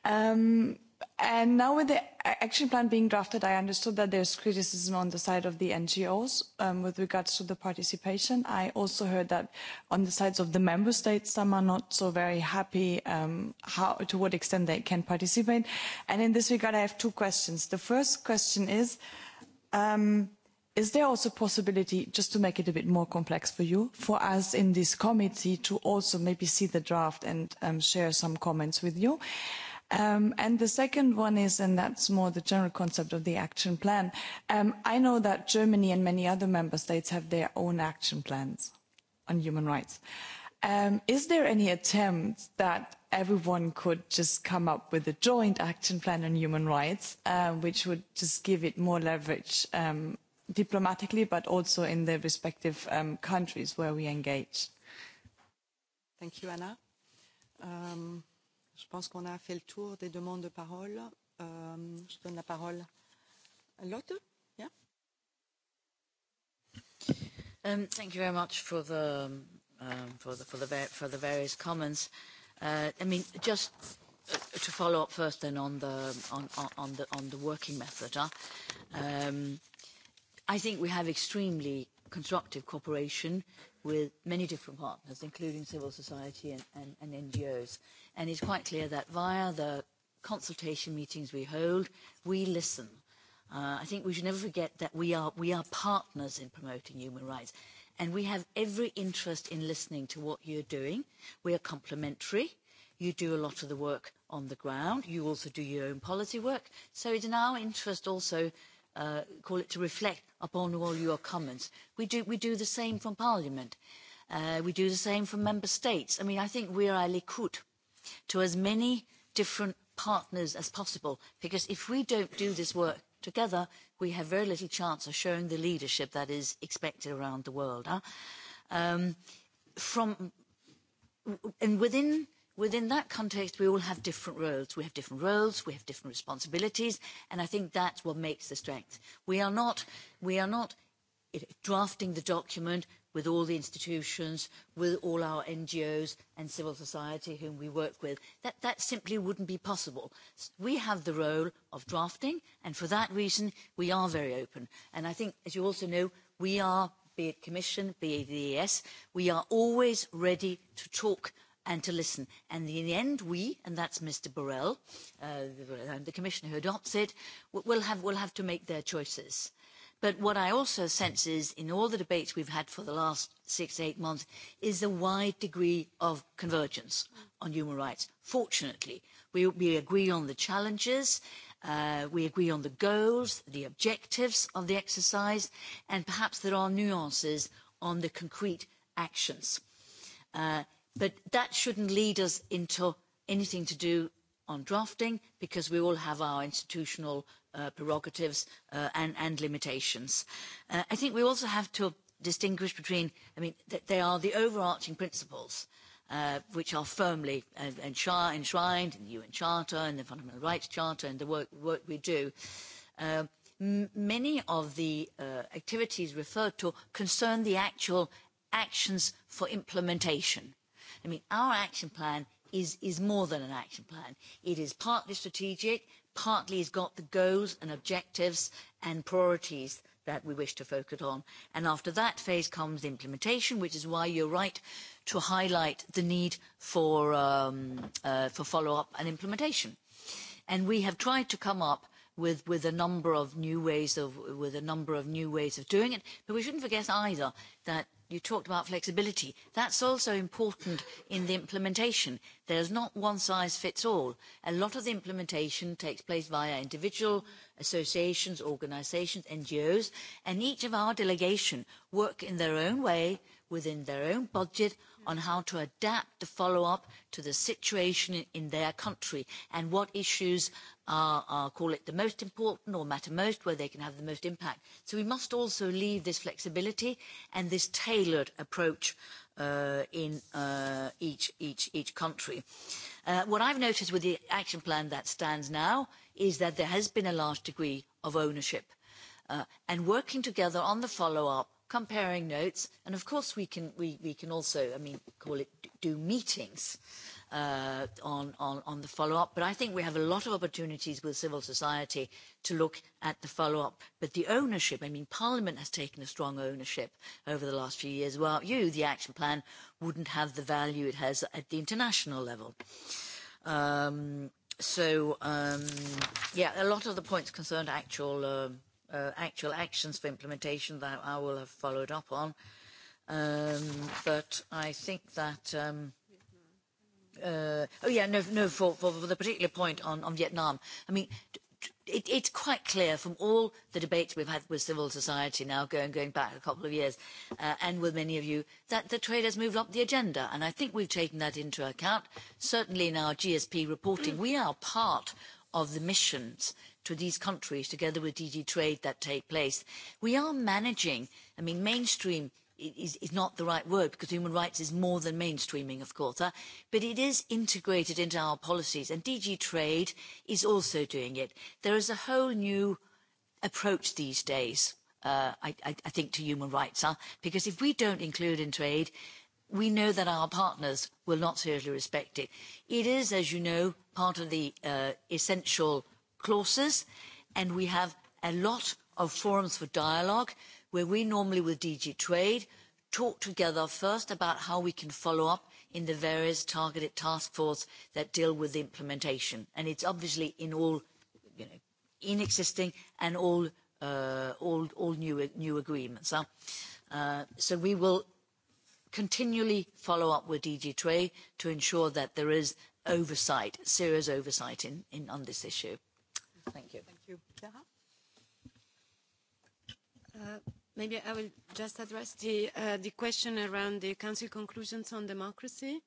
S7: Um, And now with the action plan being drafted, I understood that there's criticism on the side of the NGOs um, with regards to the participation. I also heard that on the sides of the member states, some are not so very happy um, how, to what extent they can participate. And in this regard, I have two questions. The first question is, um, is there also a possibility, just to make it a bit more complex for you, for us in this committee to also maybe see the draft and um, share some comments with you? Um, and the second one is, and that's more the general concept of the action plan. Um, I know that Germany and many other member states have their own action plans on human rights. Um, is there any attempt that everyone could just come up with a joint action plan on human rights, uh, which would just give it more leverage um, diplomatically, but also in the respective um, countries where we engage?
S5: Thank you, Anna. Um, Je pense qu'on a fait le tour des demandes de parole. Euh, je donne la parole à Lotte. Yeah. Um, thank
S8: you very much for the, um, for the, for the, for the various comments. Uh, I mean, just uh, to follow up first then on the, on, on the, on the working method. Huh? Um, I think we have extremely constructive cooperation with many different partners, including civil society and, and, and NGOs and it's quite clear that via the consultation meetings we hold, we listen. Uh, I think we should never forget that we are, we are partners in promoting human rights, and we have every interest in listening to what you're doing. We are complementary. You do a lot of the work on the ground. You also do your own policy work. So it's in our interest also, uh, call it to reflect upon all your comments. We do, we do the same from Parliament. Uh, we do the same from member states. I mean, I think we are a l'écoute to as many different partners as possible, because if we don't do this work together, we have very little chance of showing the leadership that is expected around the world. Huh? Um, from and within within that context, we all have different roles. We have different roles, we have different responsibilities, and I think that's what makes the strength. We are not we are not drafting the document with all the institutions, with all our NGOs and civil society whom we work with. That, that simply wouldn't be possible. We have the role of drafting, and for that reason, we are very open. And I think, as you also know, we are, be it Commission, be it the ES, we are always ready to talk and to listen. And in the end, we, and that's Mr. Borrell, uh, the, the Commissioner who adopts it, will have, will have to make their choices. But what I also sense is, in all the debates we've had for the last six, eight months, is a wide degree of convergence on human rights. Fortunately, we, we agree on the challenges, uh, we agree on the goals, the objectives of the exercise, and perhaps there are nuances on the concrete actions. Uh, but that shouldn't lead us into anything to do on drafting because we all have our institutional uh, prerogatives uh, and, and limitations. Uh, I think we also have to distinguish between, I mean, th they are the overarching principles uh, which are firmly uh, enshrined in the UN Charter and the Fundamental Rights Charter and the work, work we do. Uh, many of the uh, activities referred to concern the actual actions for implementation. I mean, our action plan is, is more than an action plan. It is partly strategic, partly has got the goals and objectives and priorities that we wish to focus on. And after that phase comes implementation, which is why you're right to highlight the need for, um, uh, for follow-up and implementation. And we have tried to come up with, with a number of new ways of with a number of new ways of doing it. But we shouldn't forget either that You talked about flexibility. That's also important in the implementation. There's not one size fits all. A lot of the implementation takes place via individual associations, organisations, NGOs, and each of our delegation work in their own way, within their own budget, on how to adapt the follow-up to the situation in their country and what issues are, are, call it the most important or matter most, where they can have the most impact. So we must also leave this flexibility and this tailored approach uh, in uh, each, each, each country. Uh, what I've noticed with the action plan that stands now is that there has been a large degree of ownership uh, and working together on the follow-up, comparing notes, and of course we can, we, we can also, I mean, call it do meetings. Uh, Uh, on, on the follow-up. But I think we have a lot of opportunities with civil society to look at the follow-up. But the ownership, I mean, Parliament has taken a strong ownership over the last few years. Without you, the action plan wouldn't have the value it has at the international level. Um, so, um, yeah, a lot of the points concerned actual, uh, uh, actual actions for implementation that I will have followed up on. Um, but I think that... Um, Uh, oh yeah, no, no, for, for, for the particular point on, on Vietnam. I mean, it, it's quite clear from all the debates we've had with civil society now, going going back a couple of years, uh, and with many of you, that the trade has moved up the agenda, and I think we've taken that into account. Certainly in our GSP reporting, we are part of the missions to these countries, together with DG Trade, that take place. We are managing. I mean, mainstream is, is not the right word because human rights is more than mainstreaming, of course, uh, but it is integrated into our policies. And DG Trade is also doing it. There is a whole new approach these days, uh, I, I, I think, to human rights, uh, because if we don't include in trade, we know that our partners will not seriously respect it. It is, as you know, part of the uh, essential clauses, and we have a lot of forums for dialogue where we normally with DG Trade talk together first about how we can follow up in the various targeted task force that deal with the implementation. And it's obviously in all, you know, in existing and all, uh, all, all new, new agreements. Uh, so we will continually follow up with DG Trade to ensure that there is oversight, serious oversight in, in, on this issue. Thank you. Thank
S5: you.
S9: Chiara? Maybe I will just address the, uh, the question around the Council conclusions on democracy,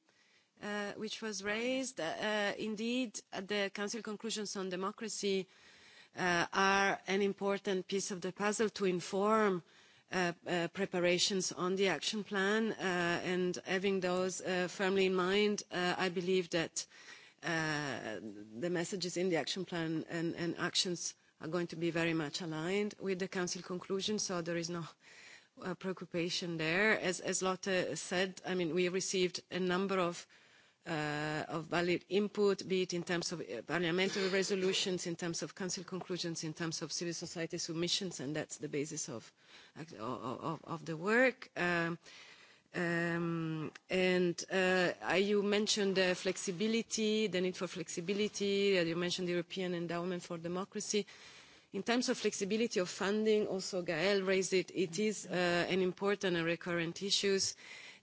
S9: uh, which was raised. Uh, indeed, the Council conclusions on democracy uh, are an important piece of the puzzle to inform uh, uh, preparations on the action plan, uh, and having those uh, firmly in mind, uh, I believe that uh, the messages in the action plan and, and actions are going to be very much aligned with the Council conclusion, so there is no uh, preoccupation there. As, as Lotte said, I mean, we received a number of, uh, of valid input, be it in terms of uh, parliamentary resolutions, in terms of Council conclusions, in terms of civil society submissions, and that's the basis of, of, of, of the work. Um, Um, and uh, you mentioned the flexibility, the need for flexibility. You mentioned the European Endowment for Democracy. In terms of flexibility of funding, also Gael raised it, it is uh, an important and recurrent issue.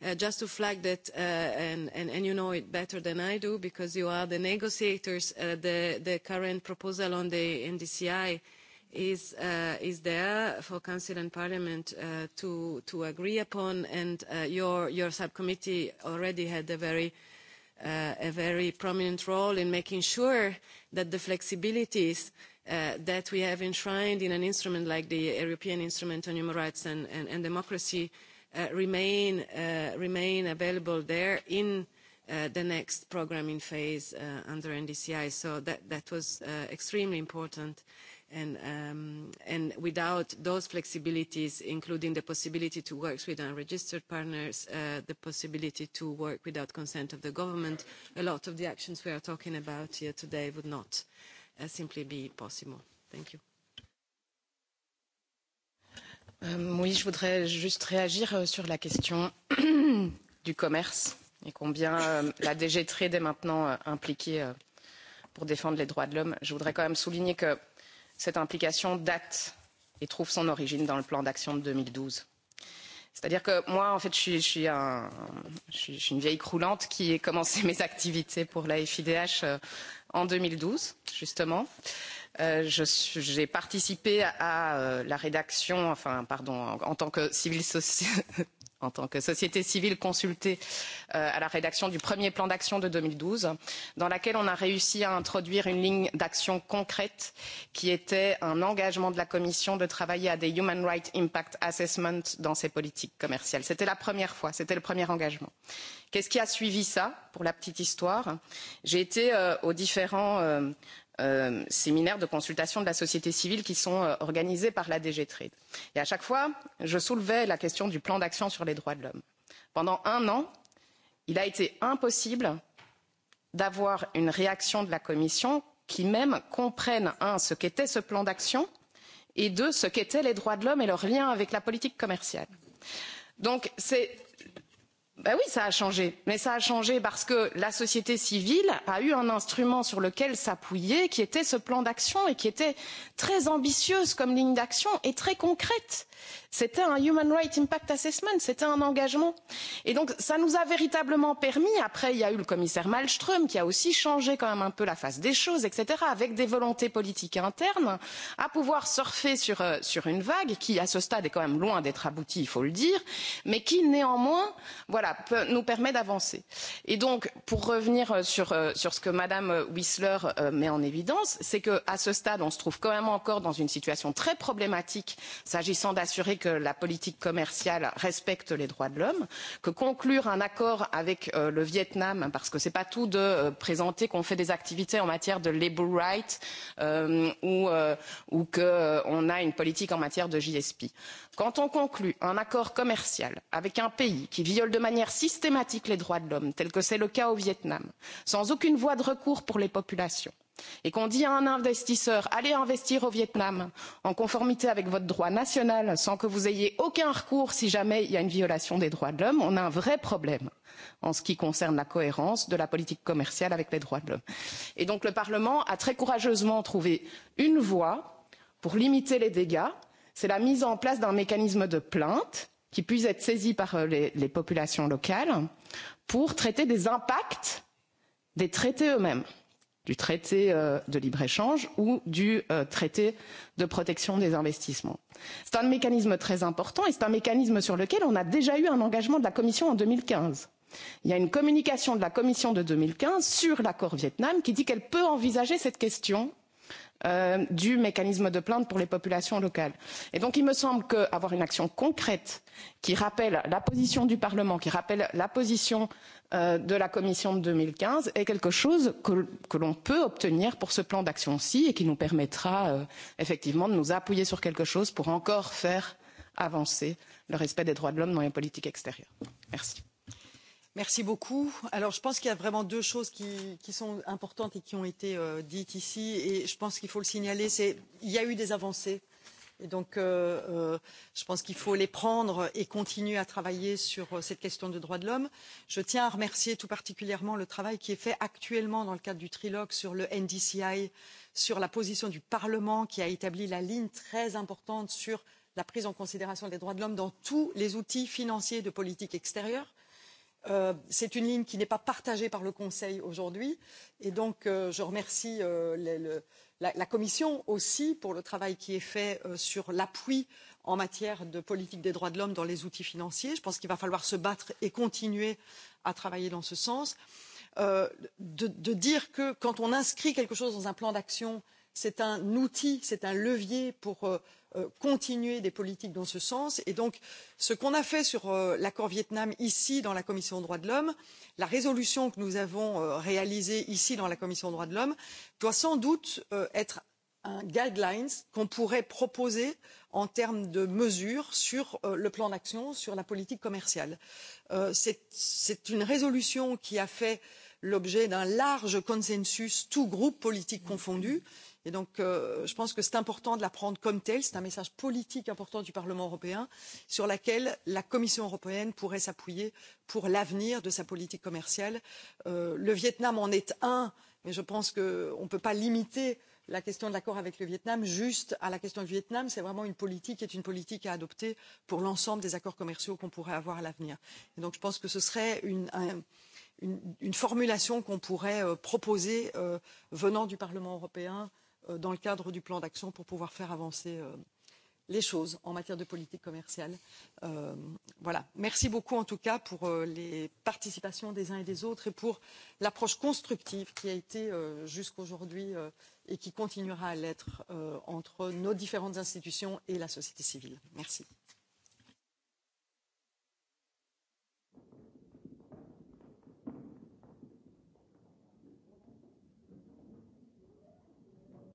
S9: Uh, just to flag that, uh, and, and, and, you know it better than I do because you are the negotiators, uh, the, the, current proposal on the NDCI is, uh, is there for Council and Parliament uh, to, to agree upon, and uh, your, your subcommittee already had a very, uh, a very prominent role in making sure that the flexibilities uh, that we have enshrined in an instrument like the European Instrument on Human Rights and, and, and Democracy uh, remain, uh, remain available there in Uh, the next programming phase uh, under NDCI. So that, that was uh, extremely important and, um, and without those flexibilities, including the possibility to work with unregistered partners, uh, the possibility to work without consent of the government, a lot of the actions we are talking about here today would not uh, simply be possible. Thank you.
S6: Euh, oui, je voudrais juste réagir euh, sur la question du commerce et combien euh, la DG Trade est maintenant euh, impliquée euh, pour défendre les droits de l'homme. Je voudrais quand même souligner que cette implication date et trouve son origine dans le plan d'action de 2012. C'est-à-dire que moi, en fait, je suis, je, suis un, je, suis, je suis une vieille croulante qui ai commencé mes activités pour la FIDH euh, en 2012, justement. Euh, J'ai participé à, à euh, la rédaction, enfin, pardon, en, en tant que civil, soci... en tant que société civile consultée euh, à la rédaction du premier plan d'action de 2012, dans laquelle on a réussi à introduire une ligne d'action concrète qui était un engagement de la Commission de travailler à des Human Rights Impact Assessment dans ses politiques commerciales. C'était la première fois, c'était le premier engagement. Qu'est-ce qui a suivi ça, pour la petite histoire J'ai été euh, aux différents... Euh, euh, séminaires de consultation de la société civile qui sont euh, organisés par la DG Trade. Et à chaque fois, je soulevais la question du plan d'action sur les droits de l'homme. Pendant un an, il a été impossible d'avoir une réaction de la Commission qui même comprenne, un, ce qu'était ce plan d'action, et deux, ce qu'étaient les droits de l'homme et leur lien avec la politique commerciale. Donc, c'est Ben oui, ça a changé. Mais ça a changé parce que la société civile a eu un instrument sur lequel s'appuyer, qui était ce plan d'action et qui était très ambitieuse comme ligne d'action et très concrète. C'était un Human Rights Impact Assessment, c'était un engagement. Et donc, ça nous a véritablement permis, après, il y a eu le commissaire Malmström qui a aussi changé quand même un peu la face des choses, etc., avec des volontés politiques internes, à pouvoir surfer sur, euh, sur une vague qui, à ce stade, est quand même loin d'être aboutie, il faut le dire, mais qui, néanmoins, voilà, voilà, nous permet d'avancer. Et donc, pour revenir euh, sur, euh, sur ce que Madame euh, Whistler met en évidence, c'est qu'à ce stade, on se trouve quand même encore dans une situation très problématique s'agissant d'assurer que la politique commerciale respecte les droits de l'homme, que conclure un accord avec euh, le Vietnam, parce que ce n'est pas tout de présenter qu'on fait des activités en matière de labor rights euh, ou, euh, ou qu'on a une politique en matière de JSP. Quand on conclut un accord commercial avec un pays qui viole de manière manière systématique les droits de l'homme tel que c'est le cas au viêt nam sans aucune voie de recours pour les populations et qu'on dit à un investisseur allez investir au viêt nam en conformité avec votre droit national sans que vous ayez aucun recours si jamais il y a une violation des droits de l'homme on a un vrai problème en ce qui concerne la cohérence de la politique commerciale avec les droits de l'homme. et donc le parlement a très courageusement trouvé une voie pour limiter les dégâts c'est la mise en place d'un mécanisme de plainte qui puisse être saisie par euh, les, les populations locales pour traiter des impacts des traités eux mêmes du traité euh, de libre échange ou du euh, traité de protection des investissements. C'est un mécanisme très important et c'est un mécanisme sur lequel on a déjà eu un engagement de la Commission en 2015. Il y a une communication de la Commission de 2015 sur l'accord Vietnam qui dit qu'elle peut envisager cette question euh, du mécanisme de plainte pour les populations locales. Et donc il me semble qu'avoir une action concrète qui rappelle la position du Parlement, qui rappelle la position euh, de la Commission de 2015 est quelque chose que, que l'on peut obtenir pour ce plan d'action-ci et qui nous permettra euh, effectivement de nous appuyer sur quelque chose pour encore faire avancer le respect des droits de l'homme dans les politiques extérieures. Merci.
S5: Merci beaucoup. Alors, je pense qu'il y a vraiment deux choses qui, qui sont importantes et qui ont été euh, dites ici, et je pense qu'il faut le signaler. C'est il y a eu des avancées, et donc euh, euh, je pense qu'il faut les prendre et continuer à travailler sur euh, cette question des droits de l'homme. Je tiens à remercier tout particulièrement le travail qui est fait actuellement dans le cadre du trilogue sur le NDCI, sur la position du Parlement qui a établi la ligne très importante sur la prise en considération des droits de l'homme dans tous les outils financiers de politique extérieure Euh, c'est une ligne qui n'est pas partagée par le Conseil aujourd'hui et donc euh, je remercie euh, les, le, la, la Commission aussi pour le travail qui est fait euh, sur l'appui en matière de politique des droits de l'homme dans les outils financiers. Je pense qu'il va falloir se battre et continuer à travailler dans ce sens. Euh, de, de dire que quand on inscrit quelque chose dans un plan d'action, c'est un outil, c'est un levier pour euh, Euh, continuer des politiques dans ce sens et donc ce qu'on a fait sur euh, l'accord Vietnam ici dans la commission des droits de l'homme la résolution que nous avons euh, réalisée ici dans la commission des droits de l'homme doit sans doute être un guidelines qu'on pourrait proposer en termes de mesures sur le plan d'action sur la politique commerciale. c'est une résolution qui a fait l'objet d'un large consensus tous groupes politiques confondus et Et donc, euh, je pense que c'est important de la prendre comme telle. C'est un message politique important du Parlement européen sur laquelle la Commission européenne pourrait s'appuyer pour l'avenir de sa politique commerciale. Euh, le Vietnam en est un, mais je pense qu'on ne peut pas limiter la question de l'accord avec le Vietnam juste à la question du Vietnam. C'est vraiment une politique qui est une politique à adopter pour l'ensemble des accords commerciaux qu'on pourrait avoir à l'avenir. Et donc, je pense que ce serait une, un, une, une formulation qu'on pourrait euh, proposer euh, venant du Parlement européen Euh, dans le cadre du plan d'action pour pouvoir faire avancer euh, les choses en matière de politique commerciale. Euh, voilà. Merci beaucoup en tout cas pour euh, les participations des uns et des autres et pour l'approche constructive qui a été euh, jusqu'aujourd'hui euh, et qui continuera à l'être euh, entre nos différentes institutions et la société civile.
S10: Merci.